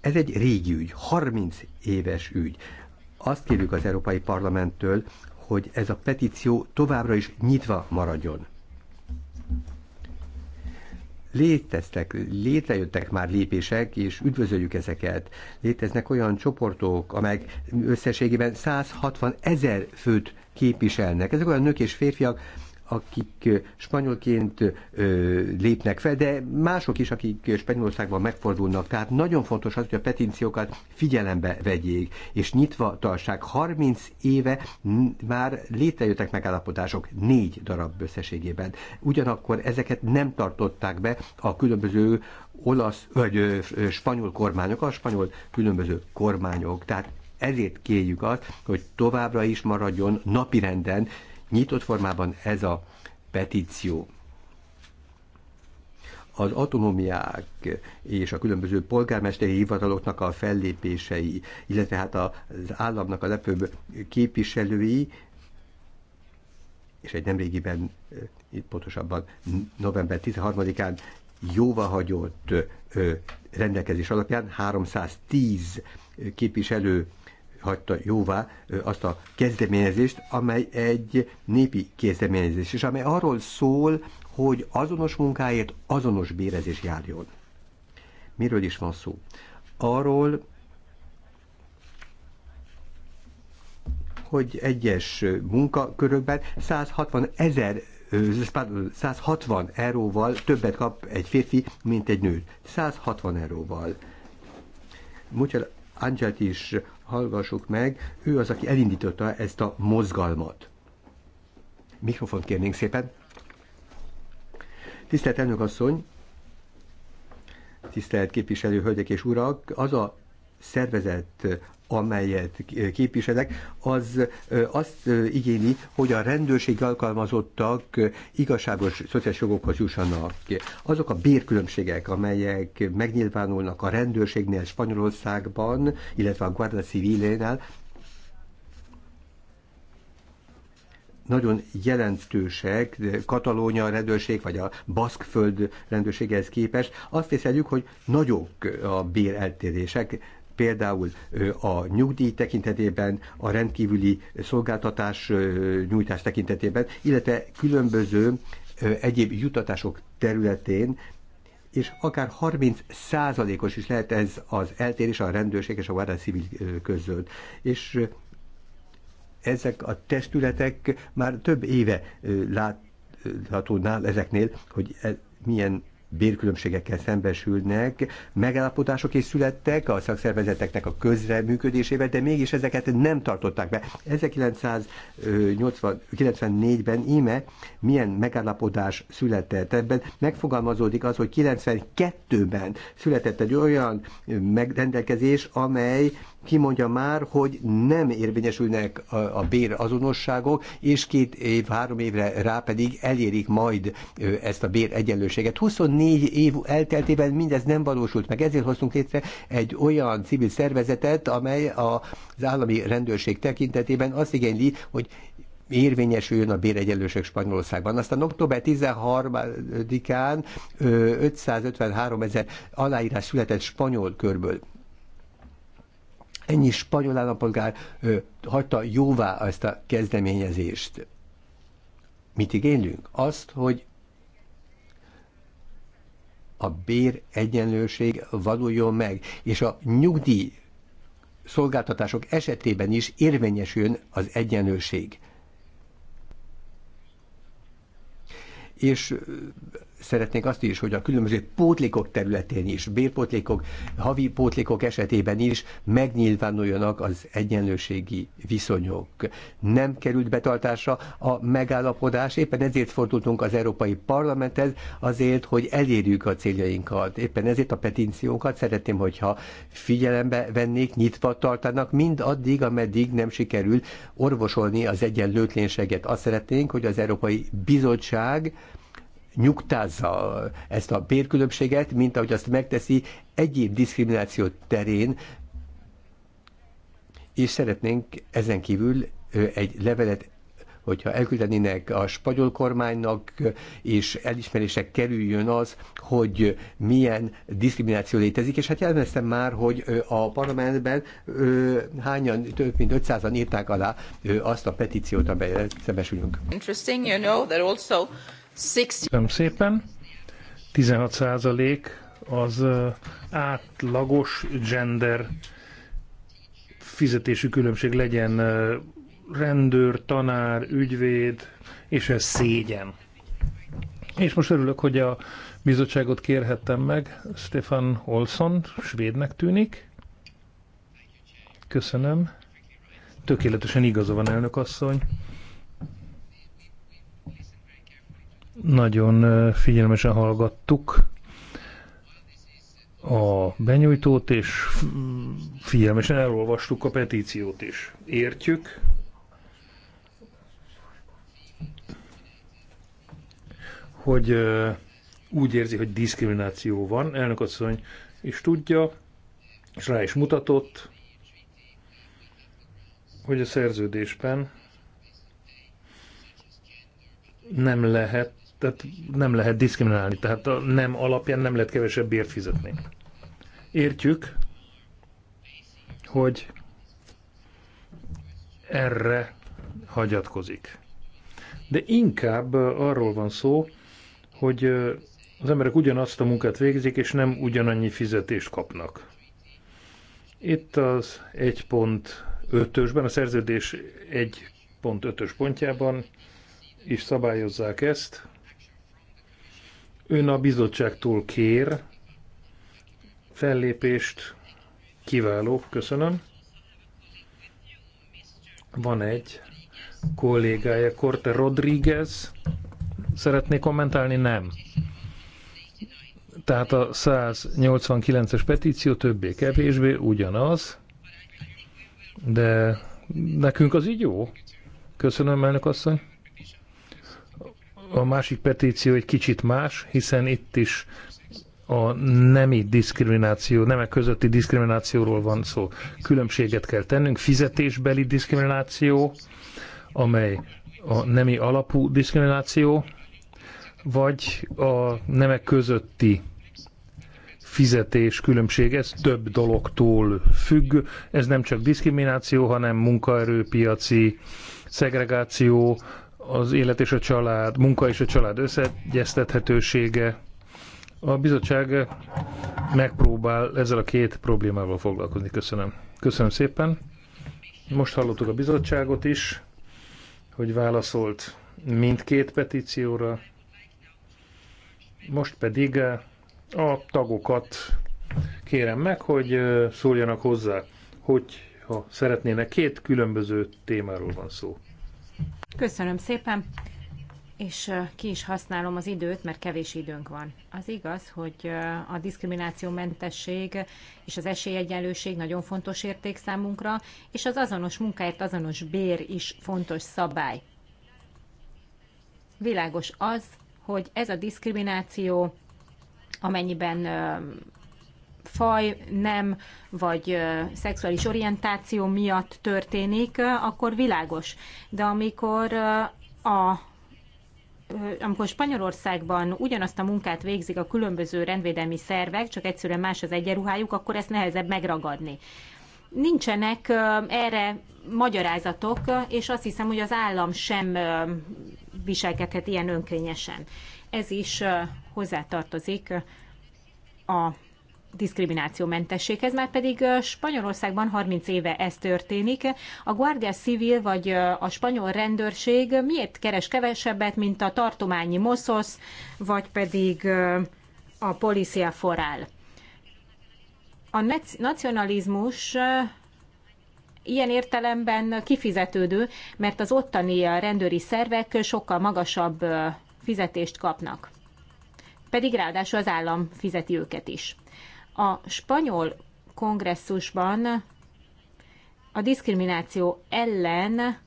Ez egy régi ügy, 30 éves ügy. Azt kérjük az Európai Parlamenttől, hogy ez a petíció továbbra is nyitva maradjon léteztek, létrejöttek már lépések, és üdvözöljük ezeket. Léteznek olyan csoportok, amelyek összességében 160 ezer főt képviselnek. Ezek olyan nők és férfiak, akik spanyolként lépnek fel, de mások is, akik Spanyolországban megfordulnak. Tehát nagyon fontos az, hogy a petíciókat figyelembe vegyék, és nyitva tartsák. 30 éve már létrejöttek megállapodások, négy darab összességében. Ugyanakkor ezeket nem tartották be a különböző olasz vagy spanyol kormányok, a spanyol különböző kormányok. Tehát ezért kérjük azt, hogy továbbra is maradjon napirenden nyitott formában ez a petíció az autonómiák és a különböző polgármesteri hivataloknak a fellépései, illetve hát az államnak a legfőbb képviselői, és egy nemrégiben, itt eh, pontosabban november 13-án jóvahagyott eh, rendelkezés alapján 310 képviselő hagyta jóvá azt a kezdeményezést, amely egy népi kezdeményezés, és amely arról szól, hogy azonos munkáért azonos bérezés járjon. Miről is van szó? Arról, hogy egyes munkakörökben 160 ezer 160 euróval többet kap egy férfi, mint egy nő. 160 euróval. Mutyala Adzsát is hallgassuk meg, ő az, aki elindította ezt a mozgalmat. Mikrofon kérnénk szépen. Tisztelt elnök asszony, tisztelt képviselő hölgyek és urak, az a szervezet, amelyet képviselek, az azt igényli, hogy a rendőrség alkalmazottak igazságos szociális jogokhoz jussanak. Azok a bérkülönbségek, amelyek megnyilvánulnak a rendőrségnél Spanyolországban, illetve a Guarda Civilénál, nagyon jelentősek, Katalónia rendőrség, vagy a Baszkföld rendőrséghez képest, azt észleljük, hogy nagyok a béreltérések, például a nyugdíj tekintetében, a rendkívüli szolgáltatás nyújtás tekintetében, illetve különböző egyéb jutatások területén, és akár 30 százalékos is lehet ez az eltérés a rendőrség és a vádás Civil között. És ezek a testületek már több éve láthatónál ezeknél, hogy e, milyen bérkülönbségekkel szembesülnek, megállapodások is születtek a szakszervezeteknek a közreműködésével, de mégis ezeket nem tartották be. 1994-ben íme milyen megállapodás született. Ebben megfogalmazódik az, hogy 92-ben született egy olyan megrendelkezés, amely kimondja már, hogy nem érvényesülnek a, a bér azonosságok, és két év, három évre rá pedig elérik majd ezt a bér egyenlőséget. 24 év elteltében mindez nem valósult meg, ezért hoztunk létre egy olyan civil szervezetet, amely az állami rendőrség tekintetében azt igényli, hogy érvényesüljön a béregyenlőség Spanyolországban. Aztán október 13-án 553 ezer aláírás született spanyol körből ennyi spanyol állampolgár ö, hagyta jóvá ezt a kezdeményezést. Mit igénylünk? Azt, hogy a bér egyenlőség valójon meg, és a nyugdíj szolgáltatások esetében is érvényesüljön az egyenlőség. És Szeretnék azt is, hogy a különböző pótlékok területén is, bérpótlékok, havi pótlékok esetében is megnyilvánuljanak az egyenlőségi viszonyok. Nem került betartásra a megállapodás, éppen ezért fordultunk az Európai Parlamenthez, azért, hogy elérjük a céljainkat. Éppen ezért a petíciókat szeretném, hogyha figyelembe vennék, nyitva tartanak, mind addig, ameddig nem sikerül orvosolni az egyenlőtlenséget. Azt szeretnénk, hogy az Európai Bizottság nyugtázza ezt a bérkülönbséget, mint ahogy azt megteszi egyéb diszkrimináció terén, és szeretnénk ezen kívül egy levelet hogyha elküldenének a spanyol kormánynak, és elismerések kerüljön az, hogy milyen diszkrimináció létezik. És hát jelmeztem már, hogy a parlamentben hányan, több mint 500-an írták alá azt a petíciót, amelyet szembesülünk. Interesting, you know, that also Köszönöm szépen. 16 százalék az átlagos gender fizetési különbség legyen rendőr, tanár, ügyvéd, és ez szégyen. És most örülök, hogy a bizottságot kérhettem meg. Stefan Olson, svédnek tűnik. Köszönöm. Tökéletesen igaza van, elnök asszony. Nagyon figyelmesen hallgattuk a benyújtót, és figyelmesen elolvastuk a petíciót is. Értjük. hogy úgy érzi, hogy diszkrimináció van. Elnök asszony is tudja, és rá is mutatott, hogy a szerződésben nem lehet tehát nem lehet diszkriminálni, tehát a nem alapján nem lehet kevesebb bért fizetni. Értjük, hogy erre hagyatkozik. De inkább arról van szó, hogy az emberek ugyanazt a munkát végzik, és nem ugyanannyi fizetést kapnak. Itt az 1.5-ösben, a szerződés 1.5-ös pontjában is szabályozzák ezt, Ön a bizottságtól kér fellépést. Kiváló, köszönöm. Van egy kollégája, Corte Rodriguez. Szeretné kommentálni? Nem. Tehát a 189-es petíció többé-kevésbé ugyanaz, de nekünk az így jó. Köszönöm, elnök asszony a másik petíció egy kicsit más, hiszen itt is a nemi diszkrimináció, nemek közötti diszkriminációról van szó. Különbséget kell tennünk, fizetésbeli diszkrimináció, amely a nemi alapú diszkrimináció, vagy a nemek közötti fizetés különbség, ez több dologtól függ, ez nem csak diszkrimináció, hanem munkaerőpiaci szegregáció, az élet és a család, munka és a család összeegyeztethetősége. A bizottság megpróbál ezzel a két problémával foglalkozni. Köszönöm. Köszönöm szépen. Most hallottuk a bizottságot is, hogy válaszolt mindkét petícióra. Most pedig a tagokat kérem meg, hogy szóljanak hozzá, hogy ha szeretnének, két különböző témáról van szó. Köszönöm szépen, és ki is használom az időt, mert kevés időnk van. Az igaz, hogy a diszkriminációmentesség és az esélyegyenlőség nagyon fontos érték számunkra, és az azonos munkáért azonos bér is fontos szabály. Világos az, hogy ez a diszkrimináció amennyiben faj, nem vagy szexuális orientáció miatt történik, akkor világos. De amikor a amikor Spanyolországban ugyanazt a munkát végzik a különböző rendvédelmi szervek, csak egyszerűen más az egyenruhájuk, akkor ezt nehezebb megragadni. Nincsenek erre magyarázatok, és azt hiszem, hogy az állam sem viselkedhet ilyen önkényesen. Ez is hozzátartozik a diszkriminációmentesség. Ez már pedig Spanyolországban 30 éve ez történik. A Guardia Civil vagy a spanyol rendőrség miért keres kevesebbet, mint a tartományi Mossos, vagy pedig a Policia Foral? A nacionalizmus ilyen értelemben kifizetődő, mert az ottani rendőri szervek sokkal magasabb fizetést kapnak. Pedig ráadásul az állam fizeti őket is. A spanyol kongresszusban a diszkrimináció ellen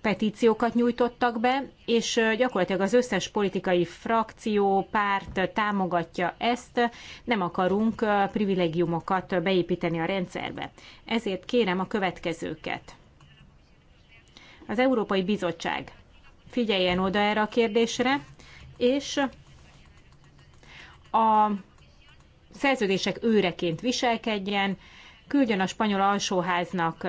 petíciókat nyújtottak be, és gyakorlatilag az összes politikai frakció, párt támogatja ezt, nem akarunk privilegiumokat beépíteni a rendszerbe. Ezért kérem a következőket. Az Európai Bizottság figyeljen oda erre a kérdésre, és a szerződések őreként viselkedjen, küldjön a spanyol alsóháznak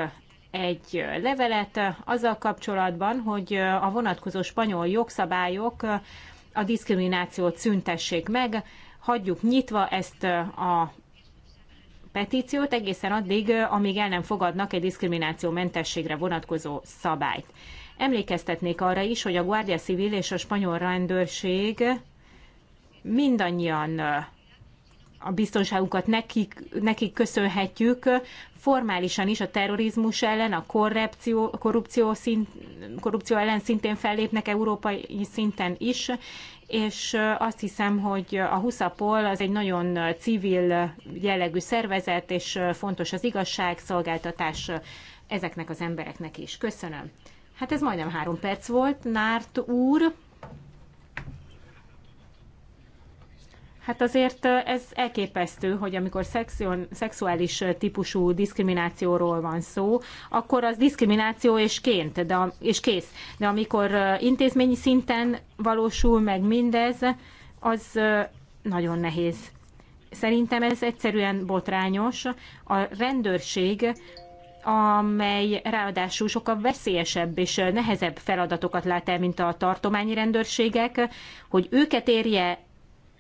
egy levelet azzal kapcsolatban, hogy a vonatkozó spanyol jogszabályok a diszkriminációt szüntessék meg, hagyjuk nyitva ezt a petíciót egészen addig, amíg el nem fogadnak egy mentességre vonatkozó szabályt. Emlékeztetnék arra is, hogy a Guardia Civil és a spanyol rendőrség mindannyian a biztonságunkat nekik, nekik köszönhetjük, formálisan is a terrorizmus ellen, a korrupció, korrupció, szint, korrupció ellen szintén fellépnek európai szinten is, és azt hiszem, hogy a Huszapol az egy nagyon civil jellegű szervezet, és fontos az igazságszolgáltatás ezeknek az embereknek is. Köszönöm. Hát ez majdnem három perc volt. Nárt úr, Hát azért ez elképesztő, hogy amikor szexion, szexuális típusú diszkriminációról van szó, akkor az diszkrimináció és, ként, de, és kész. De amikor intézményi szinten valósul meg mindez, az nagyon nehéz. Szerintem ez egyszerűen botrányos. A rendőrség amely ráadásul sokkal veszélyesebb és nehezebb feladatokat lát el, mint a tartományi rendőrségek, hogy őket érje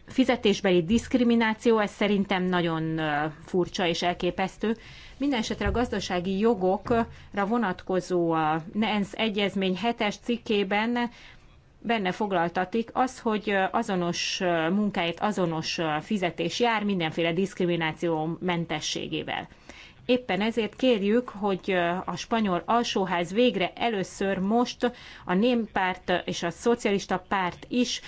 fizetésbeli diszkrimináció, ez szerintem nagyon furcsa és elképesztő. Mindenesetre a gazdasági jogokra vonatkozó a NENSZ egyezmény hetes cikkében benne foglaltatik az, hogy azonos munkáért azonos fizetés jár mindenféle diszkrimináció mentességével. Éppen ezért kérjük, hogy a spanyol alsóház végre először most a némpárt és a szocialista párt is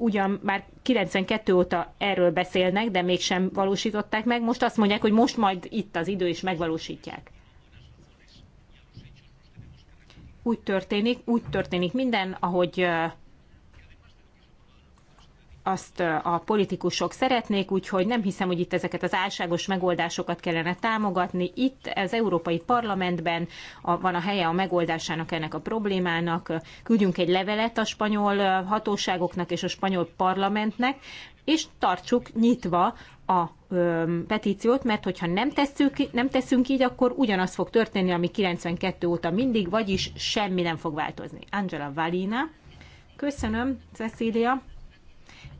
ugyan már 92 óta erről beszélnek, de mégsem valósították meg. Most azt mondják, hogy most majd itt az idő, és megvalósítják. Úgy történik, úgy történik minden, ahogy azt a politikusok szeretnék, úgyhogy nem hiszem, hogy itt ezeket az álságos megoldásokat kellene támogatni. Itt az Európai Parlamentben a, van a helye a megoldásának ennek a problémának. Küldjünk egy levelet a spanyol hatóságoknak és a spanyol parlamentnek, és tartsuk nyitva a ö, petíciót, mert hogyha nem, teszünk, nem teszünk így, akkor ugyanaz fog történni, ami 92 óta mindig, vagyis semmi nem fog változni. Angela Valina. Köszönöm, Cecília.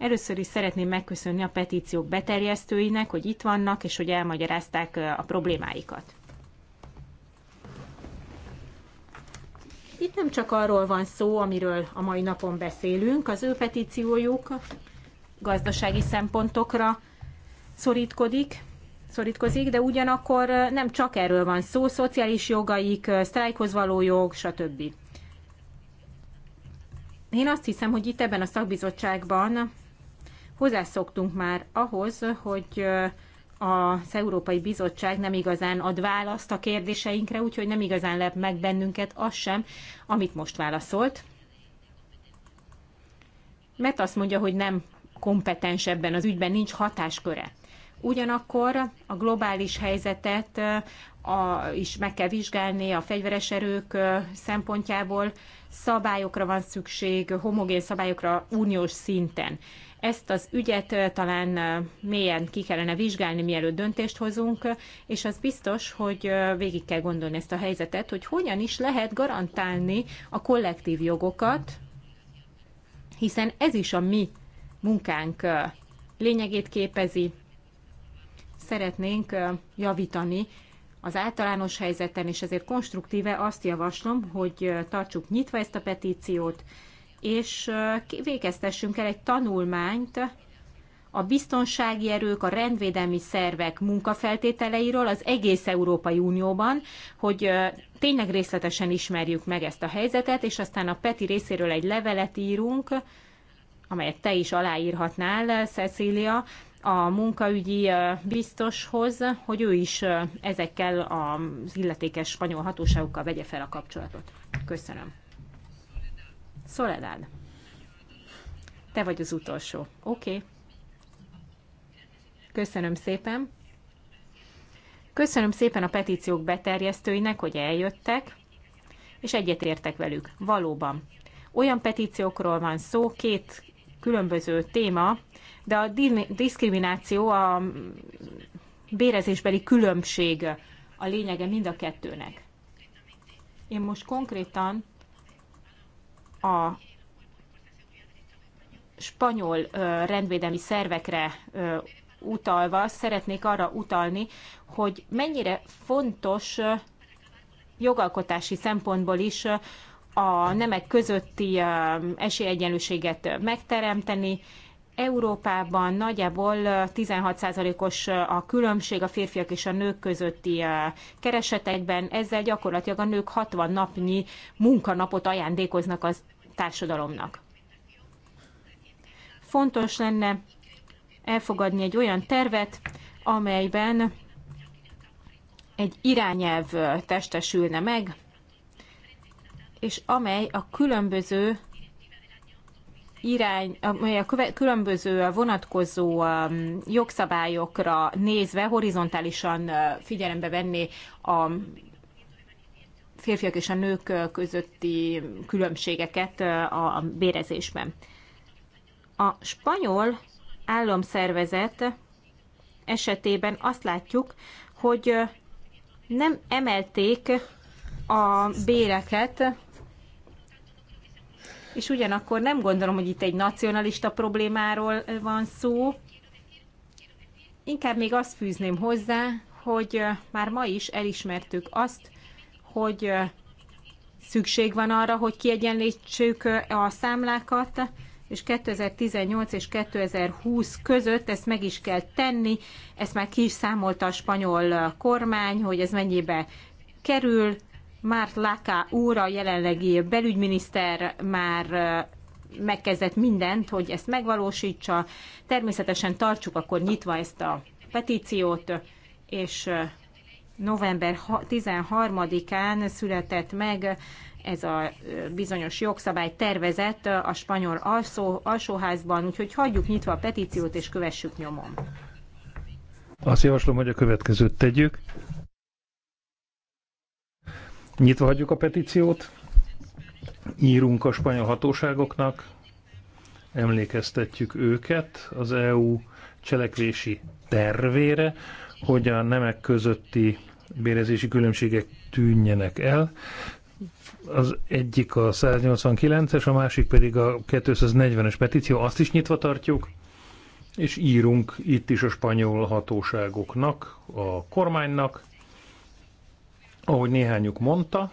Először is szeretném megköszönni a petíciók beterjesztőinek, hogy itt vannak, és hogy elmagyarázták a problémáikat. Itt nem csak arról van szó, amiről a mai napon beszélünk, az ő petíciójuk gazdasági szempontokra szorítkodik, szorítkozik, de ugyanakkor nem csak erről van szó, szociális jogaik, sztrájkhoz való jog, stb. Én azt hiszem, hogy itt ebben a szakbizottságban hozzászoktunk már ahhoz, hogy az Európai Bizottság nem igazán ad választ a kérdéseinkre, úgyhogy nem igazán lep meg bennünket az sem, amit most válaszolt. Mert azt mondja, hogy nem kompetens ebben az ügyben, nincs hatásköre. Ugyanakkor a globális helyzetet a, is meg kell vizsgálni a fegyveres erők szempontjából. Szabályokra van szükség, homogén szabályokra uniós szinten. Ezt az ügyet talán mélyen ki kellene vizsgálni, mielőtt döntést hozunk, és az biztos, hogy végig kell gondolni ezt a helyzetet, hogy hogyan is lehet garantálni a kollektív jogokat, hiszen ez is a mi munkánk lényegét képezi. Szeretnénk javítani az általános helyzeten, és ezért konstruktíve azt javaslom, hogy tartsuk nyitva ezt a petíciót, és végeztessünk el egy tanulmányt a biztonsági erők, a rendvédelmi szervek munkafeltételeiről az egész Európai Unióban, hogy tényleg részletesen ismerjük meg ezt a helyzetet, és aztán a Peti részéről egy levelet írunk, amelyet te is aláírhatnál, Cecília, a munkaügyi biztoshoz, hogy ő is ezekkel az illetékes spanyol hatóságokkal vegye fel a kapcsolatot. Köszönöm. Szoledád, te vagy az utolsó. Oké. Okay. Köszönöm szépen. Köszönöm szépen a petíciók beterjesztőinek, hogy eljöttek, és egyetértek velük. Valóban. Olyan petíciókról van szó, két különböző téma, de a diszkrimináció, a bérezésbeli különbség a lényege mind a kettőnek. Én most konkrétan a spanyol rendvédelmi szervekre utalva szeretnék arra utalni, hogy mennyire fontos jogalkotási szempontból is a nemek közötti esélyegyenlőséget megteremteni. Európában nagyjából 16%-os a különbség a férfiak és a nők közötti keresetekben, ezzel gyakorlatilag a nők 60 napnyi munkanapot ajándékoznak az társadalomnak. Fontos lenne elfogadni egy olyan tervet, amelyben egy irányelv testesülne meg, és amely a különböző irány, amely a köve, különböző vonatkozó um, jogszabályokra nézve horizontálisan uh, figyelembe venni a férfiak és a nők közötti különbségeket a bérezésben. A spanyol államszervezet esetében azt látjuk, hogy nem emelték a béreket, és ugyanakkor nem gondolom, hogy itt egy nacionalista problémáról van szó. Inkább még azt fűzném hozzá, hogy már ma is elismertük azt, hogy szükség van arra, hogy kiegyenlítsük a számlákat, és 2018 és 2020 között ezt meg is kell tenni. Ezt már ki is számolta a spanyol kormány, hogy ez mennyibe kerül. Márt Láká úr, a jelenlegi belügyminiszter már megkezdett mindent, hogy ezt megvalósítsa. Természetesen tartsuk akkor nyitva ezt a petíciót, és november 13-án született meg ez a bizonyos jogszabály tervezett a spanyol alsó, alsóházban, úgyhogy hagyjuk nyitva a petíciót és kövessük nyomon. Azt javaslom, hogy a következőt tegyük. Nyitva hagyjuk a petíciót, írunk a spanyol hatóságoknak, emlékeztetjük őket az EU cselekvési tervére, hogy a nemek közötti bérezési különbségek tűnjenek el. Az egyik a 189-es, a másik pedig a 240-es petíció, azt is nyitva tartjuk, és írunk itt is a spanyol hatóságoknak, a kormánynak, ahogy néhányuk mondta,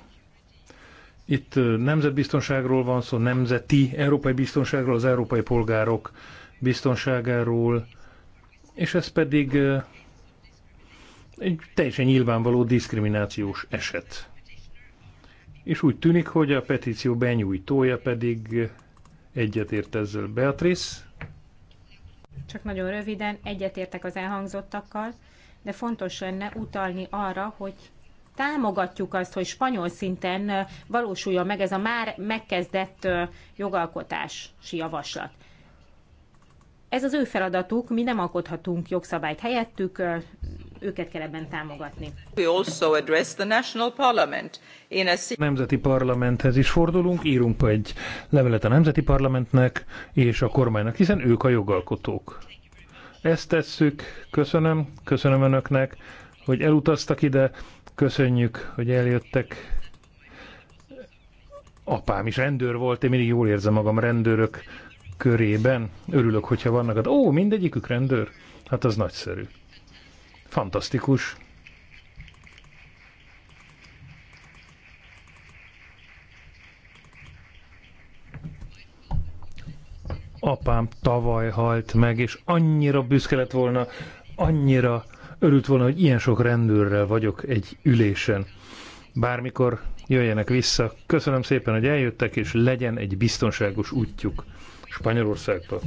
itt nemzetbiztonságról van szó, nemzeti európai biztonságról, az európai polgárok biztonságáról, és ez pedig egy teljesen nyilvánvaló diszkriminációs eset. És úgy tűnik, hogy a petíció benyújtója pedig egyetért ezzel Beatrice. Csak nagyon röviden egyetértek az elhangzottakkal, de fontos lenne utalni arra, hogy támogatjuk azt, hogy spanyol szinten valósuljon meg ez a már megkezdett jogalkotási javaslat. Ez az ő feladatuk, mi nem alkothatunk jogszabályt helyettük, őket kell ebben támogatni. Nemzeti parlamenthez is fordulunk, írunk egy levelet a nemzeti parlamentnek és a kormánynak, hiszen ők a jogalkotók. Ezt tesszük, köszönöm, köszönöm önöknek, hogy elutaztak ide, köszönjük, hogy eljöttek. Apám is rendőr volt, én mindig jól érzem magam rendőrök körében. Örülök, hogyha vannak. Ó, mindegyikük rendőr? Hát az nagyszerű. Fantasztikus. Apám tavaly halt meg, és annyira büszke lett volna, annyira örült volna, hogy ilyen sok rendőrrel vagyok egy ülésen. Bármikor jöjjenek vissza. Köszönöm szépen, hogy eljöttek, és legyen egy biztonságos útjuk Spanyolországba.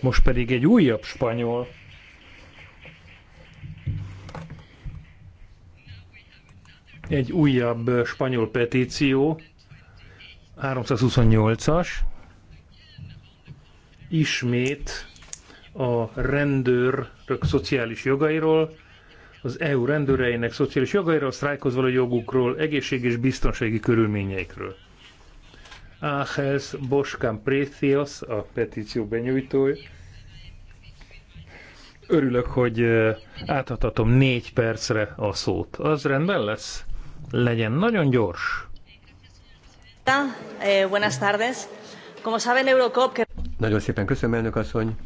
Most pedig egy újabb spanyol egy újabb spanyol petíció, 328-as, ismét a rendőrök szociális jogairól, az EU rendőreinek szociális jogairól, sztrájkhoz való jogukról, egészség és biztonsági körülményeikről. Ángels Boskán Précios, a petíció benyújtója. Örülök, hogy eh, átadhatom négy percre a szót. Az rendben lesz? legyen nagyon gyors. Eh, buenas tardes. Eurocop... Nagyon szépen köszönöm, elnök asszony.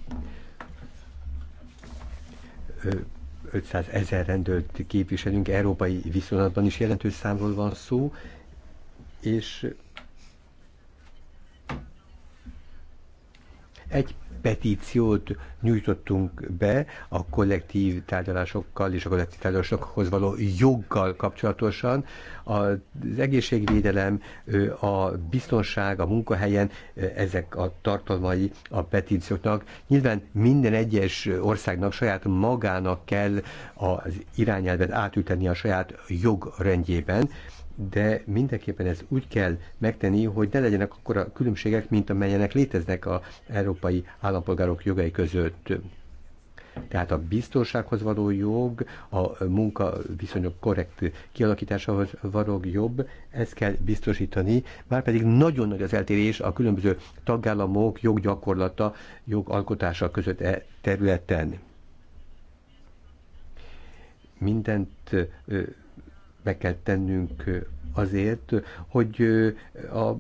500 ezer rendőrt képviselünk, európai viszonylatban is jelentős számról van szó, és egy petíciót nyújtottunk be a kollektív tárgyalásokkal és a kollektív tárgyalásokhoz való joggal kapcsolatosan. Az egészségvédelem, a biztonság a munkahelyen, ezek a tartalmai a petícióknak. Nyilván minden egyes országnak saját magának kell az irányelvet átülteni a saját jogrendjében, de mindenképpen ez úgy kell megtenni, hogy ne legyenek akkora különbségek, mint amelyenek léteznek az európai állampolgárok jogai között. Tehát a biztonsághoz való jog, a munkaviszonyok korrekt kialakításához való jobb, ezt kell biztosítani, már pedig nagyon nagy az eltérés a különböző tagállamok joggyakorlata, jogalkotása között e területen. Mindent be kell tennünk azért, hogy a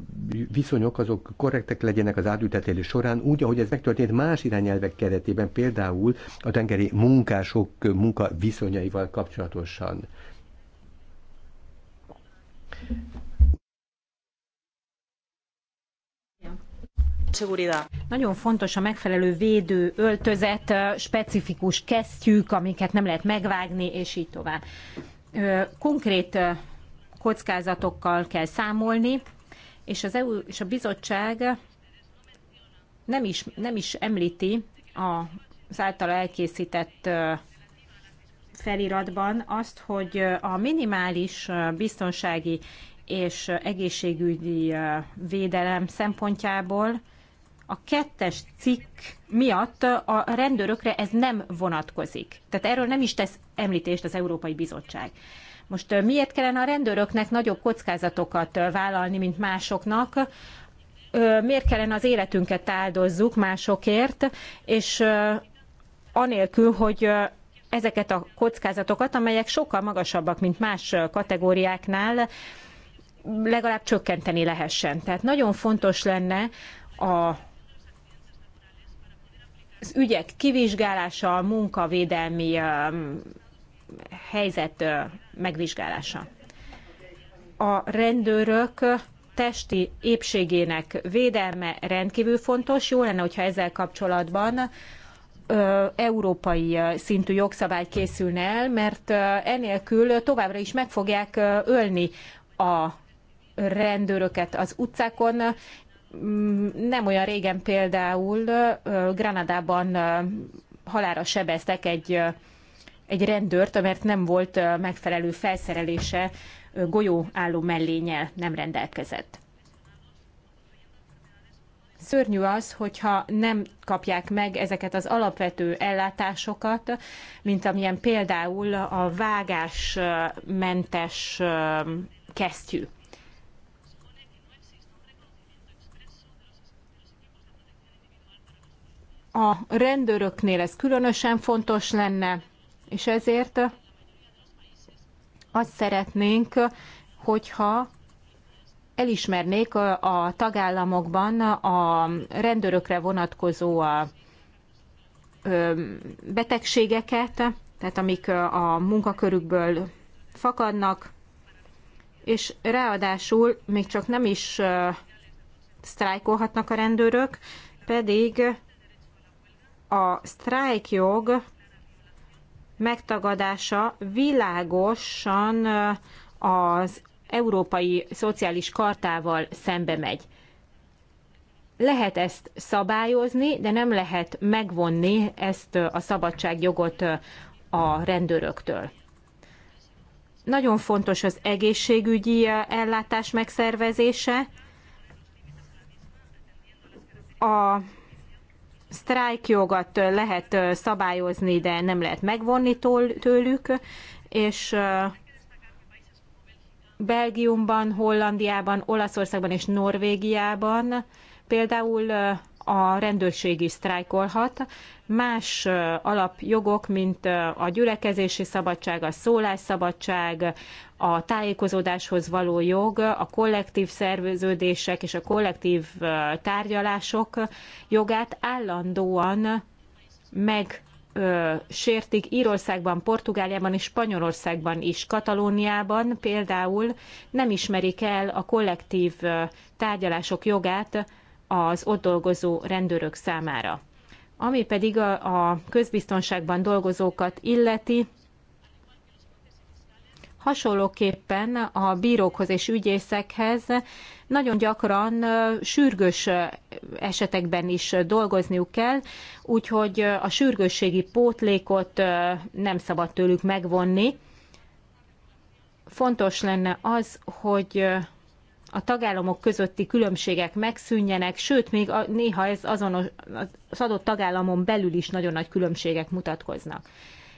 viszonyok azok korrektek legyenek az átültetés során, úgy, ahogy ez megtörtént más irányelvek keretében, például a tengeri munkások munka viszonyaival kapcsolatosan. Nagyon fontos a megfelelő védő öltözet, specifikus kesztyűk, amiket nem lehet megvágni, és így tovább konkrét kockázatokkal kell számolni, és az EU és a bizottság nem is, nem is említi az által elkészített feliratban azt, hogy a minimális biztonsági és egészségügyi védelem szempontjából a kettes cikk miatt a rendőrökre ez nem vonatkozik. Tehát erről nem is tesz említést az Európai Bizottság. Most miért kellene a rendőröknek nagyobb kockázatokat vállalni, mint másoknak? Miért kellene az életünket áldozzuk másokért, és anélkül, hogy ezeket a kockázatokat, amelyek sokkal magasabbak, mint más kategóriáknál, legalább csökkenteni lehessen. Tehát nagyon fontos lenne a az ügyek kivizsgálása, a munkavédelmi um, helyzet uh, megvizsgálása. A rendőrök testi épségének védelme rendkívül fontos. Jó lenne, hogyha ezzel kapcsolatban uh, európai uh, szintű jogszabály készülne el, mert enélkül továbbra is meg fogják ölni a rendőröket az utcákon, Mm, nem olyan régen például Granadában halára sebeztek egy, egy rendőrt, mert nem volt megfelelő felszerelése, golyóálló mellényel nem rendelkezett. Szörnyű az, hogyha nem kapják meg ezeket az alapvető ellátásokat, mint amilyen például a vágásmentes kesztyű. A rendőröknél ez különösen fontos lenne, és ezért azt szeretnénk, hogyha elismernék a tagállamokban a rendőrökre vonatkozó betegségeket, tehát amik a munkakörükből fakadnak, és ráadásul még csak nem is sztrájkolhatnak a rendőrök, pedig a sztrájkjog megtagadása világosan az Európai Szociális Kartával szembe megy. Lehet ezt szabályozni, de nem lehet megvonni ezt a szabadságjogot a rendőröktől. Nagyon fontos az egészségügyi ellátás megszervezése. A sztrájkjogat lehet szabályozni, de nem lehet megvonni tőlük, és Belgiumban, Hollandiában, Olaszországban és Norvégiában például a rendőrség is sztrájkolhat. Más alapjogok, mint a gyülekezési szabadság, a szólásszabadság, a tájékozódáshoz való jog, a kollektív szerveződések és a kollektív tárgyalások jogát állandóan meg sértik Írországban, Portugáliában és Spanyolországban is. Katalóniában például nem ismerik el a kollektív tárgyalások jogát az ott dolgozó rendőrök számára. Ami pedig a, a közbiztonságban dolgozókat illeti, Hasonlóképpen a bírókhoz és ügyészekhez nagyon gyakran sürgős esetekben is dolgozniuk kell, úgyhogy a sürgősségi pótlékot nem szabad tőlük megvonni. Fontos lenne az, hogy a tagállamok közötti különbségek megszűnjenek, sőt, még a, néha ez azonos, az adott tagállamon belül is nagyon nagy különbségek mutatkoznak.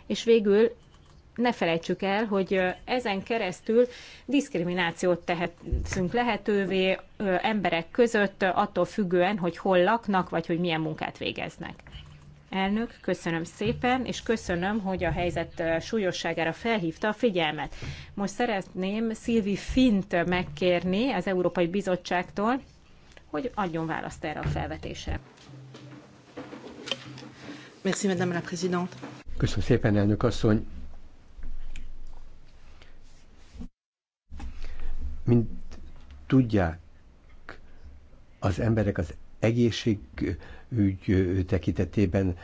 És végül ne felejtsük el, hogy ezen keresztül diszkriminációt tehetünk lehetővé emberek között, attól függően, hogy hol laknak, vagy hogy milyen munkát végeznek. Elnök, köszönöm szépen, és köszönöm, hogy a helyzet súlyosságára felhívta a figyelmet. Most szeretném Szilvi Fint megkérni az Európai Bizottságtól, hogy adjon választ erre a felvetésre. Merci, Madame la Présidente. Köszönöm szépen, elnök asszony. Mint tudják, az emberek az egészségügy tekintetében,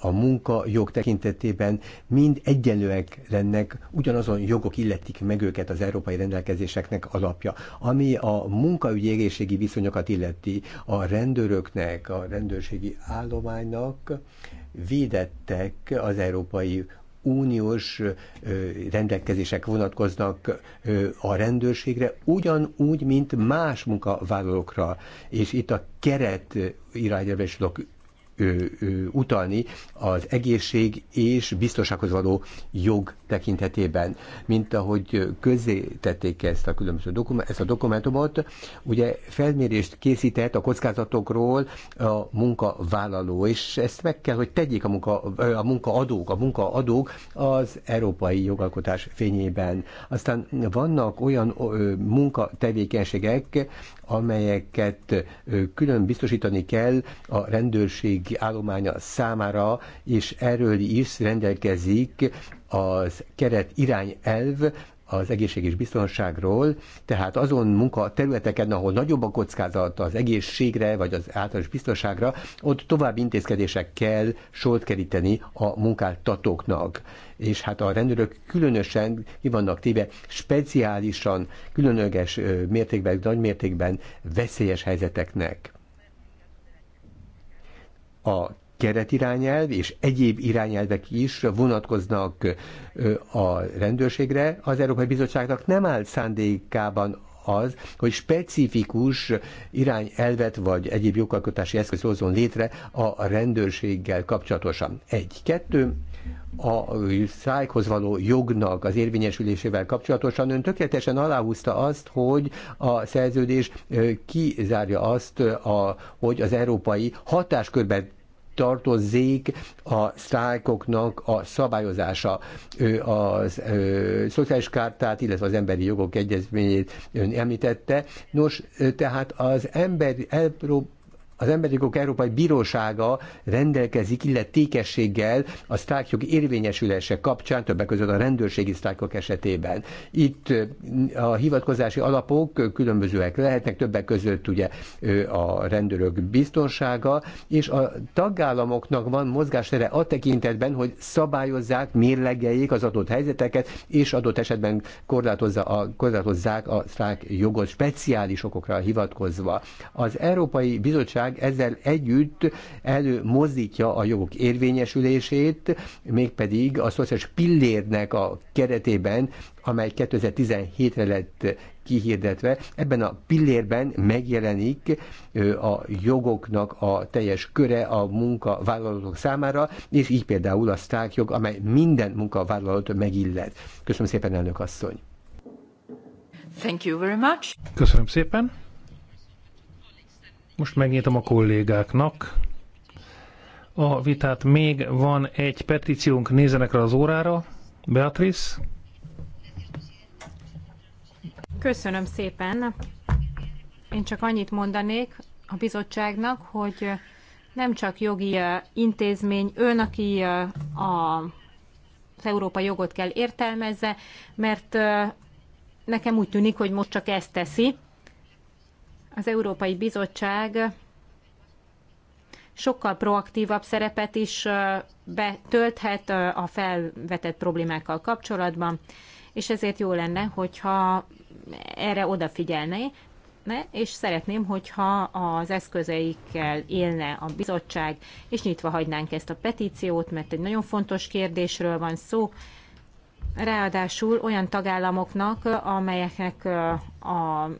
a munka jog tekintetében mind egyenlőek lennek, ugyanazon jogok illetik meg őket az európai rendelkezéseknek alapja. Ami a munkaügyi egészségi viszonyokat illeti, a rendőröknek, a rendőrségi állománynak védettek az Európai uniós rendelkezések vonatkoznak a rendőrségre, ugyanúgy, mint más munkavállalókra. És itt a keret irányelve is tudok utalni az egészség és biztonsághoz való jog tekintetében, mint ahogy közé tették ezt a különböző dokumentumot, ezt a dokumentumot, ugye felmérést készített a kockázatokról a munkavállaló, és ezt meg kell, hogy tegyék a, munka, a munkaadók, a munkaadók az európai jogalkotás fényében. Aztán vannak olyan munkatevékenységek, amelyeket külön biztosítani kell a rendőrség állománya számára, és erről is rendelkezik az keret irányelv az egészség és biztonságról, tehát azon munka területeken, ahol nagyobb a kockázat az egészségre vagy az általános biztonságra, ott további intézkedések kell solt keríteni a munkáltatóknak. És hát a rendőrök különösen ki vannak téve speciálisan, különleges mértékben, nagy mértékben veszélyes helyzeteknek. A keretirányelv és egyéb irányelvek is vonatkoznak a rendőrségre, az Európai Bizottságnak nem áll szándékában az, hogy specifikus irányelvet vagy egyéb jogalkotási eszköz hozzon létre a rendőrséggel kapcsolatosan. Egy, kettő, a szájkhoz való jognak az érvényesülésével kapcsolatosan ön tökéletesen aláhúzta azt, hogy a szerződés kizárja azt, a, hogy az európai hatáskörben tartozzék a sztrájkoknak a szabályozása, a szociális kártát, illetve az emberi jogok egyezményét ön említette. Nos, tehát az ember elprób az Emberi Jogok Európai Bírósága rendelkezik illetékességgel a sztrájkjog érvényesülése kapcsán, többek között a rendőrségi sztrájkok esetében. Itt a hivatkozási alapok különbözőek lehetnek, többek között ugye a rendőrök biztonsága, és a tagállamoknak van mozgástere a tekintetben, hogy szabályozzák, mérlegeljék az adott helyzeteket, és adott esetben korlátozza a, korlátozzák a sztrájk jogot speciális okokra hivatkozva. Az Európai Bizottság bíróság ezzel együtt előmozdítja a jogok érvényesülését, mégpedig a szociális pillérnek a keretében, amely 2017-re lett kihirdetve. Ebben a pillérben megjelenik a jogoknak a teljes köre a munkavállalatok számára, és így például a sztrákjog, amely minden munkavállalót megillet. Köszönöm szépen, elnök asszony! Thank you very much. Köszönöm szépen! Most megnyitom a kollégáknak a vitát. Még van egy petíciónk, nézzenek rá az órára. Beatrice? Köszönöm szépen. Én csak annyit mondanék a bizottságnak, hogy nem csak jogi intézmény, ön, aki a, az Európa jogot kell értelmezze, mert nekem úgy tűnik, hogy most csak ezt teszi, az Európai Bizottság sokkal proaktívabb szerepet is betölthet a felvetett problémákkal kapcsolatban, és ezért jó lenne, hogyha erre odafigyelné, és szeretném, hogyha az eszközeikkel élne a bizottság, és nyitva hagynánk ezt a petíciót, mert egy nagyon fontos kérdésről van szó, ráadásul olyan tagállamoknak, amelyeknek a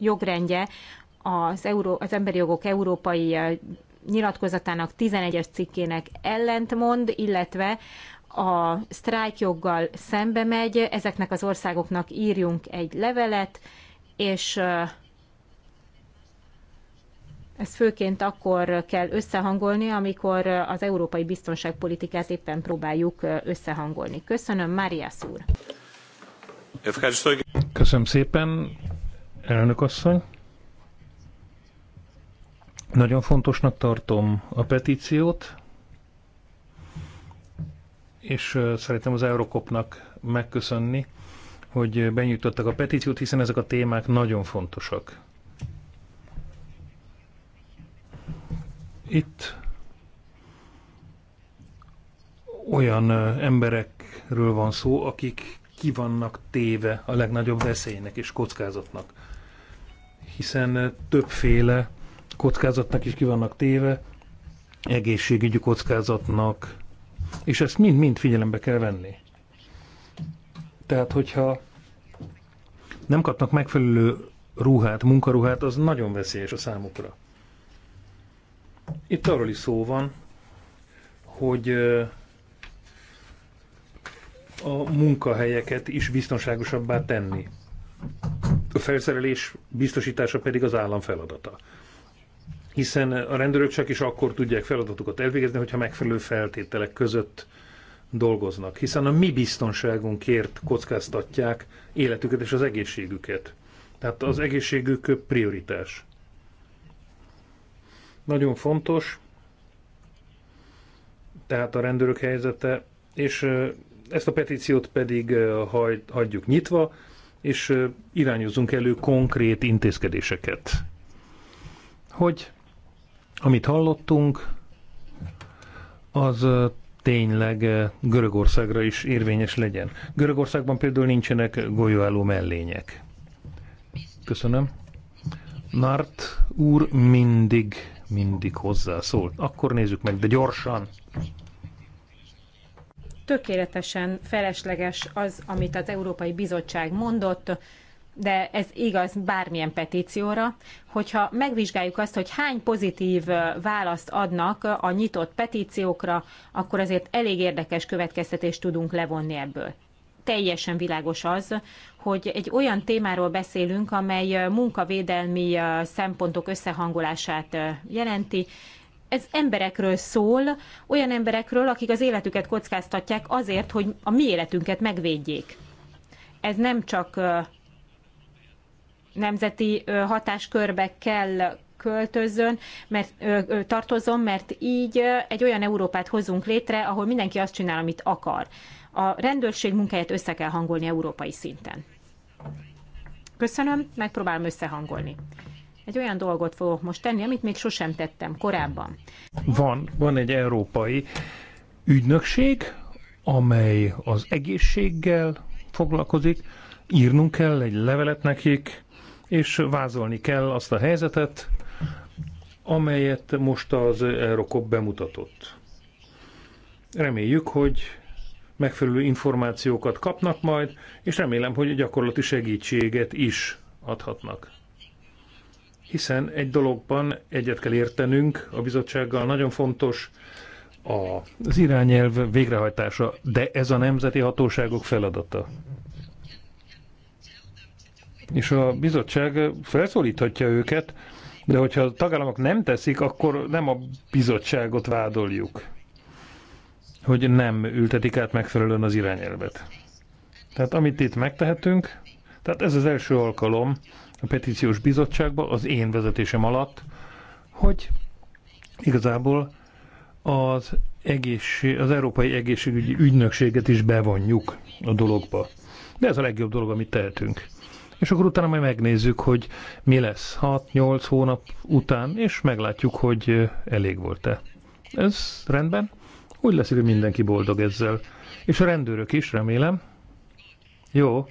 jogrendje az, Euró- az Emberi Jogok Európai nyilatkozatának 11-es cikkének ellentmond, illetve a sztrájkjoggal szembe megy, ezeknek az országoknak írjunk egy levelet, és ez főként akkor kell összehangolni, amikor az európai biztonságpolitikát éppen próbáljuk összehangolni. Köszönöm, Mária úr! Köszönöm szépen, Elnök asszony. Nagyon fontosnak tartom a petíciót, és szeretném az Eurokopnak megköszönni, hogy benyújtottak a petíciót, hiszen ezek a témák nagyon fontosak. Itt olyan emberekről van szó, akik ki vannak téve a legnagyobb veszélynek és kockázatnak hiszen eh, többféle kockázatnak is ki vannak téve, egészségügyi kockázatnak, és ezt mind-mind figyelembe kell venni. Tehát, hogyha nem kapnak megfelelő ruhát, munkaruhát, az nagyon veszélyes a számukra. Itt arról is szó van, hogy eh, a munkahelyeket is biztonságosabbá tenni a felszerelés biztosítása pedig az állam feladata. Hiszen a rendőrök csak is akkor tudják feladatukat elvégezni, hogyha megfelelő feltételek között dolgoznak. Hiszen a mi biztonságunkért kockáztatják életüket és az egészségüket. Tehát az egészségük prioritás. Nagyon fontos, tehát a rendőrök helyzete, és ezt a petíciót pedig hagyjuk nyitva, és irányozunk elő konkrét intézkedéseket. Hogy amit hallottunk, az tényleg Görögországra is érvényes legyen. Görögországban például nincsenek golyóálló mellények. Köszönöm. Nart úr mindig, mindig hozzászól. Akkor nézzük meg, de gyorsan tökéletesen felesleges az, amit az Európai Bizottság mondott, de ez igaz bármilyen petícióra, hogyha megvizsgáljuk azt, hogy hány pozitív választ adnak a nyitott petíciókra, akkor azért elég érdekes következtetést tudunk levonni ebből. Teljesen világos az, hogy egy olyan témáról beszélünk, amely munkavédelmi szempontok összehangolását jelenti, ez emberekről szól, olyan emberekről, akik az életüket kockáztatják azért, hogy a mi életünket megvédjék. Ez nem csak nemzeti hatáskörbe kell költözön, mert, ö, ö, tartozom, mert így egy olyan Európát hozunk létre, ahol mindenki azt csinál, amit akar. A rendőrség munkáját össze kell hangolni európai szinten. Köszönöm, megpróbálom összehangolni egy olyan dolgot fogok most tenni, amit még sosem tettem korábban. Van, van egy európai ügynökség, amely az egészséggel foglalkozik, írnunk kell egy levelet nekik, és vázolni kell azt a helyzetet, amelyet most az Eurocop bemutatott. Reméljük, hogy megfelelő információkat kapnak majd, és remélem, hogy gyakorlati segítséget is adhatnak hiszen egy dologban egyet kell értenünk a bizottsággal, nagyon fontos az irányelv végrehajtása, de ez a nemzeti hatóságok feladata. És a bizottság felszólíthatja őket, de hogyha a tagállamok nem teszik, akkor nem a bizottságot vádoljuk, hogy nem ültetik át megfelelően az irányelvet. Tehát amit itt megtehetünk, tehát ez az első alkalom, a petíciós bizottságba az én vezetésem alatt, hogy igazából az, egészség, az Európai Egészségügyi Ügynökséget is bevonjuk a dologba. De ez a legjobb dolog, amit tehetünk. És akkor utána majd megnézzük, hogy mi lesz 6-8 hónap után, és meglátjuk, hogy elég volt-e. Ez rendben? Úgy lesz, hogy mindenki boldog ezzel. És a rendőrök is, remélem. Jó,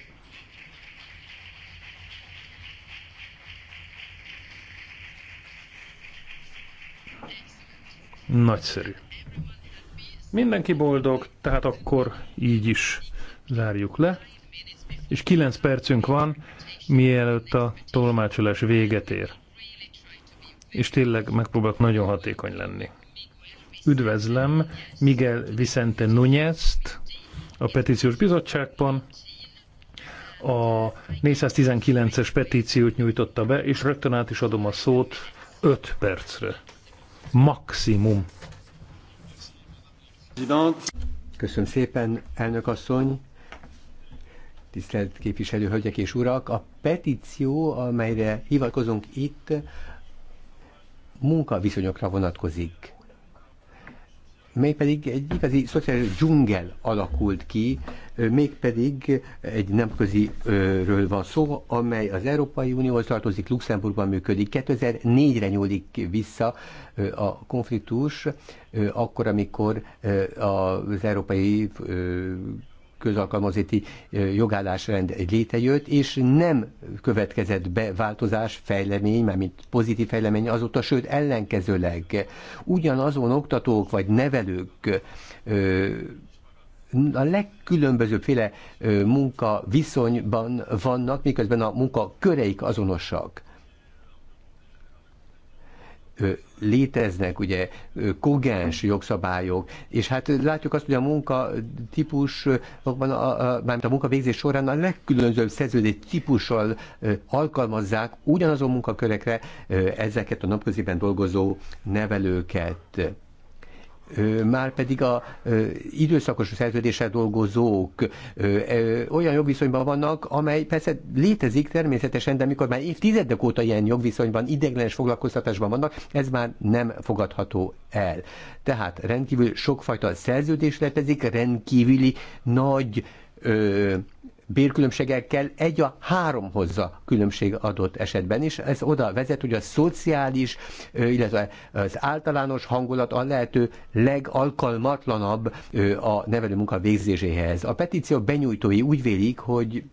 Nagyszerű. Mindenki boldog, tehát akkor így is zárjuk le. És 9 percünk van, mielőtt a tolmácsolás véget ér. És tényleg megpróbálok nagyon hatékony lenni. Üdvözlöm Miguel Vicente Núñezt a Petíciós Bizottságban. A 419-es petíciót nyújtotta be, és rögtön át is adom a szót 5 percre maximum. Köszönöm szépen, elnök asszony, tisztelt képviselő hölgyek és urak. A petíció, amelyre hivatkozunk itt, munkaviszonyokra vonatkozik mégpedig egy igazi szociális dzsungel alakult ki, mégpedig egy nemközi-ről van szó, amely az Európai Unióhoz tartozik, Luxemburgban működik. 2004-re nyúlik vissza a konfliktus, akkor, amikor az európai közalkalmazati jogállásrend létejött, és nem következett be változás, fejlemény, mármint pozitív fejlemény azóta, sőt ellenkezőleg ugyanazon oktatók vagy nevelők a legkülönbözőbbféle munka viszonyban vannak, miközben a munka köreik azonosak léteznek ugye kogens jogszabályok, és hát látjuk azt, hogy a munka típusokban, a, a, a, a végzés során a legkülönbözőbb szerződés típussal alkalmazzák ugyanazon munkakörekre ezeket a napköziben dolgozó nevelőket már pedig a időszakos szerződéssel dolgozók olyan jogviszonyban vannak, amely persze létezik természetesen, de mikor már évtizedek óta ilyen jogviszonyban, ideiglenes foglalkoztatásban vannak, ez már nem fogadható el. Tehát rendkívül sokfajta szerződés létezik, rendkívüli nagy bérkülönbségekkel egy a három hozza különbség adott esetben is. Ez oda vezet, hogy a szociális, illetve az általános hangulat a lehető legalkalmatlanabb a nevelő munka végzéséhez. A petíció benyújtói úgy vélik, hogy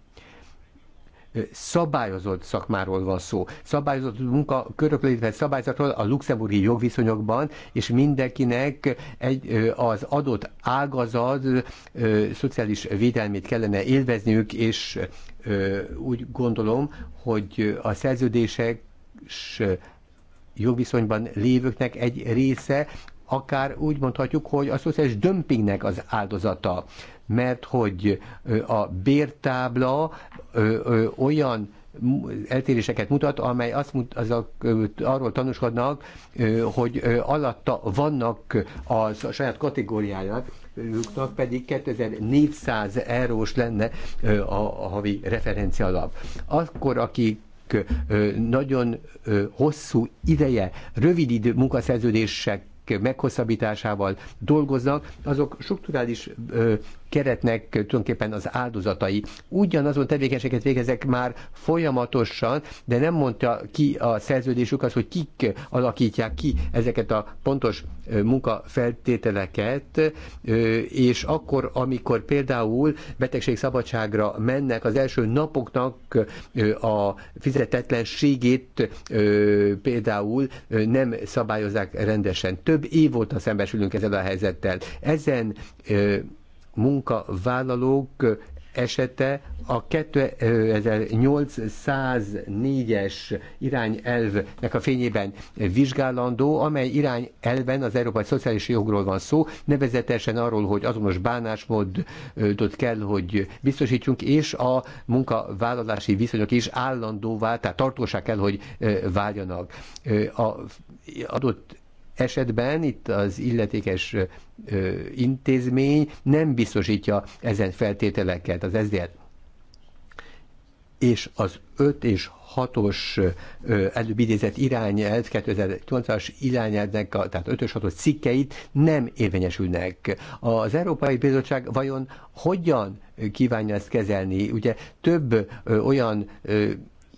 szabályozott szakmáról van szó. Szabályozott munka illetve szabályzatról a luxemburgi jogviszonyokban, és mindenkinek egy, az adott ágazat szociális védelmét kellene élvezniük, és úgy gondolom, hogy a szerződések jogviszonyban lévőknek egy része akár úgy mondhatjuk, hogy a szociális dömpingnek az áldozata mert hogy a bértábla olyan eltéréseket mutat, amely azt mut, azok, arról tanúskodnak, hogy alatta vannak a saját kategóriáját, őknak pedig 2400 eurós lenne a, a havi referencia alap. Akkor, akik nagyon hosszú ideje, rövid idő munkaszerződések meghosszabbításával dolgoznak, azok strukturális keretnek tulajdonképpen az áldozatai. Ugyanazon tevékenységet végezek már folyamatosan, de nem mondta ki a szerződésük az, hogy kik alakítják ki ezeket a pontos munkafeltételeket, és akkor, amikor például betegségszabadságra mennek, az első napoknak a fizetetlenségét például nem szabályozzák rendesen. Több év óta szembesülünk ezzel a helyzettel. Ezen munkavállalók esete a 2804-es irányelvnek a fényében vizsgálandó, amely irányelven az európai szociális jogról van szó, nevezetesen arról, hogy azonos bánásmódot kell, hogy biztosítsunk, és a munkavállalási viszonyok is állandóvá, tehát tartósá kell, hogy eh, váljanak. Eh, a adott esetben itt az illetékes ö, intézmény nem biztosítja ezen feltételeket, az SZDL. És az 5 és 6-os előbb idézett irányelv, 2008-as irányelvnek, tehát 5-ös 6-os cikkeit nem érvényesülnek. Az Európai Bizottság vajon hogyan kívánja ezt kezelni? Ugye több ö, olyan ö,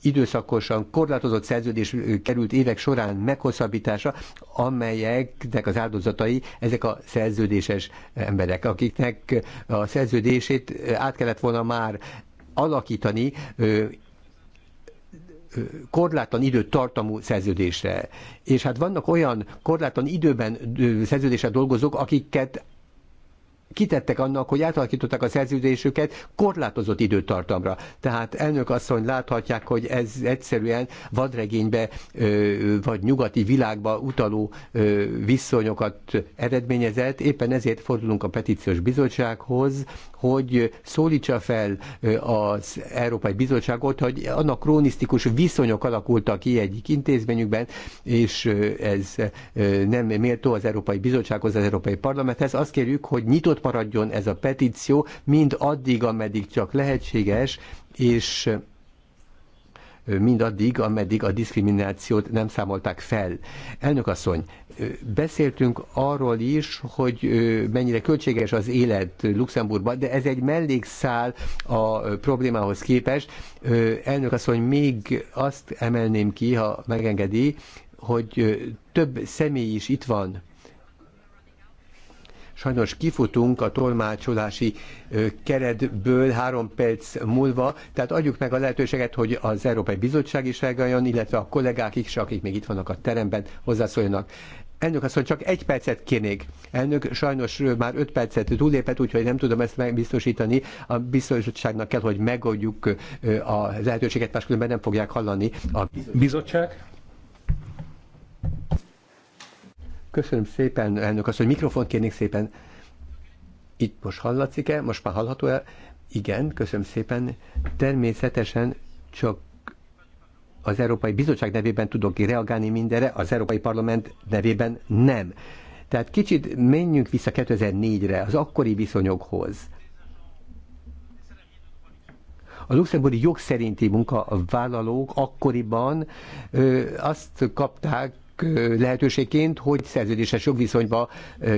időszakosan korlátozott szerződés került évek során meghosszabbítása, amelyeknek az áldozatai ezek a szerződéses emberek, akiknek a szerződését át kellett volna már alakítani korlátlan időtartamú szerződésre. És hát vannak olyan korlátlan időben szerződésre dolgozók, akiket kitettek annak, hogy átalakították a szerződésüket korlátozott időtartamra. Tehát elnök asszony láthatják, hogy ez egyszerűen vadregénybe vagy nyugati világba utaló viszonyokat eredményezett. Éppen ezért fordulunk a petíciós bizottsághoz hogy szólítsa fel az Európai Bizottságot, hogy annak krónisztikus viszonyok alakultak ki egyik intézményükben, és ez nem méltó az Európai Bizottsághoz, az Európai Parlamenthez. Azt kérjük, hogy nyitott maradjon ez a petíció, mind addig, ameddig csak lehetséges, és mindaddig, ameddig a diszkriminációt nem számolták fel. Elnök asszony, beszéltünk arról is, hogy mennyire költséges az élet Luxemburgban, de ez egy mellékszál a problémához képest. Elnök asszony, még azt emelném ki, ha megengedi, hogy több személy is itt van Sajnos kifutunk a tolmácsolási keretből három perc múlva, tehát adjuk meg a lehetőséget, hogy az Európai Bizottság is reagáljon, illetve a kollégák is, akik még itt vannak a teremben, hozzászóljanak. Elnök azt, hogy csak egy percet kérnék. Elnök sajnos már öt percet túlépett, úgyhogy nem tudom ezt megbiztosítani. A biztonságnak kell, hogy megoldjuk a lehetőséget, máskülönben nem fogják hallani. A bizottság? Köszönöm szépen, elnök azt, hogy mikrofont kérnék szépen. Itt most hallatszik-e? Most már hallható-e? Igen, köszönöm szépen. Természetesen csak az Európai Bizottság nevében tudok reagálni mindenre, az Európai Parlament nevében nem. Tehát kicsit menjünk vissza 2004-re, az akkori viszonyokhoz. A luxemburgi jog szerinti munkavállalók akkoriban ö, azt kapták, lehetőségként, hogy szerződéses jogviszonyba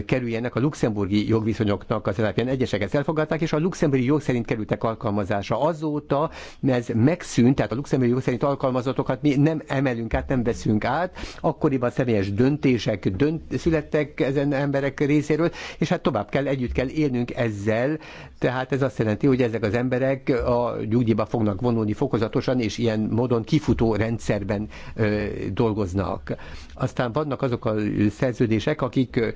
kerüljenek a luxemburgi jogviszonyoknak az alapján. Egyeseket elfogadták, és a luxemburgi jog szerint kerültek alkalmazásra. Azóta ez megszűnt, tehát a luxemburgi jog szerint alkalmazatokat mi nem emelünk át, nem veszünk át. Akkoriban személyes döntések dönt, születtek ezen emberek részéről, és hát tovább kell, együtt kell élnünk ezzel. Tehát ez azt jelenti, hogy ezek az emberek a nyugdíjba fognak vonulni fokozatosan, és ilyen módon kifutó rendszerben ö, dolgoznak. Aztán vannak azok a szerződések, akik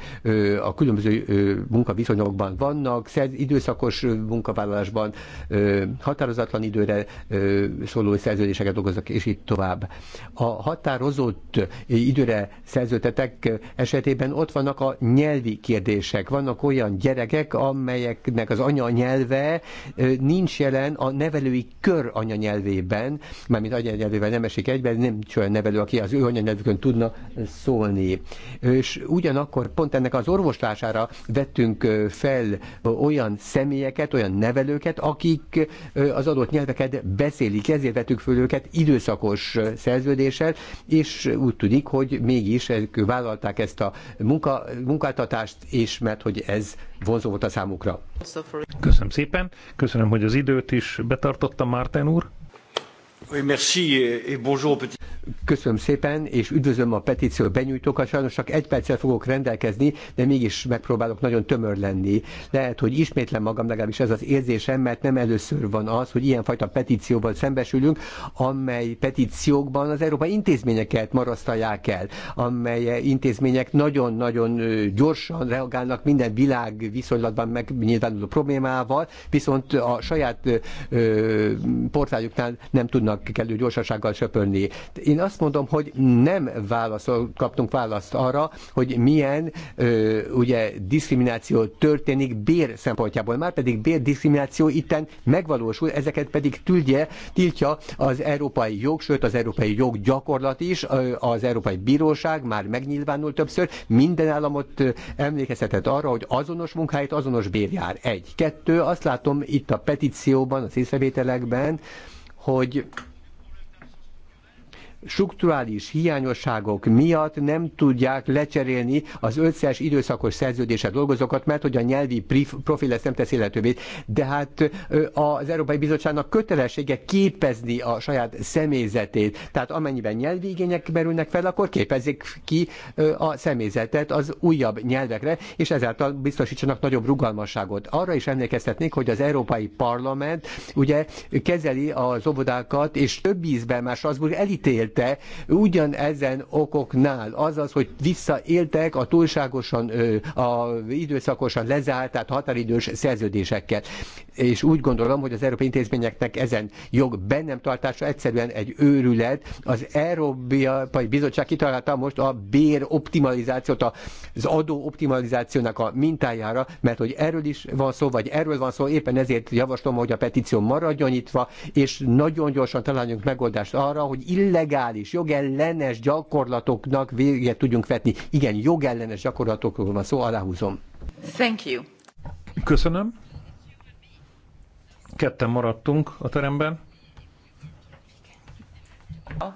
a különböző munkaviszonyokban vannak, időszakos munkavállalásban, határozatlan időre szóló szerződéseket dolgoznak, és így tovább. A határozott időre szerződtetek esetében ott vannak a nyelvi kérdések. Vannak olyan gyerekek, amelyeknek az anyanyelve nincs jelen a nevelői kör anyanyelvében, mármint anyanyelvével nem esik egyben, nem olyan nevelő, aki az ő anyanyelvükön tudna szólni. És ugyanakkor pont ennek az orvoslására vettünk fel olyan személyeket, olyan nevelőket, akik az adott nyelveket beszélik, ezért vettük föl őket időszakos szerződéssel, és úgy tudik, hogy mégis ők vállalták ezt a munka, munkáltatást, és mert hogy ez vonzó volt a számukra. Köszönöm szépen, köszönöm, hogy az időt is betartotta Márten úr. Köszönöm szépen, és üdvözlöm a petíció benyújtókat. Sajnos csak egy perccel fogok rendelkezni, de mégis megpróbálok nagyon tömör lenni. Lehet, hogy ismétlem magam, legalábbis ez az érzésem, mert nem először van az, hogy ilyenfajta petícióval szembesülünk, amely petíciókban az európai intézményeket marasztalják el, amely intézmények nagyon-nagyon gyorsan reagálnak minden világ viszonylatban megnyilvánuló problémával, viszont a saját ö, nem tudnak kellő gyorsasággal söpörni. Én azt mondom, hogy nem válaszol, kaptunk választ arra, hogy milyen ö, ugye diszkrimináció történik bér szempontjából. Már pedig bérdiszkrimináció itten megvalósul, ezeket pedig tüldje, tiltja az európai jog, sőt az európai jog gyakorlat is, az Európai Bíróság már megnyilvánul többször, minden államot emlékeztetett arra, hogy azonos munkáit azonos bér jár. Egy. Kettő, azt látom itt a petícióban, az észrevételekben, hogy strukturális hiányosságok miatt nem tudják lecserélni az összes időszakos szerződése dolgozókat, mert hogy a nyelvi profil ezt nem teszi lehetővé. De hát az Európai Bizottságnak kötelessége képezni a saját személyzetét. Tehát amennyiben nyelvi igények merülnek fel, akkor képezik ki a személyzetet az újabb nyelvekre, és ezáltal biztosítsanak nagyobb rugalmasságot. Arra is emlékeztetnék, hogy az Európai Parlament ugye kezeli az óvodákat, és több ízben már Strasbourg elítélt túlélte ugyanezen okoknál. Azaz, hogy visszaéltek a túlságosan, a időszakosan lezárt, tehát határidős szerződésekkel. És úgy gondolom, hogy az európai intézményeknek ezen jog bennem tartása egyszerűen egy őrület. Az Európai Bizottság kitalálta most a bér optimalizációt, az adó optimalizációnak a mintájára, mert hogy erről is van szó, vagy erről van szó, éppen ezért javaslom, hogy a petíció maradjon nyitva, és nagyon gyorsan találjunk megoldást arra, hogy illegális illegális, jogellenes gyakorlatoknak véget tudjunk vetni. Igen, jogellenes gyakorlatokról van szó, aláhúzom. Thank you. Köszönöm. Ketten maradtunk a teremben.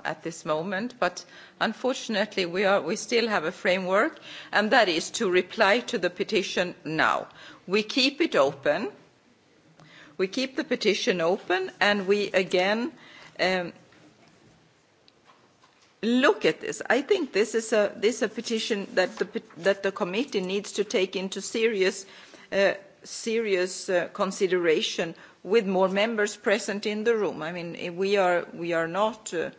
At this moment, but unfortunately we, are, we still have a framework, and that is to reply to the petition now. We keep it open. We keep the petition open, and we again um, look at this. I think this is a, this a petition that the, that the committee needs to take into serious, uh, serious uh, consideration with more members present in the room. I mean, eh, we are, we are not, uh,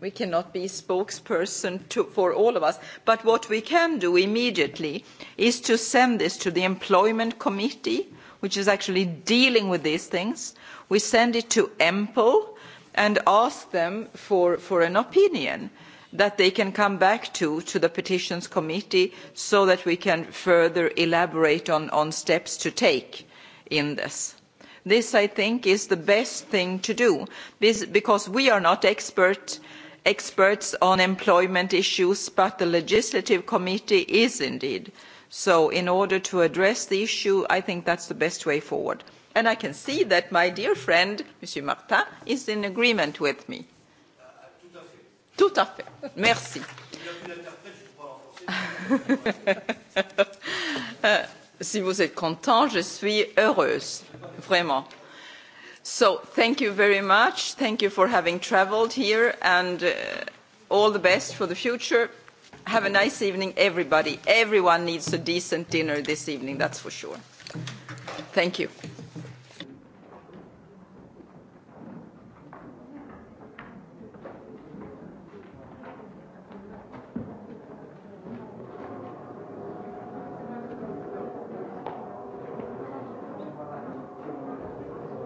we cannot be spokesperson to, for all of us. But what we can do immediately is to send this to the Employment Committee, which is actually dealing with these things. We send it to EMPL, and ask them for, for an opinion that they can come back to to the petitions committee so that we can further elaborate on, on steps to take in this. This, I think, is the best thing to do because we are not expert, experts on employment issues, but the legislative committee is indeed. So in order to address the issue, I think that's the best way forward. And I can see that my dear friend, Monsieur Martin, is in agreement with me. Tout à fait. Merci. Euh, si vous êtes content, je suis heureuse, vraiment. So, thank you very much. Thank you for having traveled here and uh, all the best for the future. Have a nice evening, everybody. Everyone needs a decent dinner this evening, that's for sure. Thank you.